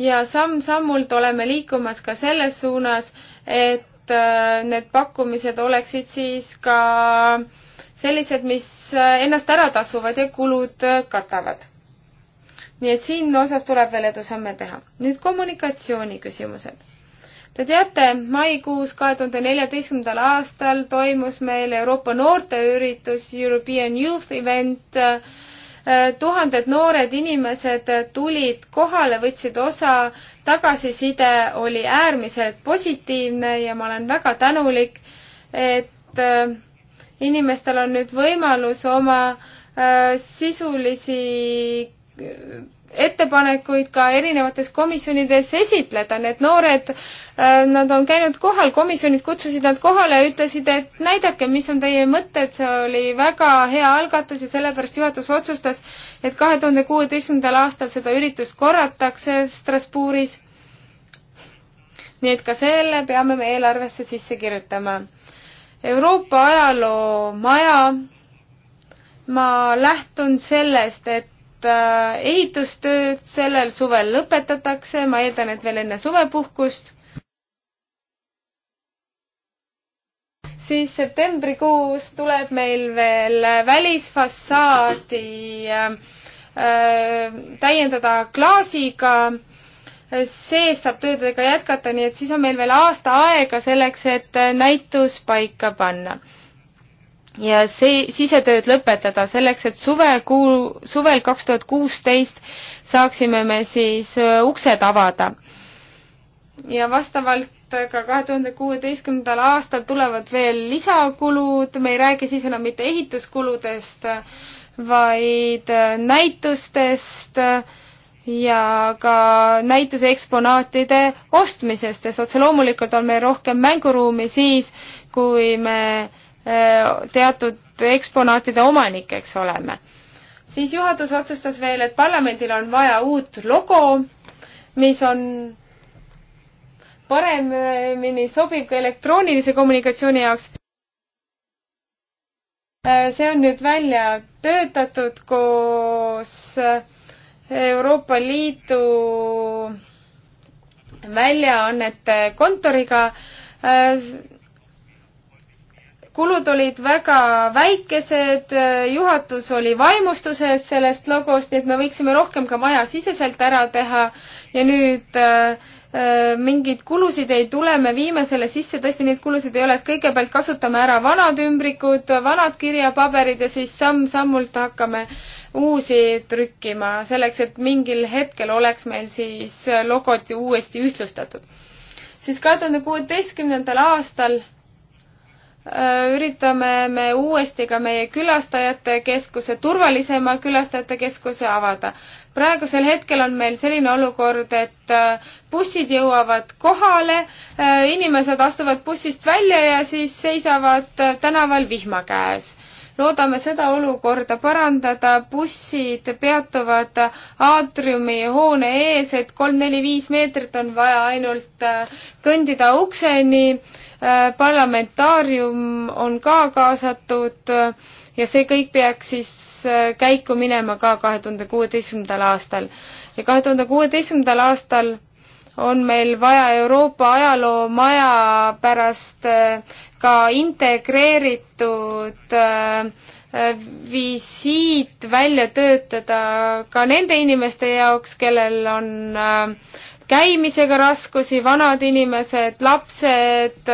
ja samm-sammult oleme liikumas ka selles suunas, et äh, need pakkumised oleksid siis ka sellised, mis äh, ennast ära tasuvad ja kulud äh, katavad. nii et siin osas tuleb veel edusamme teha. nüüd kommunikatsiooni küsimused. Te teate, maikuus kahe tuhande neljateistkümnendal aastal toimus meil Euroopa noorteüritus European Youth Event äh, tuhanded noored inimesed tulid kohale, võtsid osa, tagasiside oli äärmiselt positiivne ja ma olen väga tänulik, et äh, inimestel on nüüd võimalus oma äh, sisulisi äh, ettepanekuid ka erinevates komisjonides esitleda, need noored, äh, nad on käinud kohal, komisjonid kutsusid nad kohale ja ütlesid, et näidake, mis on teie mõtted, see oli väga hea algatus ja sellepärast juhatus otsustas, et kahe tuhande kuueteistkümnendal aastal seda üritust korratakse Strasbourgis. nii et ka selle peame me eelarvesse sisse kirjutama. Euroopa ajaloo maja, ma lähtun sellest, et Äh, ehitustööd sellel suvel lõpetatakse, ma eeldan, et veel enne suvepuhkust. siis septembrikuus tuleb meil veel välisfassaadi äh, äh täiendada klaasiga sees saab töödega jätkata, nii et siis on meil veel aasta aega selleks, et äh, näitus paika panna ja see sisetööd lõpetada selleks, et suvekuu, suvel kaks tuhat kuusteist saaksime me siis äh, uksed avada. ja vastavalt ka kahe tuhande kuueteistkümnendal aastal tulevad veel lisakulud, me ei räägi siis enam mitte ehituskuludest, vaid äh, näitustest ja ka näituse eksponaatide ostmisest, sest otse loomulikult on meil rohkem mänguruumi siis, kui me teatud eksponaatide omanikeks oleme. siis juhatus otsustas veel, et parlamendil on vaja uut logo, mis on paremini sobiv ka elektroonilise kommunikatsiooni jaoks. see on nüüd välja töötatud koos Euroopa Liidu väljaannete kontoriga kulud olid väga väikesed, juhatus oli vaimustuses sellest logost, nii et me võiksime rohkem ka majasiseselt ära teha ja nüüd äh, äh mingeid kulusid ei tule, me viime selle sisse, tõesti neid kulusid ei ole, et kõigepealt kasutame ära vanad ümbrikud, vanad kirjapaberid ja siis samm-sammult hakkame uusi trükkima, selleks et mingil hetkel oleks meil siis logod uuesti ühtlustatud. siis kahe tuhande kuueteistkümnendal aastal Äh, üritame me uuesti ka meie külastajate keskuse, turvalisema külastajate keskuse avada. praegusel hetkel on meil selline olukord, et äh, bussid jõuavad kohale, äh, inimesed astuvad bussist välja ja siis seisavad tänaval vihma käes loodame seda olukorda parandada, bussid peatuvad aatriumi hoone ees, et kolm-neli-viis meetrit on vaja ainult kõndida ukseni Äh, parlamentaarium on ka kaasatud äh, ja see kõik peaks siis äh, käiku minema ka kahe tuhande kuueteistkümnendal aastal. ja kahe tuhande kuueteistkümnendal aastal on meil vaja Euroopa ajaloomaja pärast ka integreeritud visiit välja töötada ka nende inimeste jaoks, kellel on äh, käimisega raskusi, vanad inimesed, lapsed.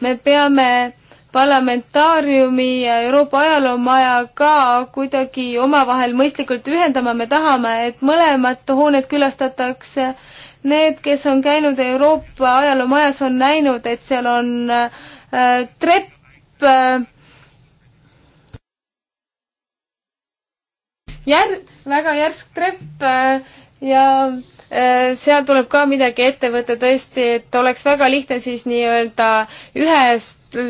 me peame parlamentaariumi ja Euroopa ajaloomaja ka kuidagi omavahel mõistlikult ühendama, me tahame, et mõlemat hoonet külastatakse. Need, kes on käinud Euroopa ajaloomajas, on näinud, et seal on äh, trepp äh,, jär-, väga järsk trepp äh, ja äh, seal tuleb ka midagi ette võtta tõesti, et oleks väga lihtne siis nii-öelda ühest,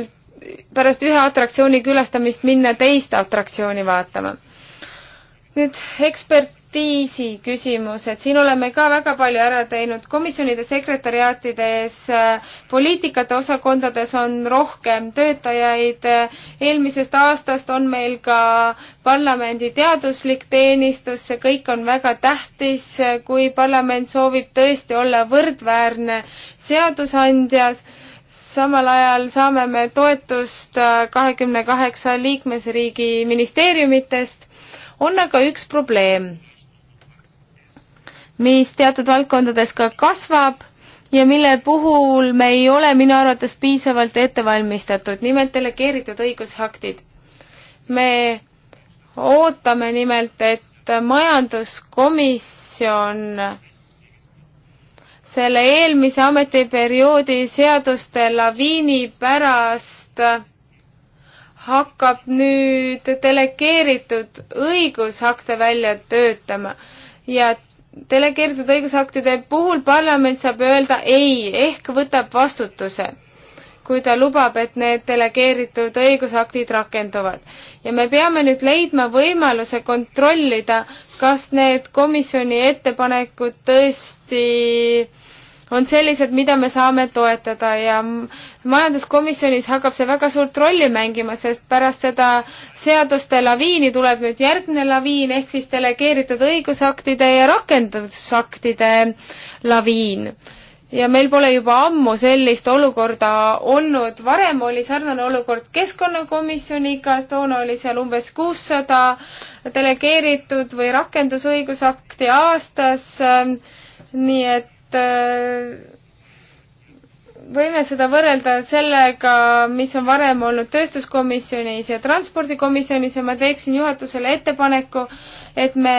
pärast ühe atraktsiooni külastamist minna teist atraktsiooni vaatama. nüüd ekspert viisi küsimus, et siin oleme ka väga palju ära teinud, komisjonide sekretäriaatides, äh, poliitikate osakondades on rohkem töötajaid, eelmisest aastast on meil ka parlamendi teaduslik teenistus, see kõik on väga tähtis, kui parlament soovib tõesti olla võrdväärne seadusandjas, samal ajal saame me toetust äh, kahekümne kaheksa liikmesriigi ministeeriumitest, on aga üks probleem mis teatud valdkondades ka kasvab ja mille puhul me ei ole minu arvates piisavalt ette valmistatud, nimelt delegeeritud õigusaktid. me ootame nimelt, et majanduskomisjon selle eelmise ametiperioodi seaduste laviini pärast hakkab nüüd delegeeritud õigusakte välja töötama ja delegeeritud õigusaktide puhul parlament saab öelda ei ehk võtab vastutuse, kui ta lubab, et need delegeeritud õigusaktid rakenduvad. ja me peame nüüd leidma võimaluse kontrollida, kas need komisjoni ettepanekud tõesti on sellised, mida me saame toetada ja majanduskomisjonis hakkab see väga suurt rolli mängima, sest pärast seda seaduste laviini tuleb nüüd järgmine laviin ehk siis delegeeritud õigusaktide ja rakendusaktide laviin ja meil pole juba ammu sellist olukorda olnud, varem oli sarnane olukord keskkonnakomisjoniga, toona oli seal umbes kuussada delegeeritud või rakendusõigusakti aastas. Ähm, nii et Äh, võime seda võrrelda sellega, mis on varem olnud tööstuskomisjonis ja transpordikomisjonis ja ma teeksin juhatusele ettepaneku, et me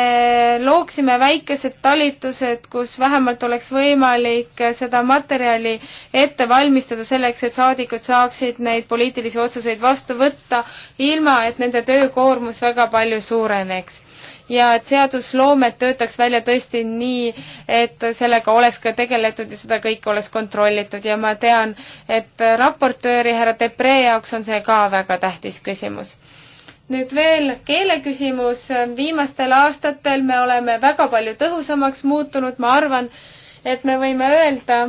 looksime väikesed talitused, kus vähemalt oleks võimalik seda materjali ette valmistada selleks, et saadikud saaksid neid poliitilisi otsuseid vastu võtta, ilma et nende töökoormus väga palju suureneks ja et seadusloomet töötaks välja tõesti nii, et sellega oleks ka tegeletud ja seda kõike oleks kontrollitud ja ma tean, et raportööri härra Depre jaoks on see ka väga tähtis küsimus nüüd veel keeleküsimus, viimastel aastatel me oleme väga palju tõhusamaks muutunud, ma arvan, et me võime öelda,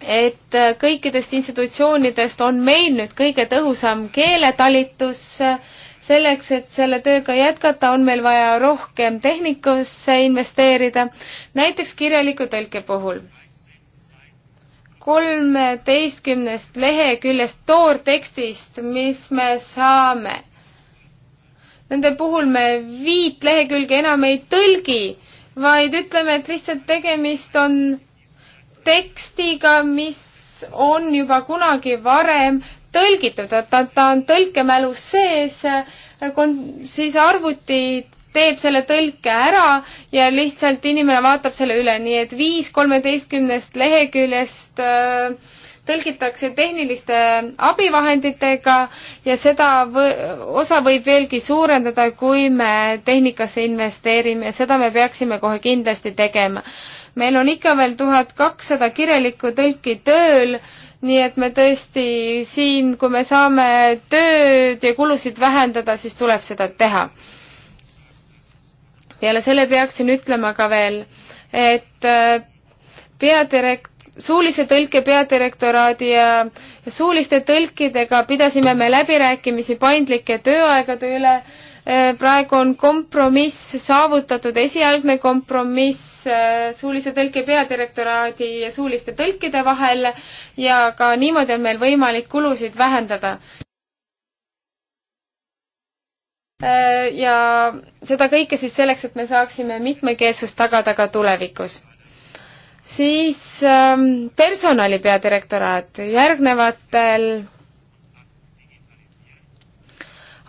et kõikidest institutsioonidest on meil nüüd kõige tõhusam keeletalitus äh, selleks, et selle tööga jätkata, on meil vaja rohkem tehnikusse investeerida, näiteks kirjaliku tõlke puhul. kolmeteistkümnest leheküljest toortekstist, mis me saame. Nende puhul me viit lehekülge enam ei tõlgi, vaid ütleme, et lihtsalt tegemist on tekstiga, mis on juba kunagi varem tõlgitud, et ta, ta on tõlkemälus sees, siis arvuti teeb selle tõlke ära ja lihtsalt inimene vaatab selle üle, nii et viis kolmeteistkümnest leheküljest äh, tõlgitakse tehniliste abivahenditega ja seda võ osa võib veelgi suurendada, kui me tehnikasse investeerime ja seda me peaksime kohe kindlasti tegema. meil on ikka veel tuhat kakssada kirjalikku tõlki tööl nii et me tõesti siin, kui me saame tööd ja kulusid vähendada, siis tuleb seda teha. peale selle peaksin ütlema ka veel, et äh, peadirekt-, suulise tõlke peadirektoraadi ja suuliste tõlkidega pidasime me läbirääkimisi paindlike tööaegade üle Eh, praegu on kompromiss saavutatud, esialgne kompromiss eh, suulise tõlke peadirektoraadi ja suuliste tõlkide vahel ja ka niimoodi on meil võimalik kulusid vähendada. Eh, ja seda kõike siis selleks, et me saaksime mitmekeelsust tagada ka tulevikus. siis ehm, personali peadirektoraat järgnevatel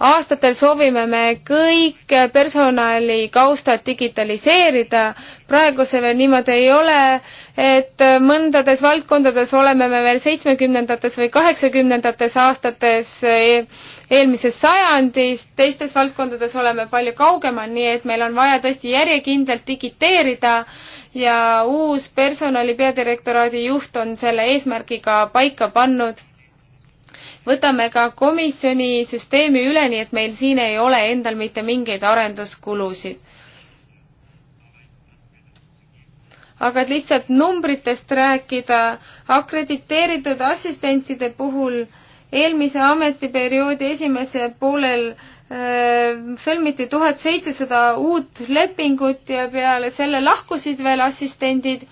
aastatel soovime me kõik personali kaustad digitaliseerida, praegu see veel niimoodi ei ole, et mõndades valdkondades oleme me veel seitsmekümnendates või kaheksakümnendates aastates e-, eelmisest sajandist, teistes valdkondades oleme palju kaugemal, nii et meil on vaja tõesti järjekindlalt digiteerida ja uus personali peadirektoraadi juht on selle eesmärgiga paika pannud võtame ka komisjoni süsteemi üle, nii et meil siin ei ole endal mitte mingeid arenduskulusid. aga et lihtsalt numbritest rääkida, akrediteeritud assistentide puhul eelmise ametiperioodi esimesel poolel öö, äh, sõlmiti tuhat seitsesada uut lepingut ja peale selle lahkusid veel assistendid.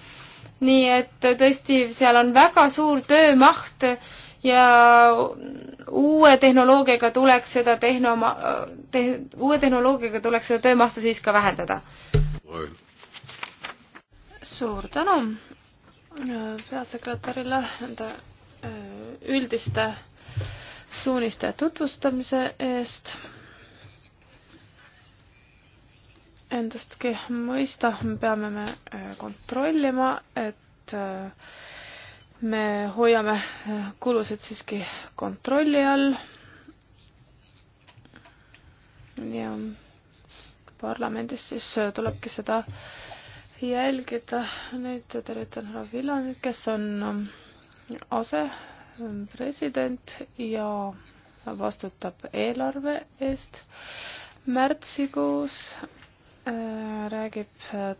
nii et tõesti, seal on väga suur töömaht ja uue tehnoloogiaga tuleks seda tehno- te,, uue tehnoloogiaga tuleks seda töömahtu siis ka vähendada. suur tänu äh, peasekretärile nende äh, üldiste suuniste tutvustamise eest. Endastki mõista peame me äh, kontrollima, et äh, me hoiame äh, kulusid siiski kontrolli all. ja parlamendis siis äh, tulebki seda jälgida. nüüd tervitan härra Villanit, kes on ähm, asepresident ja vastutab eelarve eest. märtsikuus äh, räägib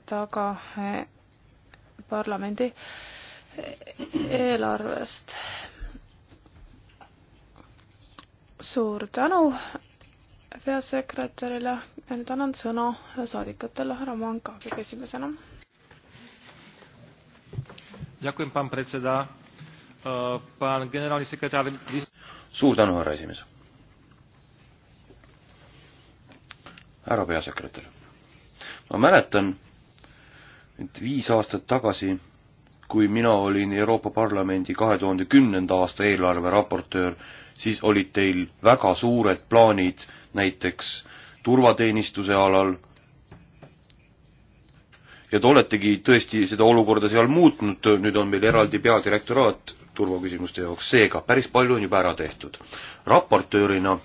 ta ka parlamendi äh, eelarvest. suur tänu peasekretärile ja nüüd annan sõna saadikutele, härra Manka kõige esimesena. E, suur tänu, härra esimees. härra peasekretär, ma mäletan, et viis aastat tagasi kui mina olin Euroopa Parlamendi kahe tuhande kümnenda aasta eelarve raportöör, siis olid teil väga suured plaanid näiteks turvateenistuse alal ja te oletegi tõesti seda olukorda seal muutnud, nüüd on meil eraldi peadirektoraat turvaküsimuste jaoks, seega päris palju on juba ära tehtud. raportöörina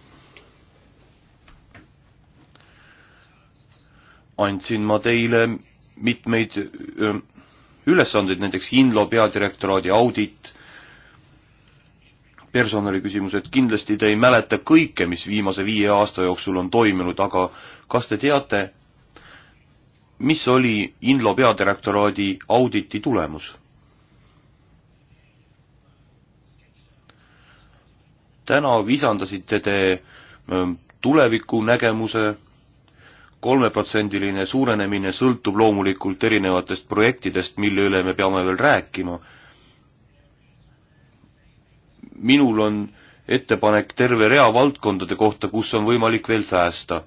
andsin ma teile mitmeid öö, ülesandeid, näiteks Inlo peadirektoraadi audit, personaliküsimused, kindlasti te ei mäleta kõike, mis viimase viie aasta jooksul on toimunud, aga kas te teate, mis oli Inlo peadirektoraadi auditi tulemus? täna visandasite te ähm, tulevikunägemuse kolmeprotsendiline suurenemine sõltub loomulikult erinevatest projektidest, mille üle me peame veel rääkima. minul on ettepanek terve rea valdkondade kohta, kus on võimalik veel säästa.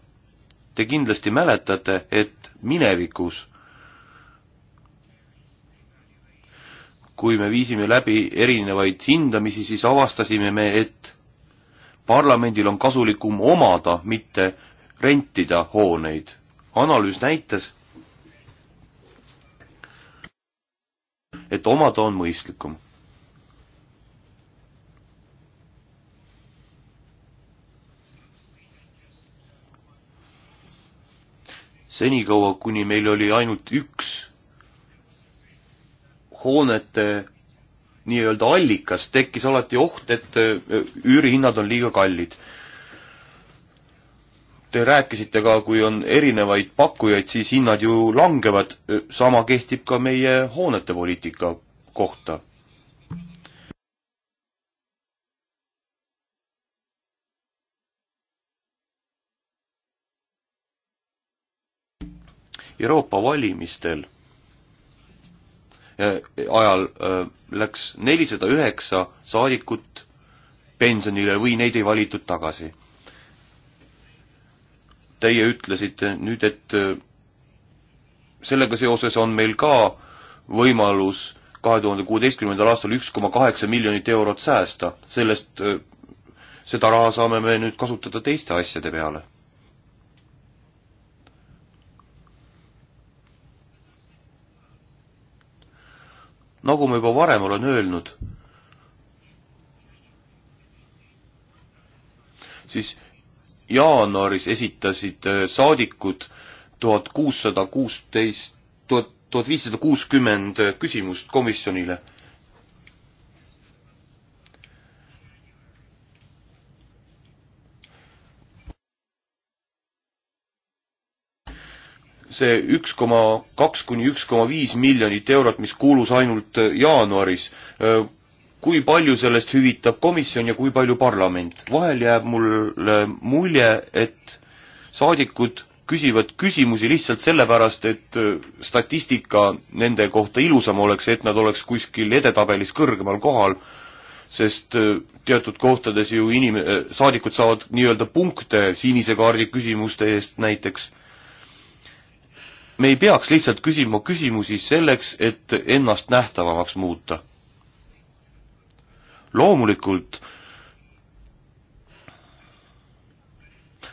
Te kindlasti mäletate, et minevikus, kui me viisime läbi erinevaid hindamisi, siis avastasime me, et parlamendil on kasulikum omada, mitte rentida hooneid. analüüs näitas, et omada on mõistlikum. senikaua, kuni meil oli ainult üks hoonete nii-öelda allikas, tekkis alati oht, et äh, üürihinnad on liiga kallid te rääkisite ka, kui on erinevaid pakkujaid, siis hinnad ju langevad, sama kehtib ka meie hoonete poliitika kohta. Euroopa valimistel eh, ajal eh, läks nelisada üheksa saadikut pensionile või neid ei valitud tagasi teie ütlesite nüüd, et äh, sellega seoses on meil ka võimalus kahe tuhande kuueteistkümnendal aastal üks koma kaheksa miljonit eurot säästa, sellest, äh, seda raha saame me nüüd kasutada teiste asjade peale. nagu ma juba varem olen öelnud, siis jaanuaris esitasid äh, saadikud tuhat kuussada kuusteist, tuhat, tuhat viissada kuuskümmend äh, küsimust komisjonile. see üks koma kaks kuni üks koma viis miljonit eurot, mis kuulus ainult äh, jaanuaris, kui palju sellest hüvitab komisjon ja kui palju parlament. vahel jääb mulle mulje, et saadikud küsivad küsimusi lihtsalt sellepärast, et äh, statistika nende kohta ilusam oleks, et nad oleks kuskil edetabelis kõrgemal kohal, sest äh, teatud kohtades ju inim-, äh, saadikud saavad nii-öelda punkte sinise kaardi küsimuste eest näiteks. me ei peaks lihtsalt küsima küsimusi selleks, et ennast nähtavamaks muuta loomulikult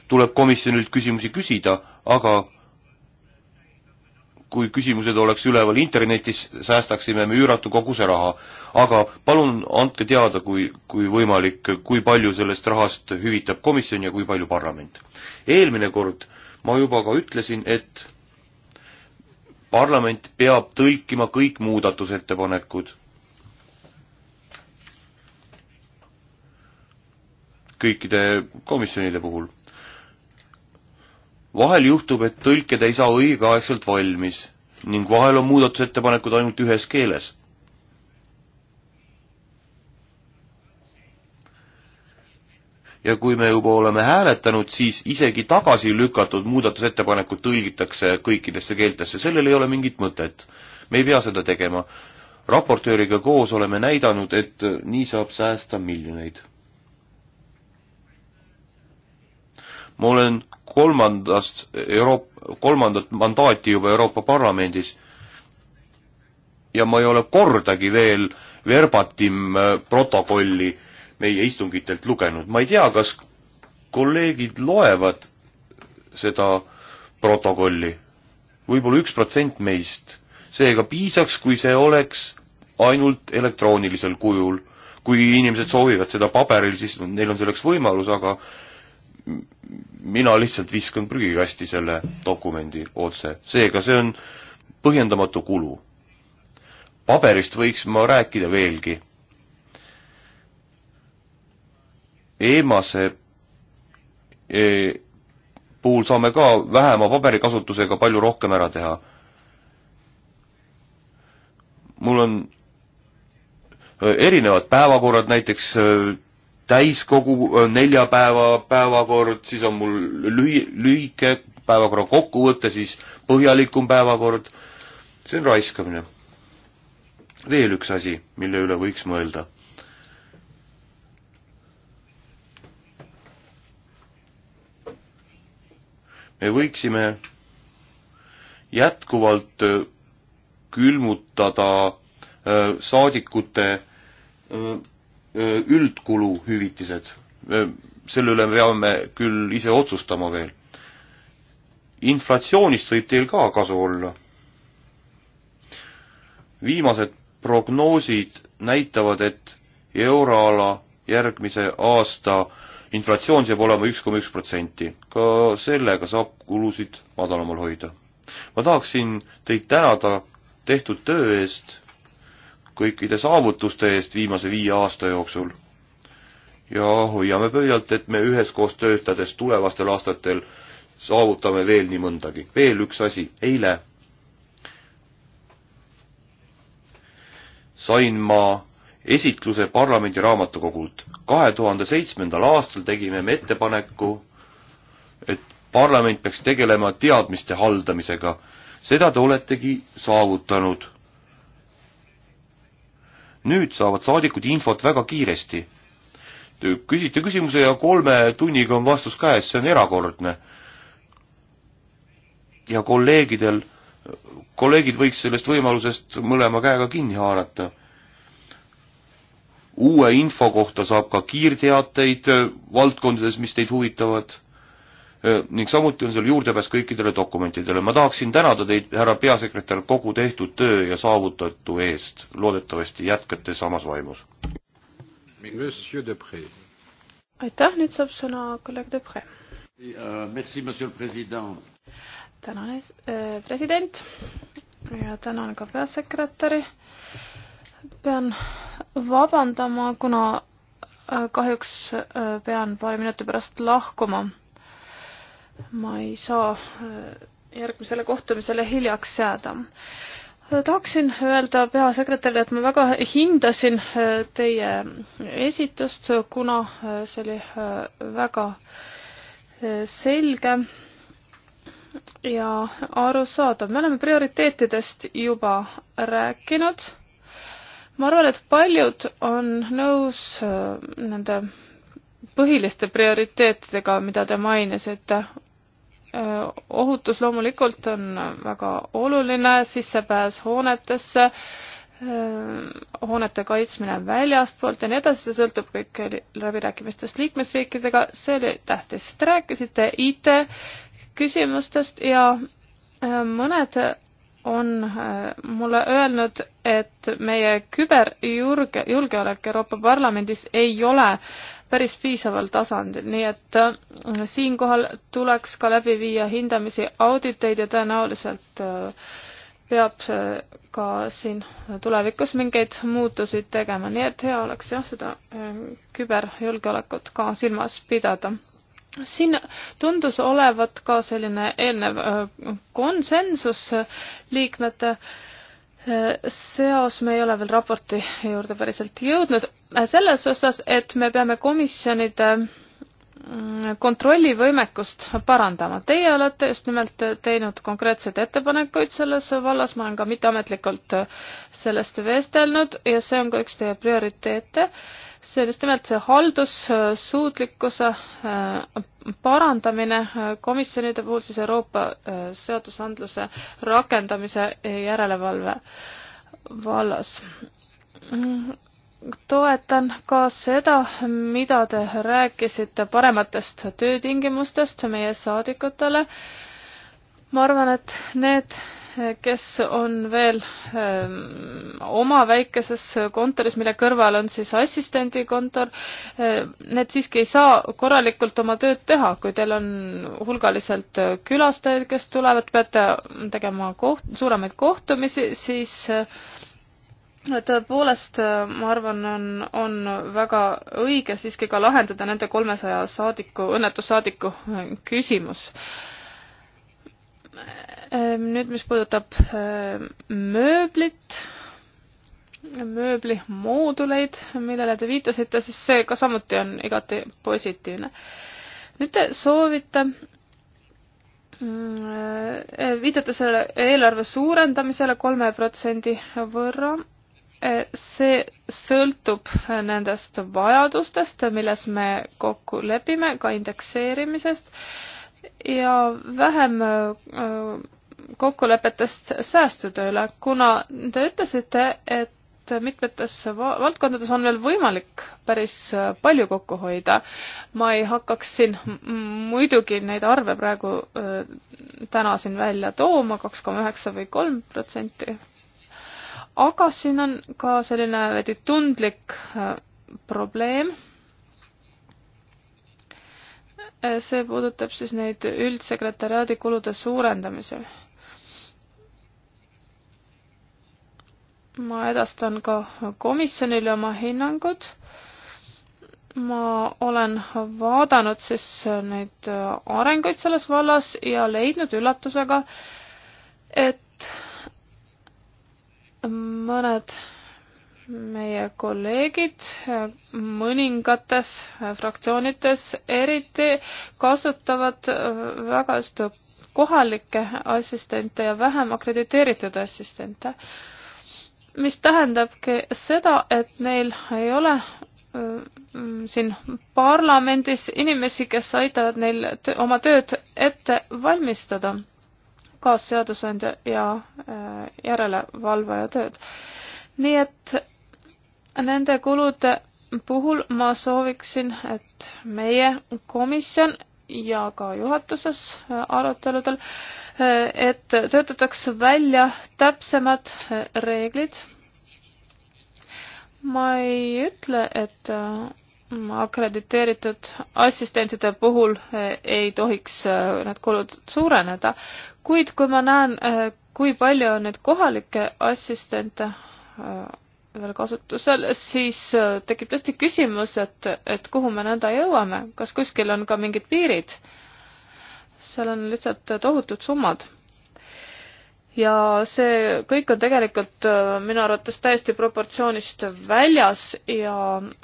tuleb komisjonilt küsimusi küsida, aga kui küsimused oleks üleval internetis, säästaksime me üüratu koguse raha. aga palun andke teada, kui, kui võimalik, kui palju sellest rahast hüvitab komisjon ja kui palju parlament. eelmine kord ma juba ka ütlesin, et parlament peab tõlkima kõik muudatusettepanekud. kõikide komisjonide puhul. vahel juhtub, et tõlked ei saa õigeaegselt valmis ning vahel on muudatusettepanekud ainult ühes keeles. ja kui me juba oleme hääletanud, siis isegi tagasi lükatud muudatusettepanekud tõlgitakse kõikidesse keeltesse, sellel ei ole mingit mõtet. me ei pea seda tegema. raportööriga koos oleme näidanud, et nii saab säästa miljoneid ma olen kolmandast Euroop-, kolmandat mandaati juba Euroopa Parlamendis ja ma ei ole kordagi veel verbatim äh, protokolli meie istungitelt lugenud. ma ei tea, kas kolleegid loevad seda protokolli võib. võib-olla üks protsent meist. seega piisaks, kui see oleks ainult elektroonilisel kujul. kui inimesed soovivad seda paberil, siis neil on selleks võimalus, aga mina lihtsalt viskan prügikasti selle dokumendi otse. seega see on põhjendamatu kulu. paberist võiks ma rääkida veelgi. Eemase e, puhul saame ka vähema paberikasutusega palju rohkem ära teha. mul on erinevad päevakorrad, näiteks e, täiskogu äh, neljapäeva päevakord, siis on mul lühi, lühike päevakorra kokkuvõte, siis põhjalikum päevakord. see on raiskamine. veel üks asi, mille üle võiks mõelda. me võiksime jätkuvalt äh, külmutada äh, saadikute üldkuluhüvitised, selle üle peame küll ise otsustama veel. inflatsioonist võib teil ka kasu olla. viimased prognoosid näitavad, et euroala järgmise aasta inflatsioon saab olema üks koma üks protsenti. ka sellega saab kulusid madalamal hoida. ma tahaksin teid tänada tehtud töö eest kõikide saavutuste eest viimase viie aasta jooksul. ja hoiame pöialt, et me üheskoos töötades tulevastel aastatel saavutame veel nii mõndagi. veel üks asi, eile sain ma esitluse parlamendi raamatukogult. kahe tuhande seitsmendal aastal tegime me ettepaneku, et parlament peaks tegelema teadmiste haldamisega. seda te oletegi saavutanud nüüd saavad saadikud infot väga kiiresti. küsite küsimuse ja kolme tunniga on vastus käes, see on erakordne. ja kolleegidel, kolleegid võiks sellest võimalusest mõlema käega kinni haarata. uue info kohta saab ka kiirteateid valdkondades, mis teid huvitavad ning samuti on seal juurdepääs kõikidele dokumentidele. ma tahaksin tänada teid, härra peasekretär, kogu tehtud töö ja saavutatu eest. loodetavasti jätkate samas vaimus. aitäh, nüüd saab sõna kolleeg Depre. Euh, tänan, äh, president ja tänan ka peasekretäri. pean vabandama, kuna äh, kahjuks äh, pean paari minuti pärast lahkuma ma ei saa äh, järgmisele kohtumisele hiljaks jääda. Äh, tahaksin öelda peasekretärile, et ma väga hindasin äh, teie esitust, kuna see oli väga selge ja arusaadav. me oleme prioriteetidest juba rääkinud. ma arvan, et paljud on nõus nende põhiliste prioriteetidega, mida te mainisite, ohutus loomulikult on väga oluline, sissepääs hoonetesse, hoonete kaitsmine väljastpoolt ja nii edasi, see sõltub kõik läbirääkimistest liikmesriikidega, see oli tähtis. Te rääkisite IT küsimustest ja mõned on mulle öelnud, et meie küberjulgeolek Euroopa Parlamendis ei ole äh, päris piisaval tasandil, nii et äh, siinkohal tuleks ka läbi viia hindamisi, auditeid ja tõenäoliselt äh, peab see ka siin tulevikus mingeid muutusi tegema, nii et hea oleks jah, seda äh, küberjulgeolekut ka silmas pidada siin tundus olevat ka selline eelnev konsensus liikmete äh, Äh, seos me ei ole veel raporti juurde päriselt jõudnud, äh, selles osas, et me peame komisjonide mm, kontrollivõimekust parandama. Teie olete just nimelt teinud konkreetseid ettepanekuid selles vallas, ma olen ka mitteametlikult sellest vestelnud ja see on ka üks teie prioriteete äh, see just nimelt see haldussuutlikkuse äh, parandamine äh, komisjonide puhul siis Euroopa äh, seadusandluse rakendamise järelevalve vallas. toetan ka seda, mida te rääkisite parematest töötingimustest meie saadikutele. ma arvan, et need kes on veel öö, ähm, oma väikeses kontoris, mille kõrval on siis assistendi kontor, äh, need siiski ei saa korralikult oma tööd teha, kui teil on hulgaliselt äh, külastajaid, kes tulevad, peate tegema koht-, suuremaid kohtumisi, siis öö, äh, tõepoolest, ma arvan, on, on väga õige siiski ka lahendada nende kolmesaja saadiku, õnnetussaadiku küsimus. Ehm, nüüd, mis puudutab ehm, mööblit, mööblimooduleid, millele te viitasite, siis see ka samuti on igati positiivne. nüüd te soovite, mm, eh, viitate selle eelarve suurendamisele kolme protsendi võrra. Eh, see sõltub eh, nendest vajadustest, milles me kokku lepime, ka indekseerimisest ja vähem kokkulepetest säästude üle, kuna te ütlesite, et mitmetes valdkondades on veel võimalik päris palju kokku hoida. ma ei hakkaks siin muidugi neid arve praegu äh, täna siin välja tooma, kaks koma üheksa või kolm protsenti. aga siin on ka selline veidi tundlik äh, probleem äh, see puudutab siis neid üldsekretäriaadi kulude suurendamise ma edastan ka komisjonile oma hinnangud. ma olen vaadanud siis neid arenguid selles vallas ja leidnud üllatusega, et mõned meie kolleegid mõningates fraktsioonides eriti kasutavad väga just kohalikke assistente ja vähem akrediteeritud assistente mis tähendabki seda, et neil ei ole mm, siin parlamendis inimesi, kes aitavad neil oma tööd ette valmistada, kaasseadusandja ja järelevalvaja tööd. nii et nende kulude puhul ma sooviksin, et meie komisjon ja ka juhatuses äh, aruteludel, äh, et töötatakse välja täpsemad äh, reeglid. ma ei ütle, et akrediteeritud assistentide puhul ei tohiks need kulud suureneda, kuid kui ma näen, kui palju on nüüd kohalikke assistente veel kasutusel, siis äh, tekib tõesti küsimus, et, et kuhu me nõnda jõuame, kas kuskil on ka mingid piirid? seal on lihtsalt äh, tohutud summad. ja see kõik on tegelikult äh, minu arvates täiesti proportsioonist väljas ja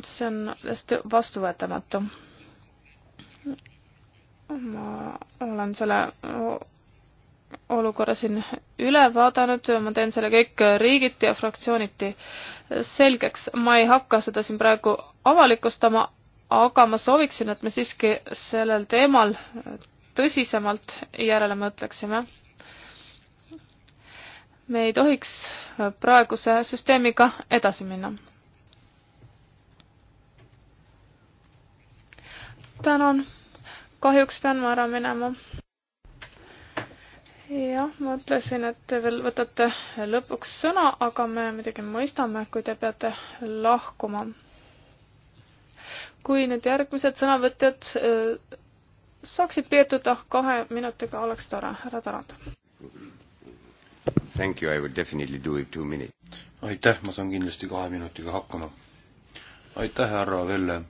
see on täiesti vastuvõetamatu. ma olen selle olukorra siin üle vaadanud, ma teen selle kõik riigiti ja fraktsiooniti selgeks. ma ei hakka seda siin praegu avalikustama, aga ma sooviksin, et me siiski sellel teemal tõsisemalt järele mõtleksime. me ei tohiks praeguse süsteemiga edasi minna. tänan, kahjuks pean ma ära minema jah, ma ütlesin, et te veel võtate lõpuks sõna, aga me muidugi mõistame, kui te peate lahkuma. kui nüüd järgmised sõnavõtjad äh, saaksid piirduda kahe minutiga, oleks tore, härra Tarand. Thank you, I would definitely do it two minutes. aitäh, ma saan kindlasti kahe minutiga hakkama. aitäh, härra Velle,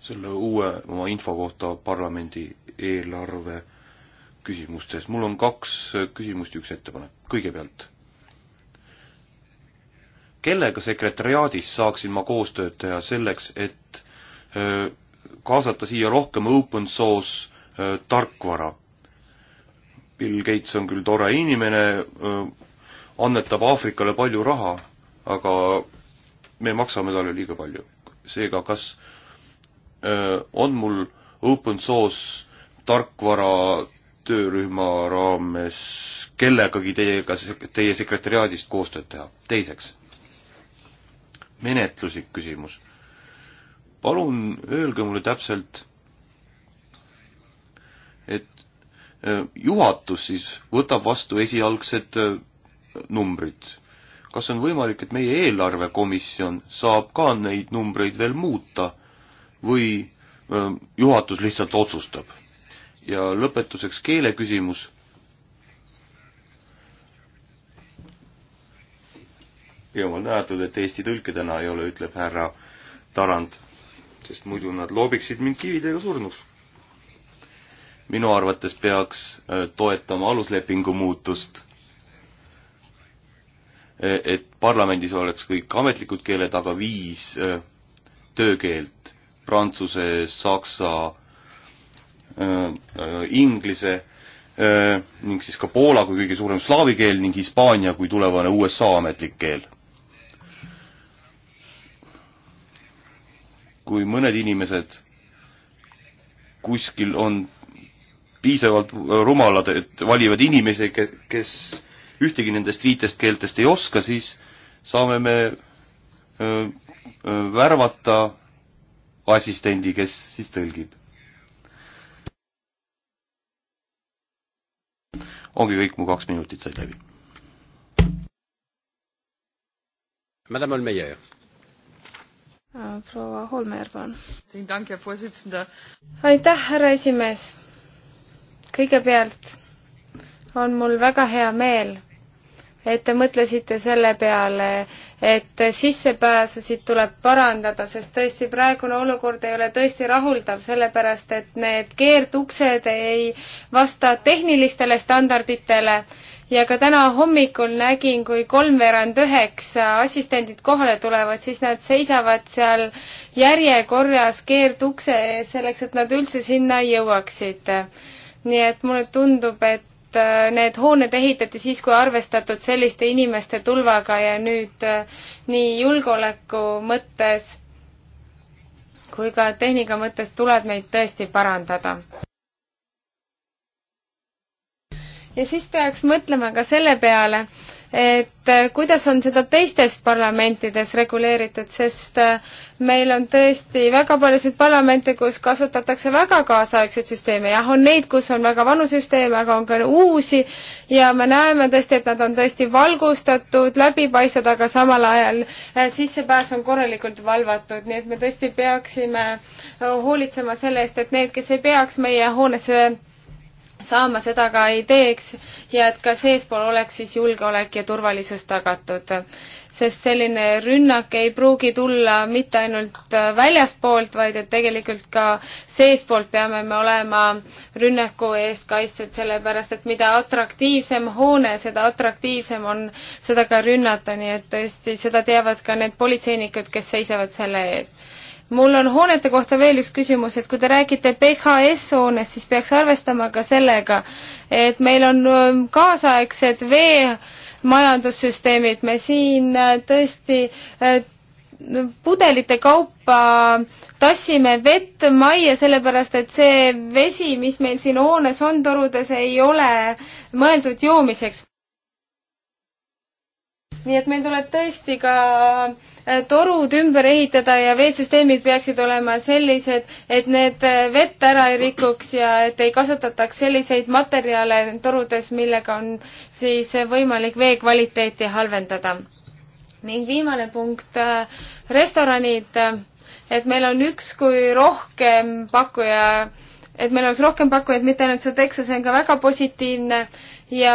selle uue oma info kohta parlamendi eelarve küsimustes. mul on kaks küsimust ja üks ettepanek. kõigepealt, kellega sekretäriaadis saaksin ma koostööd teha selleks, et äh, kaasata siia rohkem open source äh, tarkvara? Bill Gates on küll tore inimene, äh, annetab Aafrikale palju raha, aga me maksame talle liiga palju. seega, kas öö, on mul open source tarkvara töörühma raames kellegagi teiega, teie sekretäriaadist koostööd teha. teiseks, menetluslik küsimus. palun öelge mulle täpselt, et e, juhatus siis võtab vastu esialgsed e, numbrid. kas on võimalik, et meie eelarvekomisjon saab ka neid numbreid veel muuta või e, juhatus lihtsalt otsustab? ja lõpetuseks keele küsimus. jumal tänatud, et Eesti tõlke täna ei ole, ütleb härra Tarand, sest muidu nad loobiksid mind kividega surnuks. minu arvates peaks äh, toetama aluslepingu muutust, äh, et parlamendis oleks kõik ametlikud keeled, aga viis äh, töökeelt, prantsuse, saksa, Äh, inglise äh, ning siis ka poola kui kõige suurem slaavi keel ning hispaania kui tulevane USA ametlik keel. kui mõned inimesed kuskil on piisavalt rumalad, et valivad inimesi, kes ühtegi nendest viitest keeltest ei oska, siis saame me äh, värvata assistendi, kes siis tõlgib ongi kõik, mu kaks minutit said läbi. Madame Olmeier. Äh, proua Holmer, palun. aitäh, härra esimees. kõigepealt on mul väga hea meel et te mõtlesite selle peale, et sissepääsusid tuleb parandada, sest tõesti praegune olukord ei ole tõesti rahuldav, sellepärast et need keerduksed ei vasta tehnilistele standarditele ja ka täna hommikul nägin, kui kolmveerand üheksa assistendid kohale tulevad, siis nad seisavad seal järjekorras keerdukse ees, selleks et nad üldse sinna jõuaksid. nii et mulle tundub, et et äh, need hooned ehitati siis, kui arvestatud selliste inimeste tulvaga ja nüüd äh, nii julgeoleku mõttes kui ka tehnika mõttes tuleb neid tõesti parandada. ja siis peaks mõtlema ka selle peale, et äh, kuidas on seda teistes parlamentides reguleeritud, sest äh, meil on tõesti väga paljusid parlamente, kus kasutatakse väga kaasaegseid süsteeme, jah, on neid, kus on väga vanu süsteeme, aga on ka uusi ja me näeme tõesti, et nad on tõesti valgustatud, läbipaistvad, aga samal ajal äh, sissepääs on korralikult valvatud, nii et me tõesti peaksime hoolitsema selle eest, et need, kes ei peaks meie hoonesse saama seda ka ei teeks ja et ka seespool oleks siis julgeolek ja turvalisus tagatud. sest selline rünnak ei pruugi tulla mitte ainult äh, väljaspoolt, vaid et tegelikult ka seespoolt peame me olema rünnaku eest kaitstud, sellepärast et mida atraktiivsem hoone, seda atraktiivsem on seda ka rünnata, nii et tõesti, seda teavad ka need politseinikud, kes seisavad selle eest mul on hoonete kohta veel üks küsimus, et kui te räägite PHS hoonest, siis peaks arvestama ka sellega, et meil on ähm, kaasaegsed veemajandussüsteemid, me siin äh, tõesti äh, pudelite kaupa tassime vett majja, sellepärast et see vesi, mis meil siin hoones on torudes, ei ole mõeldud joomiseks. nii et meil tuleb tõesti ka äh, Eh, torud ümber ehitada ja veesüsteemid peaksid olema sellised, et need eh, vett ära ei rikuks ja et ei kasutataks selliseid materjale torudes, millega on siis eh, võimalik vee kvaliteeti halvendada. ning viimane punkt, restoranid, et meil on üks kui rohkem pakkuja, et meil oleks rohkem pakkujaid, mitte ainult Sodexo, see on ka väga positiivne ja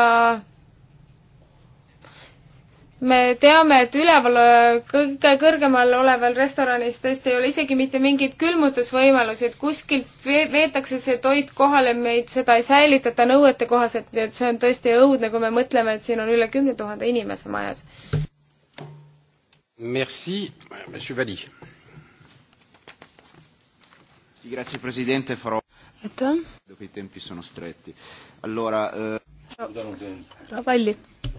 me teame, et üleval, kõige kõrgemal oleval restoranis tõesti ei ole isegi mitte mingeid külmutusvõimalusi, et kuskilt veetakse see toit kohale, meid seda ei säilitata nõuetekohaselt, nii et see on tõesti õudne, kui me mõtleme, et siin on üle kümne tuhande inimese majas. Merci, monsieur Vali. Grazie presidente, farò. aitäh härra Valli. Äh,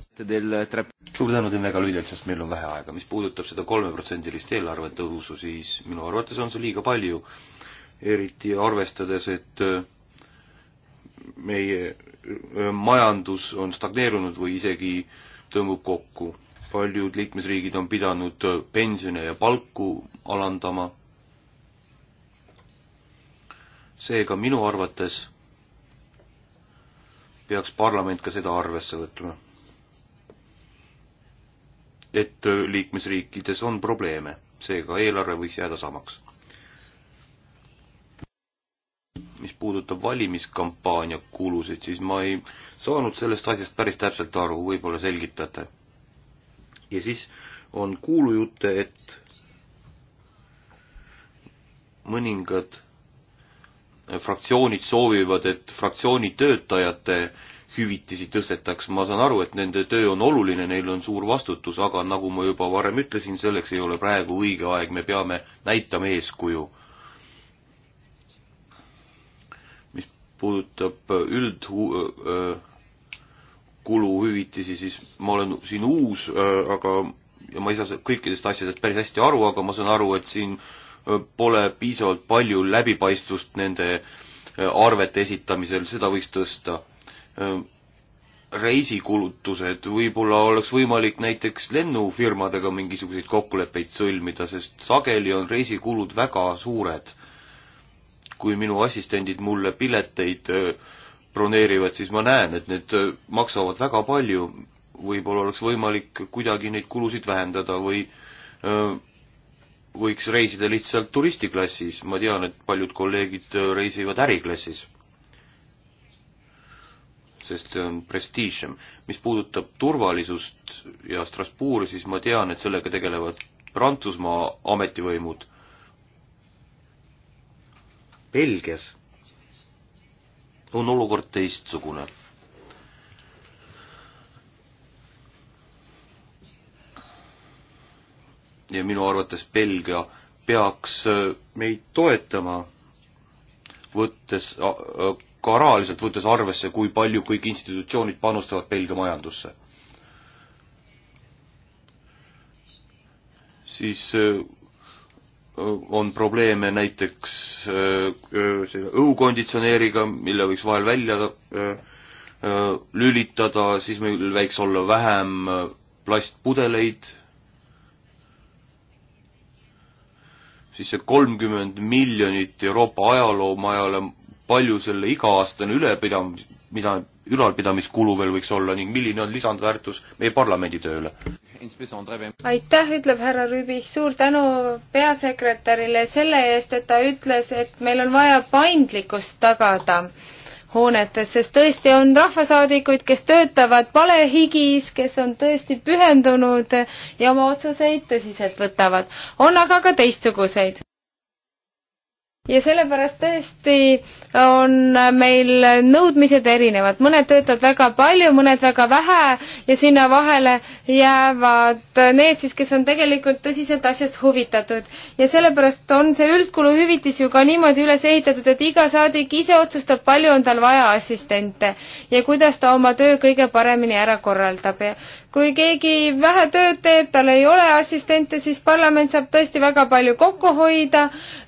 suur tänu teen väga lühidalt, sest meil on vähe aega. mis puudutab seda kolmeprotsendilist eelarve tõusu, siis minu arvates on see liiga palju. eriti arvestades, et äh, meie äh, majandus on stagneerunud või isegi tõmbub kokku. paljud liikmesriigid on pidanud pensione ja palku alandama. seega minu arvates peaks parlament ka seda arvesse võtma. et liikmesriikides on probleeme, seega eelarve võiks jääda samaks. mis puudutab valimiskampaania kulusid, siis ma ei saanud sellest asjast päris täpselt aru, võib-olla selgitate. ja siis on kuulujutte, et mõningad fraktsioonid soovivad, et fraktsiooni töötajate hüvitisi tõstetaks, ma saan aru, et nende töö on oluline, neil on suur vastutus, aga nagu ma juba varem ütlesin, selleks ei ole praegu õige aeg, me peame näitama eeskuju. mis puudutab üldkuluhüvitisi, äh, äh, siis ma olen siin uus, äh, aga ja ma ei saa kõikidest asjadest päris hästi aru, aga ma saan aru, et siin äh, pole piisavalt palju läbipaistvust nende arvete esitamisel, seda võiks tõsta. reisikulutused, võib-olla oleks võimalik näiteks lennufirmadega mingisuguseid kokkuleppeid sõlmida, sest sageli on reisikulud väga suured. kui minu assistendid mulle pileteid broneerivad, siis ma näen, et need maksavad väga palju, võib-olla oleks võimalik kuidagi neid kulusid vähendada või öö, võiks reisida lihtsalt turistiklassis, ma tean, et paljud kolleegid äh, reisivad äriklassis. sest see on prestiižsem. mis puudutab turvalisust ja Strasbourgi, siis ma tean, et sellega tegelevad Prantsusmaa ametivõimud. Belgias on olukord teistsugune ja minu arvates Belgia peaks äh, meid toetama, võttes ka rahaliselt, võttes arvesse, kui palju kõik institutsioonid panustavad Belgia majandusse. siis äh, äh, on probleeme näiteks õhukonditsioneeriga, mille võiks vahel välja lülitada, siis meil võiks olla vähem plastpudeleid siis see kolmkümmend miljonit Euroopa ajaloomajale, palju selle iga-aastane ülepidam-, mida, ülalpidamiskulu veel võiks olla ning milline on lisandväärtus meie parlamendi tööle? aitäh, ütleb härra Rüübik, suur tänu peasekretärile selle eest, et ta ütles, et meil on vaja paindlikkust tagada hoonetes, sest tõesti on rahvasaadikuid, kes töötavad palehigis, kes on tõesti pühendunud ja oma otsuseid tõsiselt võtavad. on aga ka teistsuguseid ja sellepärast tõesti on meil nõudmised erinevad, mõned töötavad väga palju, mõned väga vähe ja sinna vahele jäävad need siis, kes on tegelikult tõsiselt asjast huvitatud. ja sellepärast on see üldkuluhüvitis ju ka niimoodi üles ehitatud, et iga saadik ise otsustab, palju on tal vaja assistente ja kuidas ta oma töö kõige paremini ära korraldab ja kui keegi vähe tööd teeb, tal ei ole assistente, siis parlament saab tõesti väga palju kokku hoida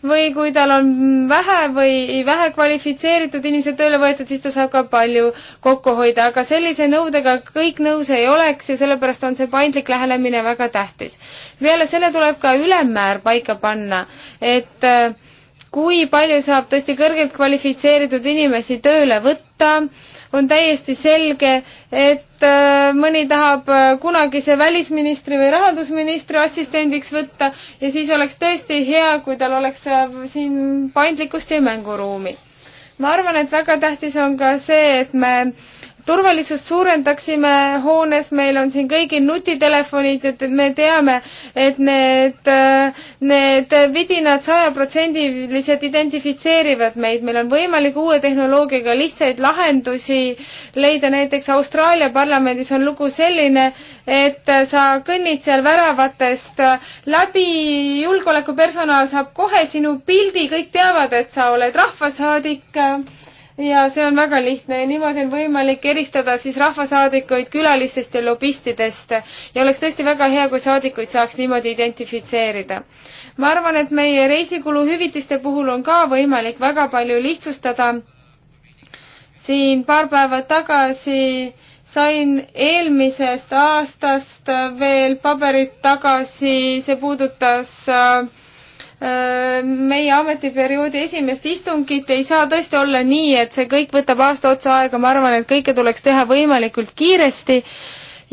või kui tal on vähe või vähe kvalifitseeritud inimesed tööle võetud, siis ta saab ka palju kokku hoida, aga sellise nõudega kõik nõus ei oleks ja sellepärast on see paindlik lähenemine väga tähtis. peale selle tuleb ka ülemmäär paika panna, et äh, kui palju saab tõesti kõrgelt kvalifitseeritud inimesi tööle võtta on täiesti selge, et äh, mõni tahab äh, kunagise välisministri või rahandusministri assistendiks võtta ja siis oleks tõesti hea, kui tal oleks äh, siin paindlikkust ja mänguruumi. ma arvan, et väga tähtis on ka see, et me turvalisust suurendaksime hoones, meil on siin kõigil nutitelefonid, et me teame, et need, need vidinad sajaprotsendilised identifitseerivad meid, meil on võimalik uue tehnoloogiaga lihtsaid lahendusi leida, näiteks Austraalia parlamendis on lugu selline, et sa kõnnid seal väravatest läbi, julgeolekupersonal saab kohe sinu pildi, kõik teavad, et sa oled rahvasaadik ja see on väga lihtne ja niimoodi on võimalik eristada siis rahvasaadikuid külalistest ja lobistidest ja oleks tõesti väga hea, kui saadikuid saaks niimoodi identifitseerida. ma arvan, et meie reisikuluhüvitiste puhul on ka võimalik väga palju lihtsustada. siin paar päeva tagasi sain eelmisest aastast veel paberit tagasi, see puudutas äh, Äh, meie ametiperioodi esimest istungit ei saa tõesti olla nii, et see kõik võtab aasta otsa aega, ma arvan, et kõike tuleks teha võimalikult kiiresti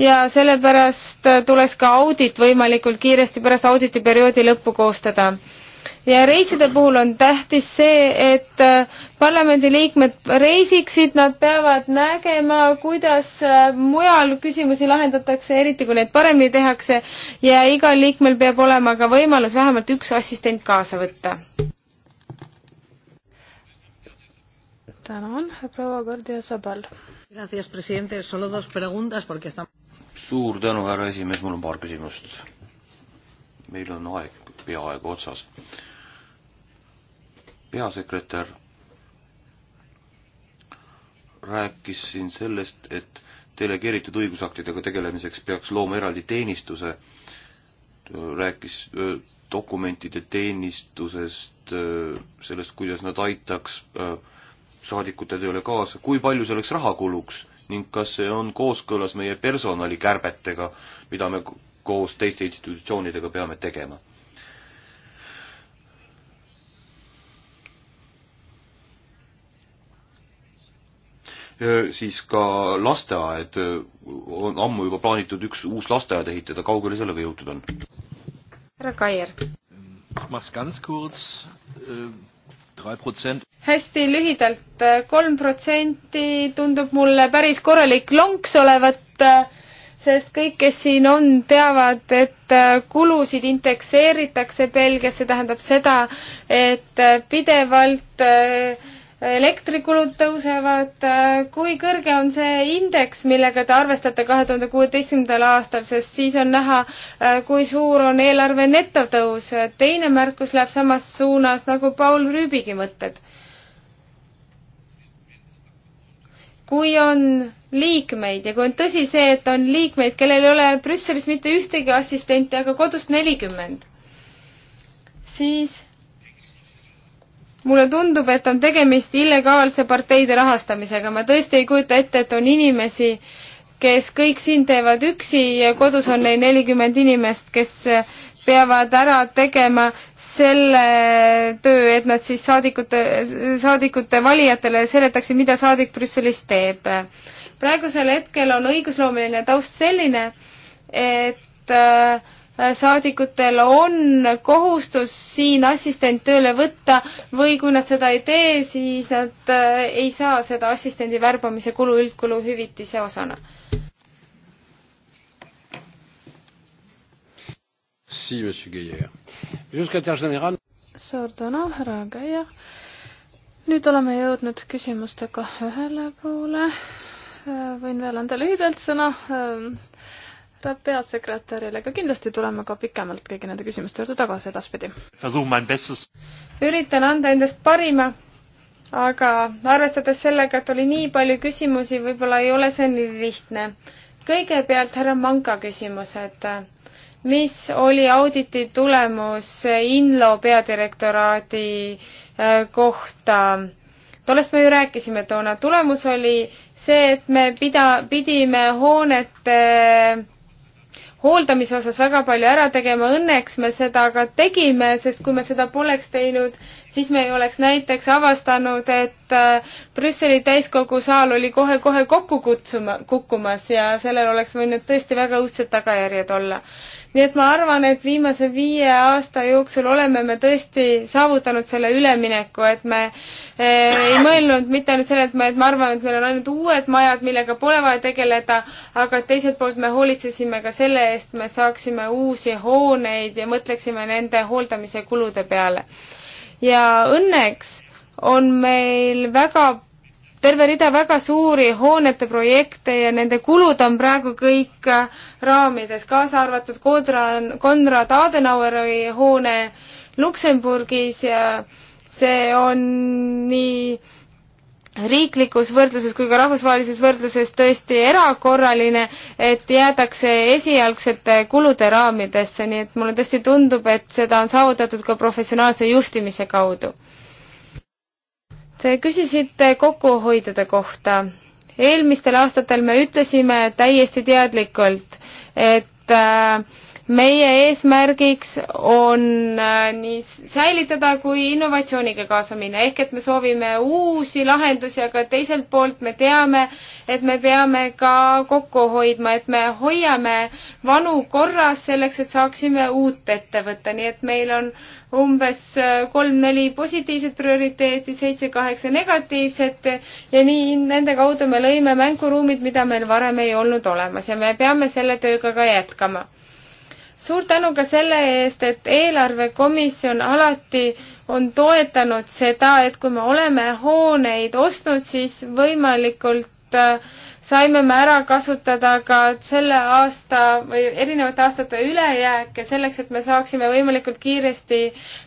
ja sellepärast tuleks ka audit võimalikult kiiresti pärast auditiperioodi lõppu koostada ja reiside puhul on tähtis see, et äh, parlamendiliikmed reisiksid, nad peavad nägema, kuidas äh, mujal küsimusi lahendatakse, eriti kui neid paremini tehakse ja igal liikmel peab olema ka võimalus vähemalt üks assistent kaasa võtta. tänan, proua Gordia Sabal. suur tänu, härra esimees, mul on paar küsimust. meil on aeg peaaegu otsas peasekretär rääkis siin sellest, et delegeeritud õigusaktidega tegelemiseks peaks looma eraldi teenistuse, rääkis dokumentide teenistusest, sellest, kuidas nad aitaks saadikute tööle kaasa, kui palju selleks raha kuluks ning kas see on kooskõlas meie personalikärbetega, mida me koos teiste institutsioonidega peame tegema siis ka lasteaed, on ammu juba plaanitud üks uus lasteaed ehitada, kaugele sellega jõutud on? härra Kaier. hästi lühidalt, kolm protsenti tundub mulle päris korralik lonks olevat, sest kõik, kes siin on, teavad, et kulusid indekseeritakse Belgias, see tähendab seda, et pidevalt äh, elektrikulud tõusevad, kui kõrge on see indeks, millega te arvestate kahe tuhande kuueteistkümnendal aastal, sest siis on näha, kui suur on eelarve netotõus. teine märkus läheb samas suunas nagu Paul Rüübigi mõtted. kui on liikmeid ja kui on tõsi see, et on liikmeid, kellel ei ole Brüsselis mitte ühtegi assistenti, aga kodust nelikümmend, siis mulle tundub, et on tegemist illegaalse parteide rahastamisega, ma tõesti ei kujuta ette, et on inimesi, kes kõik siin teevad üksi ja kodus on neil nelikümmend inimest, kes peavad ära tegema selle töö, et nad siis saadikute, saadikute valijatele seletaksid, mida saadik Brüsselis teeb. praegusel hetkel on õigusloomeline taust selline, et äh, saadikutel on kohustus siin assistent tööle võtta või kui nad seda ei tee, siis nad äh, ei saa seda assistendi värbamise kulu üldkuluhüvitise osana. suur tänu, härra Käia. nüüd oleme jõudnud küsimustega ühele poole. Äh, võin veel anda lühidalt sõna äh, härra peasekretärile, aga kindlasti tuleme ka pikemalt kõigi nende küsimuste juurde tagasi edaspidi. üritan anda endast parima, aga arvestades sellega, et oli nii palju küsimusi, võib-olla ei ole see nii lihtne. kõigepealt härra Manka küsimus, et mis oli auditi tulemus Inlo peadirektoraadi äh, kohta tollest me ju rääkisime toona, tulemus oli see, et me pida, pidime hoonete hooldamise osas väga palju ära tegema, õnneks me seda ka tegime, sest kui me seda poleks teinud, siis me ei oleks näiteks avastanud, et äh, Brüsseli täiskogu saal oli kohe-kohe kokku kutsuma, kukkumas ja sellel oleks võinud tõesti väga õudsed tagajärjed olla nii et ma arvan, et viimase viie aasta jooksul oleme me tõesti saavutanud selle ülemineku, et me eh, ei mõelnud mitte ainult selle, et me, et me arvame, et meil on ainult uued majad, millega pole vaja tegeleda, aga teiselt poolt me hoolitsesime ka selle eest, me saaksime uusi hooneid ja mõtleksime nende hooldamise kulude peale. ja õnneks on meil väga terve rida väga suuri hoonete projekte ja nende kulud on praegu kõik äh, raamides, kaasa arvatud Kodra-, Konrad Adenaueri hoone Luksemburgis ja see on nii riiklikus võrdluses kui ka rahvusvahelises võrdluses tõesti erakorraline, et jäädakse esialgsete kulude raamidesse, nii et mulle tõesti tundub, et seda on saavutatud ka professionaalse juhtimise kaudu Te küsisite kokkuhoidude kohta. eelmistel aastatel me ütlesime täiesti teadlikult, et äh, meie eesmärgiks on äh, nii säilitada kui innovatsiooniga kaasa minna, ehk et me soovime uusi lahendusi, aga teiselt poolt me teame, et me peame ka kokku hoidma, et me hoiame vanu korras selleks, et saaksime uut ette võtta, nii et meil on umbes äh, kolm-neli positiivset prioriteeti, seitse-kaheksa negatiivset ja nii nende kaudu me lõime mänguruumid, mida meil varem ei olnud olemas ja me peame selle tööga ka jätkama. suur tänu ka selle eest, et eelarvekomisjon alati on toetanud seda, et kui me oleme hooneid ostnud, siis võimalikult äh, saime me ära kasutada ka selle aasta või erinevate aastate ülejääke selleks, et me saaksime võimalikult kiiresti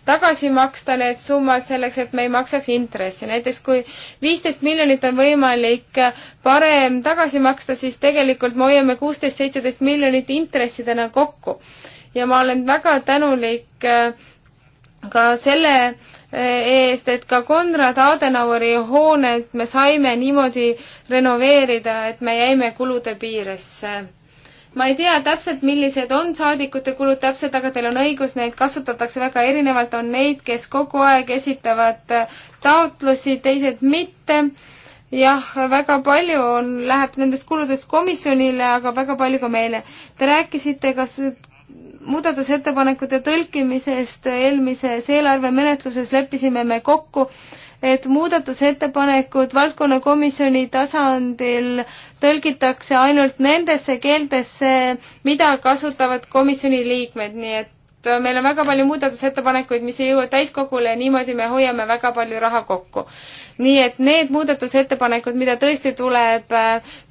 tagasi maksta need summad selleks, et me ei maksaks intressi. näiteks kui viisteist miljonit on võimalik parem tagasi maksta, siis tegelikult me hoiame kuusteist, seitseteist miljonit intressidena kokku. ja ma olen väga tänulik äh, ka selle eest, et ka Konrad Adenaueri hoonet me saime niimoodi renoveerida, et me jäime kulude piiresse. ma ei tea täpselt, millised on saadikute kulud täpselt, aga teil on õigus, neid kasutatakse väga erinevalt, on neid, kes kogu aeg esitavad taotlusi, teised mitte jah, väga palju on, läheb nendest kuludest komisjonile, aga väga palju ka meile. Te rääkisite, kas muudatusettepanekute tõlkimisest eelmises eelarvemenetluses leppisime me kokku, et muudatusettepanekud valdkonnakomisjoni tasandil tõlgitakse ainult nendesse keeltesse, mida kasutavad komisjoni liikmed, nii et meil on väga palju muudatusettepanekuid, mis ei jõua täiskogule ja niimoodi me hoiame väga palju raha kokku. nii et need muudatusettepanekud, mida tõesti tuleb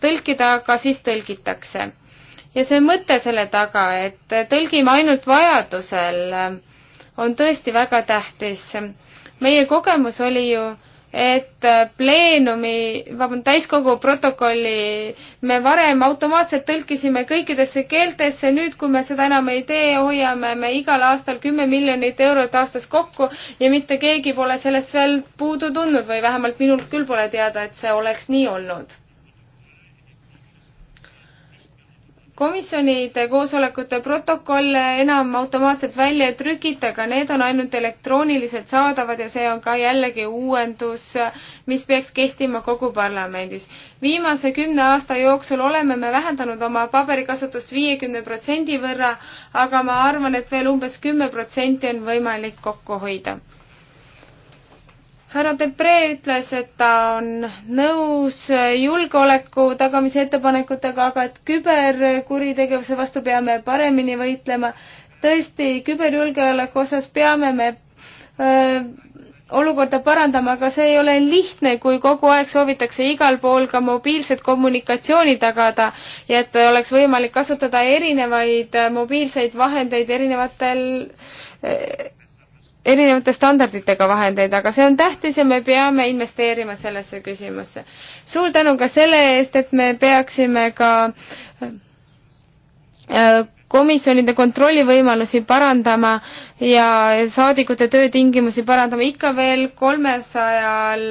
tõlkida, ka siis tõlgitakse ja see mõte selle taga, et tõlgime ainult vajadusel, on tõesti väga tähtis. meie kogemus oli ju, et pleenumi, vabandust, täiskogu protokolli me varem automaatselt tõlkisime kõikidesse keeltesse, nüüd kui me seda enam ei tee, hoiame me igal aastal kümme miljonit eurot aastas kokku ja mitte keegi pole sellest veel puudu tundnud või vähemalt minult küll pole teada, et see oleks nii olnud komisjonide koosolekute protokolle enam automaatselt välja ei trükita, aga need on ainult elektrooniliselt saadavad ja see on ka jällegi uuendus, mis peaks kehtima kogu parlamendis. viimase kümne aasta jooksul oleme me vähendanud oma paberikasutust viiekümne protsendi võrra, aga ma arvan, et veel umbes kümme protsenti on võimalik kokku hoida härra Debre ütles, et ta on nõus julgeoleku tagamise ettepanekutega, aga et küberkuritegevuse vastu peame paremini võitlema. tõesti, küberjulgeoleku osas peame me öö, olukorda parandama, aga see ei ole lihtne, kui kogu aeg soovitakse igal pool ka mobiilset kommunikatsiooni tagada ja et oleks võimalik kasutada erinevaid mobiilseid vahendeid erinevatel erinevate standarditega vahendeid, aga see on tähtis ja me peame investeerima sellesse küsimusse. suur tänu ka selle eest, et me peaksime ka äh, komisjonide kontrollivõimalusi parandama ja saadikute töötingimusi parandama. ikka veel kolmesajal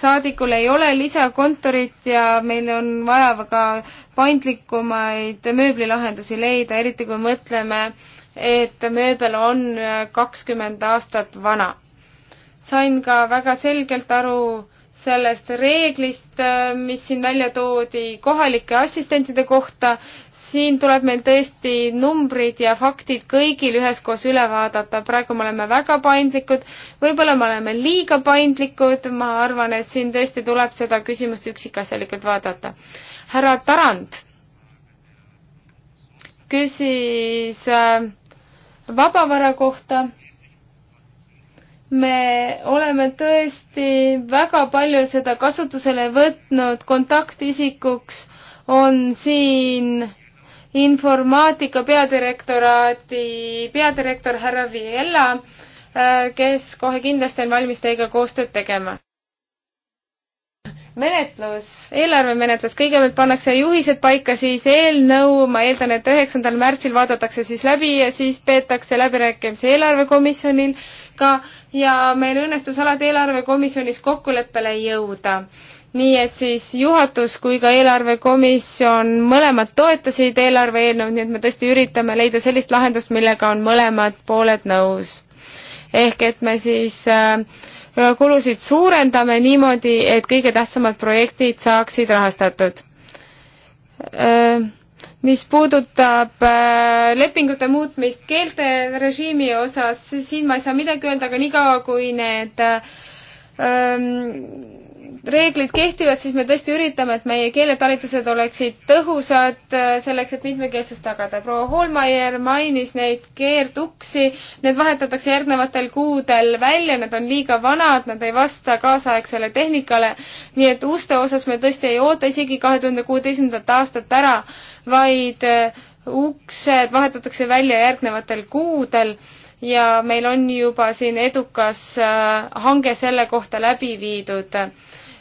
saadikul ei ole lisakontorit ja meil on vaja ka paindlikumaid mööblilahendusi leida, eriti kui mõtleme äh, et mööbel on kakskümmend aastat vana. sain ka väga selgelt aru sellest reeglist, mis siin välja toodi kohalike assistentide kohta, siin tuleb meil tõesti numbrid ja faktid kõigil üheskoos üle vaadata, praegu me oleme väga paindlikud, võib-olla me oleme liiga paindlikud, ma arvan, et siin tõesti tuleb seda küsimust üksikasjalikult vaadata. härra Tarand küsis äh, vabavara kohta. me oleme tõesti väga palju seda kasutusele võtnud, kontaktisikuks on siin informaatika peadirektoraadi peadirektor härra Viella, kes kohe kindlasti on valmis teiega koostööd tegema menetlus, eelarvemenetlus, kõigepealt pannakse juhised paika, siis eelnõu, ma eeldan, et üheksandal märtsil vaadatakse siis läbi ja siis peetakse läbirääkimisi eelarvekomisjonil ka ja meil õnnestus alati eelarvekomisjonis kokkuleppele jõuda. nii et siis juhatus kui ka eelarvekomisjon mõlemad toetasid eelarve eelnõud, nii et me tõesti üritame leida sellist lahendust, millega on mõlemad pooled nõus. ehk et me siis äh, Äh, kulusid suurendame niimoodi, et kõige tähtsamad projektid saaksid rahastatud. Äh, mis puudutab äh, lepingute muutmist keelte režiimi osas, siin ma ei saa midagi öelda, aga niikaua, kui need ähm, reeglid kehtivad, siis me tõesti üritame, et meie keeletalitused oleksid tõhusad äh, selleks, et mitmekeelsust tagada. proua Holmaier mainis neid keerduksi, need vahetatakse järgnevatel kuudel välja, need on liiga vanad, nad ei vasta kaasaegsele tehnikale. nii et uste osas me tõesti ei oota isegi kahe tuhande kuueteistkümnendat aastat ära, vaid äh, uksed vahetatakse välja järgnevatel kuudel ja meil on juba siin edukas äh, hange selle kohta läbi viidud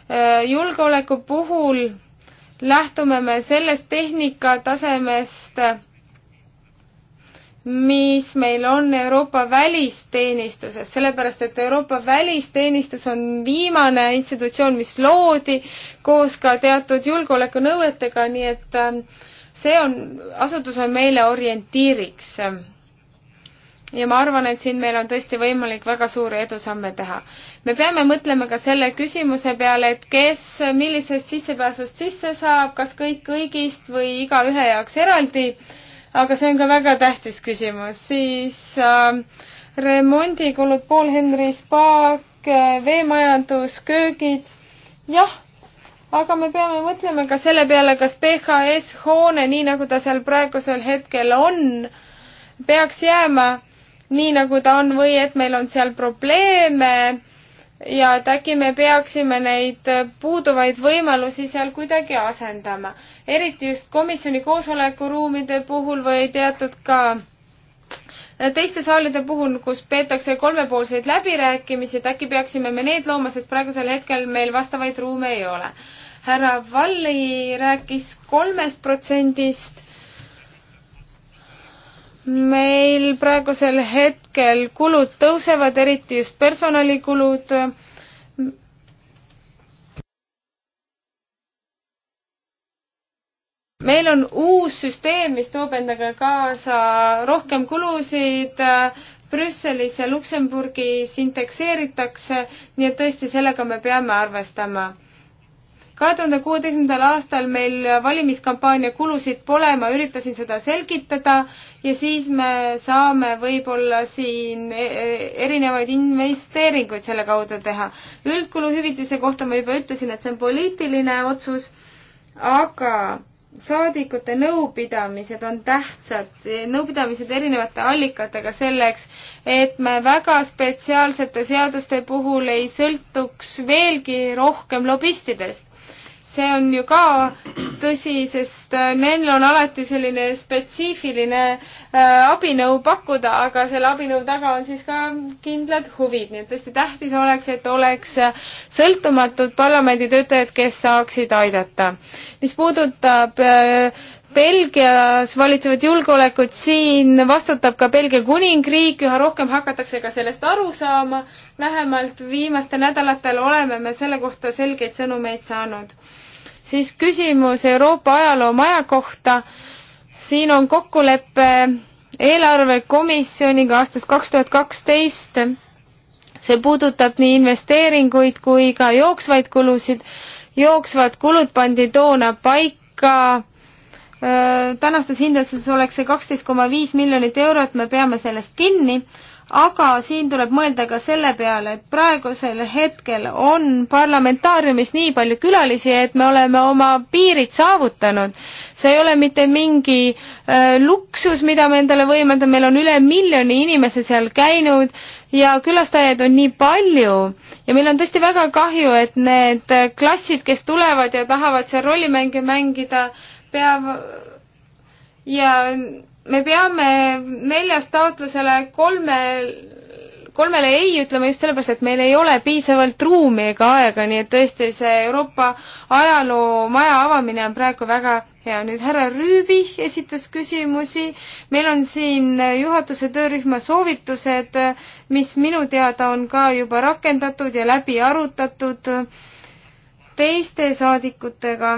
Äh, julgeoleku puhul lähtume me sellest tehnikatasemest, mis meil on Euroopa välisteenistuses, sellepärast et Euroopa välisteenistus on viimane institutsioon, mis loodi koos ka teatud julgeolekunõuetega, nii et äh, see on, asutus on meile orientiiriks ja ma arvan, et siin meil on tõesti võimalik väga suuri edusamme teha. me peame mõtlema ka selle küsimuse peale, et kes millisest sissepääsust sisse saab, kas kõik kõigist või igaühe jaoks eraldi, aga see on ka väga tähtis küsimus, siis äh, remondikulud, Paul Henry spaak, äh, veemajandus, köögid, jah, aga me peame mõtlema ka selle peale, kas PHS hoone, nii nagu ta seal praegusel hetkel on, peaks jääma nii, nagu ta on või et meil on seal probleeme ja et äkki me peaksime neid puuduvaid võimalusi seal kuidagi asendama. eriti just komisjoni koosolekuruumide puhul või teatud ka teiste saalide puhul, kus peetakse kolmepoolseid läbirääkimisi, et äkki peaksime me need looma, sest praegusel hetkel meil vastavaid ruume ei ole. härra Valli rääkis kolmest protsendist meil praegusel hetkel kulud tõusevad, eriti just personalikulud. meil on uus süsteem, mis toob endaga kaasa rohkem kulusid, Brüsselis ja Luksemburgis indekseeritakse, nii et tõesti, sellega me peame arvestama kahe tuhande kuueteistkümnendal aastal meil valimiskampaania kulusid pole, ma üritasin seda selgitada ja siis me saame võib-olla siin e-, e-, erinevaid investeeringuid selle kaudu teha. üldkuluhüvitise kohta ma juba ütlesin, et see on poliitiline otsus, aga saadikute nõupidamised on tähtsad, nõupidamised erinevate allikatega selleks, et me väga spetsiaalsete seaduste puhul ei sõltuks veelgi rohkem lobistidest see on ju ka tõsi, sest äh, neil on alati selline spetsiifiline äh, abinõu pakkuda, aga selle abinõu taga on siis ka kindlad huvid, nii et tõesti tähtis oleks, et oleks sõltumatud parlamenditöötajad, kes saaksid aidata. mis puudutab äh, Belgias valitsevat julgeolekut, siin vastutab ka Belgia kuningriik, üha rohkem hakatakse ka sellest aru saama, vähemalt viimastel nädalatel oleme me selle kohta selgeid sõnumeid saanud siis küsimus Euroopa ajaloomaja kohta. siin on kokkulepe eelarvekomisjoniga aastast kaks tuhat kaksteist. see puudutab nii investeeringuid kui ka jooksvaid kulusid. jooksvad kulud pandi toona paika äh, tänastes hindades oleks see kaksteist koma viis miljonit eurot, me peame sellest kinni aga siin tuleb mõelda ka selle peale, et praegusel hetkel on parlamentaariumis nii palju külalisi, et me oleme oma piirid saavutanud. see ei ole mitte mingi äh, luksus, mida me endale võimendame, meil on üle miljoni inimese seal käinud ja külastajaid on nii palju ja meil on tõesti väga kahju, et need äh, klassid, kes tulevad ja tahavad seal rollimänge mängida, peavad ja me peame neljast taotlusele kolme, kolmele ei ütlema just sellepärast, et meil ei ole piisavalt ruumi ega aega, nii et tõesti see Euroopa ajaloomaja avamine on praegu väga hea. nüüd härra Rüübi esitas küsimusi. meil on siin juhatuse töörühma soovitused, mis minu teada on ka juba rakendatud ja läbi arutatud teiste saadikutega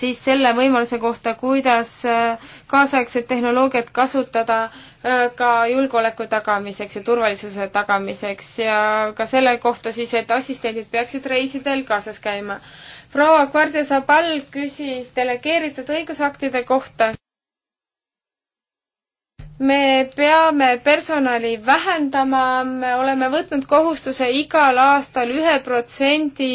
siis selle võimaluse kohta, kuidas äh, kaasaegset tehnoloogiat kasutada äh, ka julgeoleku tagamiseks ja turvalisuse tagamiseks ja ka selle kohta siis, et assistendid peaksid reisidel kaasas käima. proua Guardiasabal küsis delegeeritud õigusaktide kohta. me peame personali vähendama, me oleme võtnud kohustuse igal aastal ühe protsendi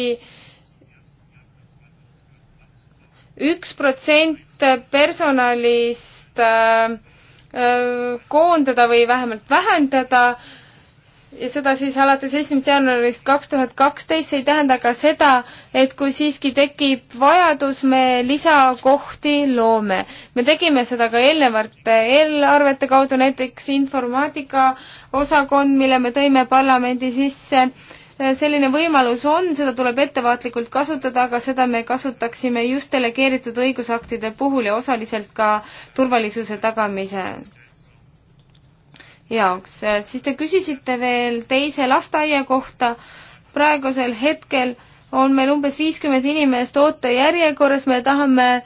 üks protsent personalist äh, äh, koondada või vähemalt vähendada ja seda siis alates esimesest jaanuarist kaks tuhat kaksteist, see ei tähenda ka seda, et kui siiski tekib vajadus, me lisakohti loome. me tegime seda ka eelnevate eelarvete kaudu, näiteks informaatika osakond, mille me tõime parlamendi sisse äh, selline võimalus on, seda tuleb ettevaatlikult kasutada, aga seda me kasutaksime just delegeeritud õigusaktide puhul ja osaliselt ka turvalisuse tagamise jaoks. siis te küsisite veel teise lasteaia kohta. praegusel hetkel on meil umbes viiskümmend inimest ootejärjekorras, me tahame,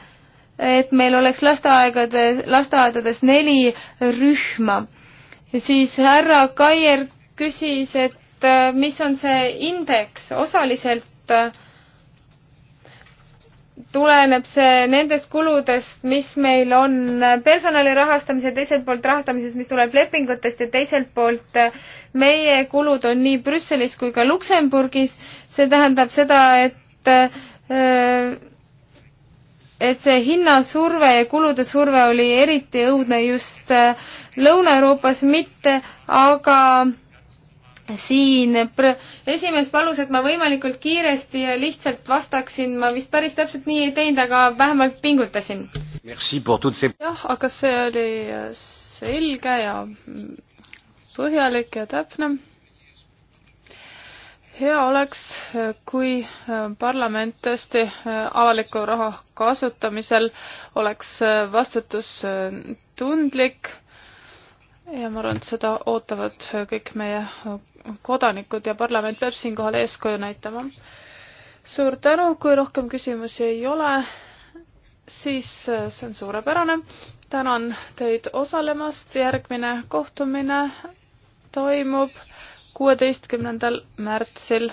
et meil oleks lasteaegade, lasteaedades neli rühma. siis härra Kaier küsis, et et äh, mis on see indeks, osaliselt äh, tuleneb see nendest kuludest, mis meil on äh, personali rahastamise, teiselt poolt rahastamisest, mis tuleb lepingutest ja teiselt poolt meie kulud on nii Brüsselis kui ka Luksemburgis. see tähendab seda, et et see hinnasurve ja kulude surve oli eriti õudne just Lõuna-Euroopas, mitte aga siin pr-, esimees palus, et ma võimalikult kiiresti ja lihtsalt vastaksin, ma vist päris täpselt nii ei teinud, aga vähemalt pingutasin. jah, aga see oli äh, selge ja mm, põhjalik ja täpne. hea oleks, äh, kui äh, parlament tõesti avaliku raha kasutamisel oleks vastutustundlik ja ma arvan, et seda ootavad kõik meie kodanikud ja parlament peab siinkohal eeskuju näitama. suur tänu, kui rohkem küsimusi ei ole, siis see on suurepärane. tänan teid osalemast, järgmine kohtumine toimub kuueteistkümnendal märtsil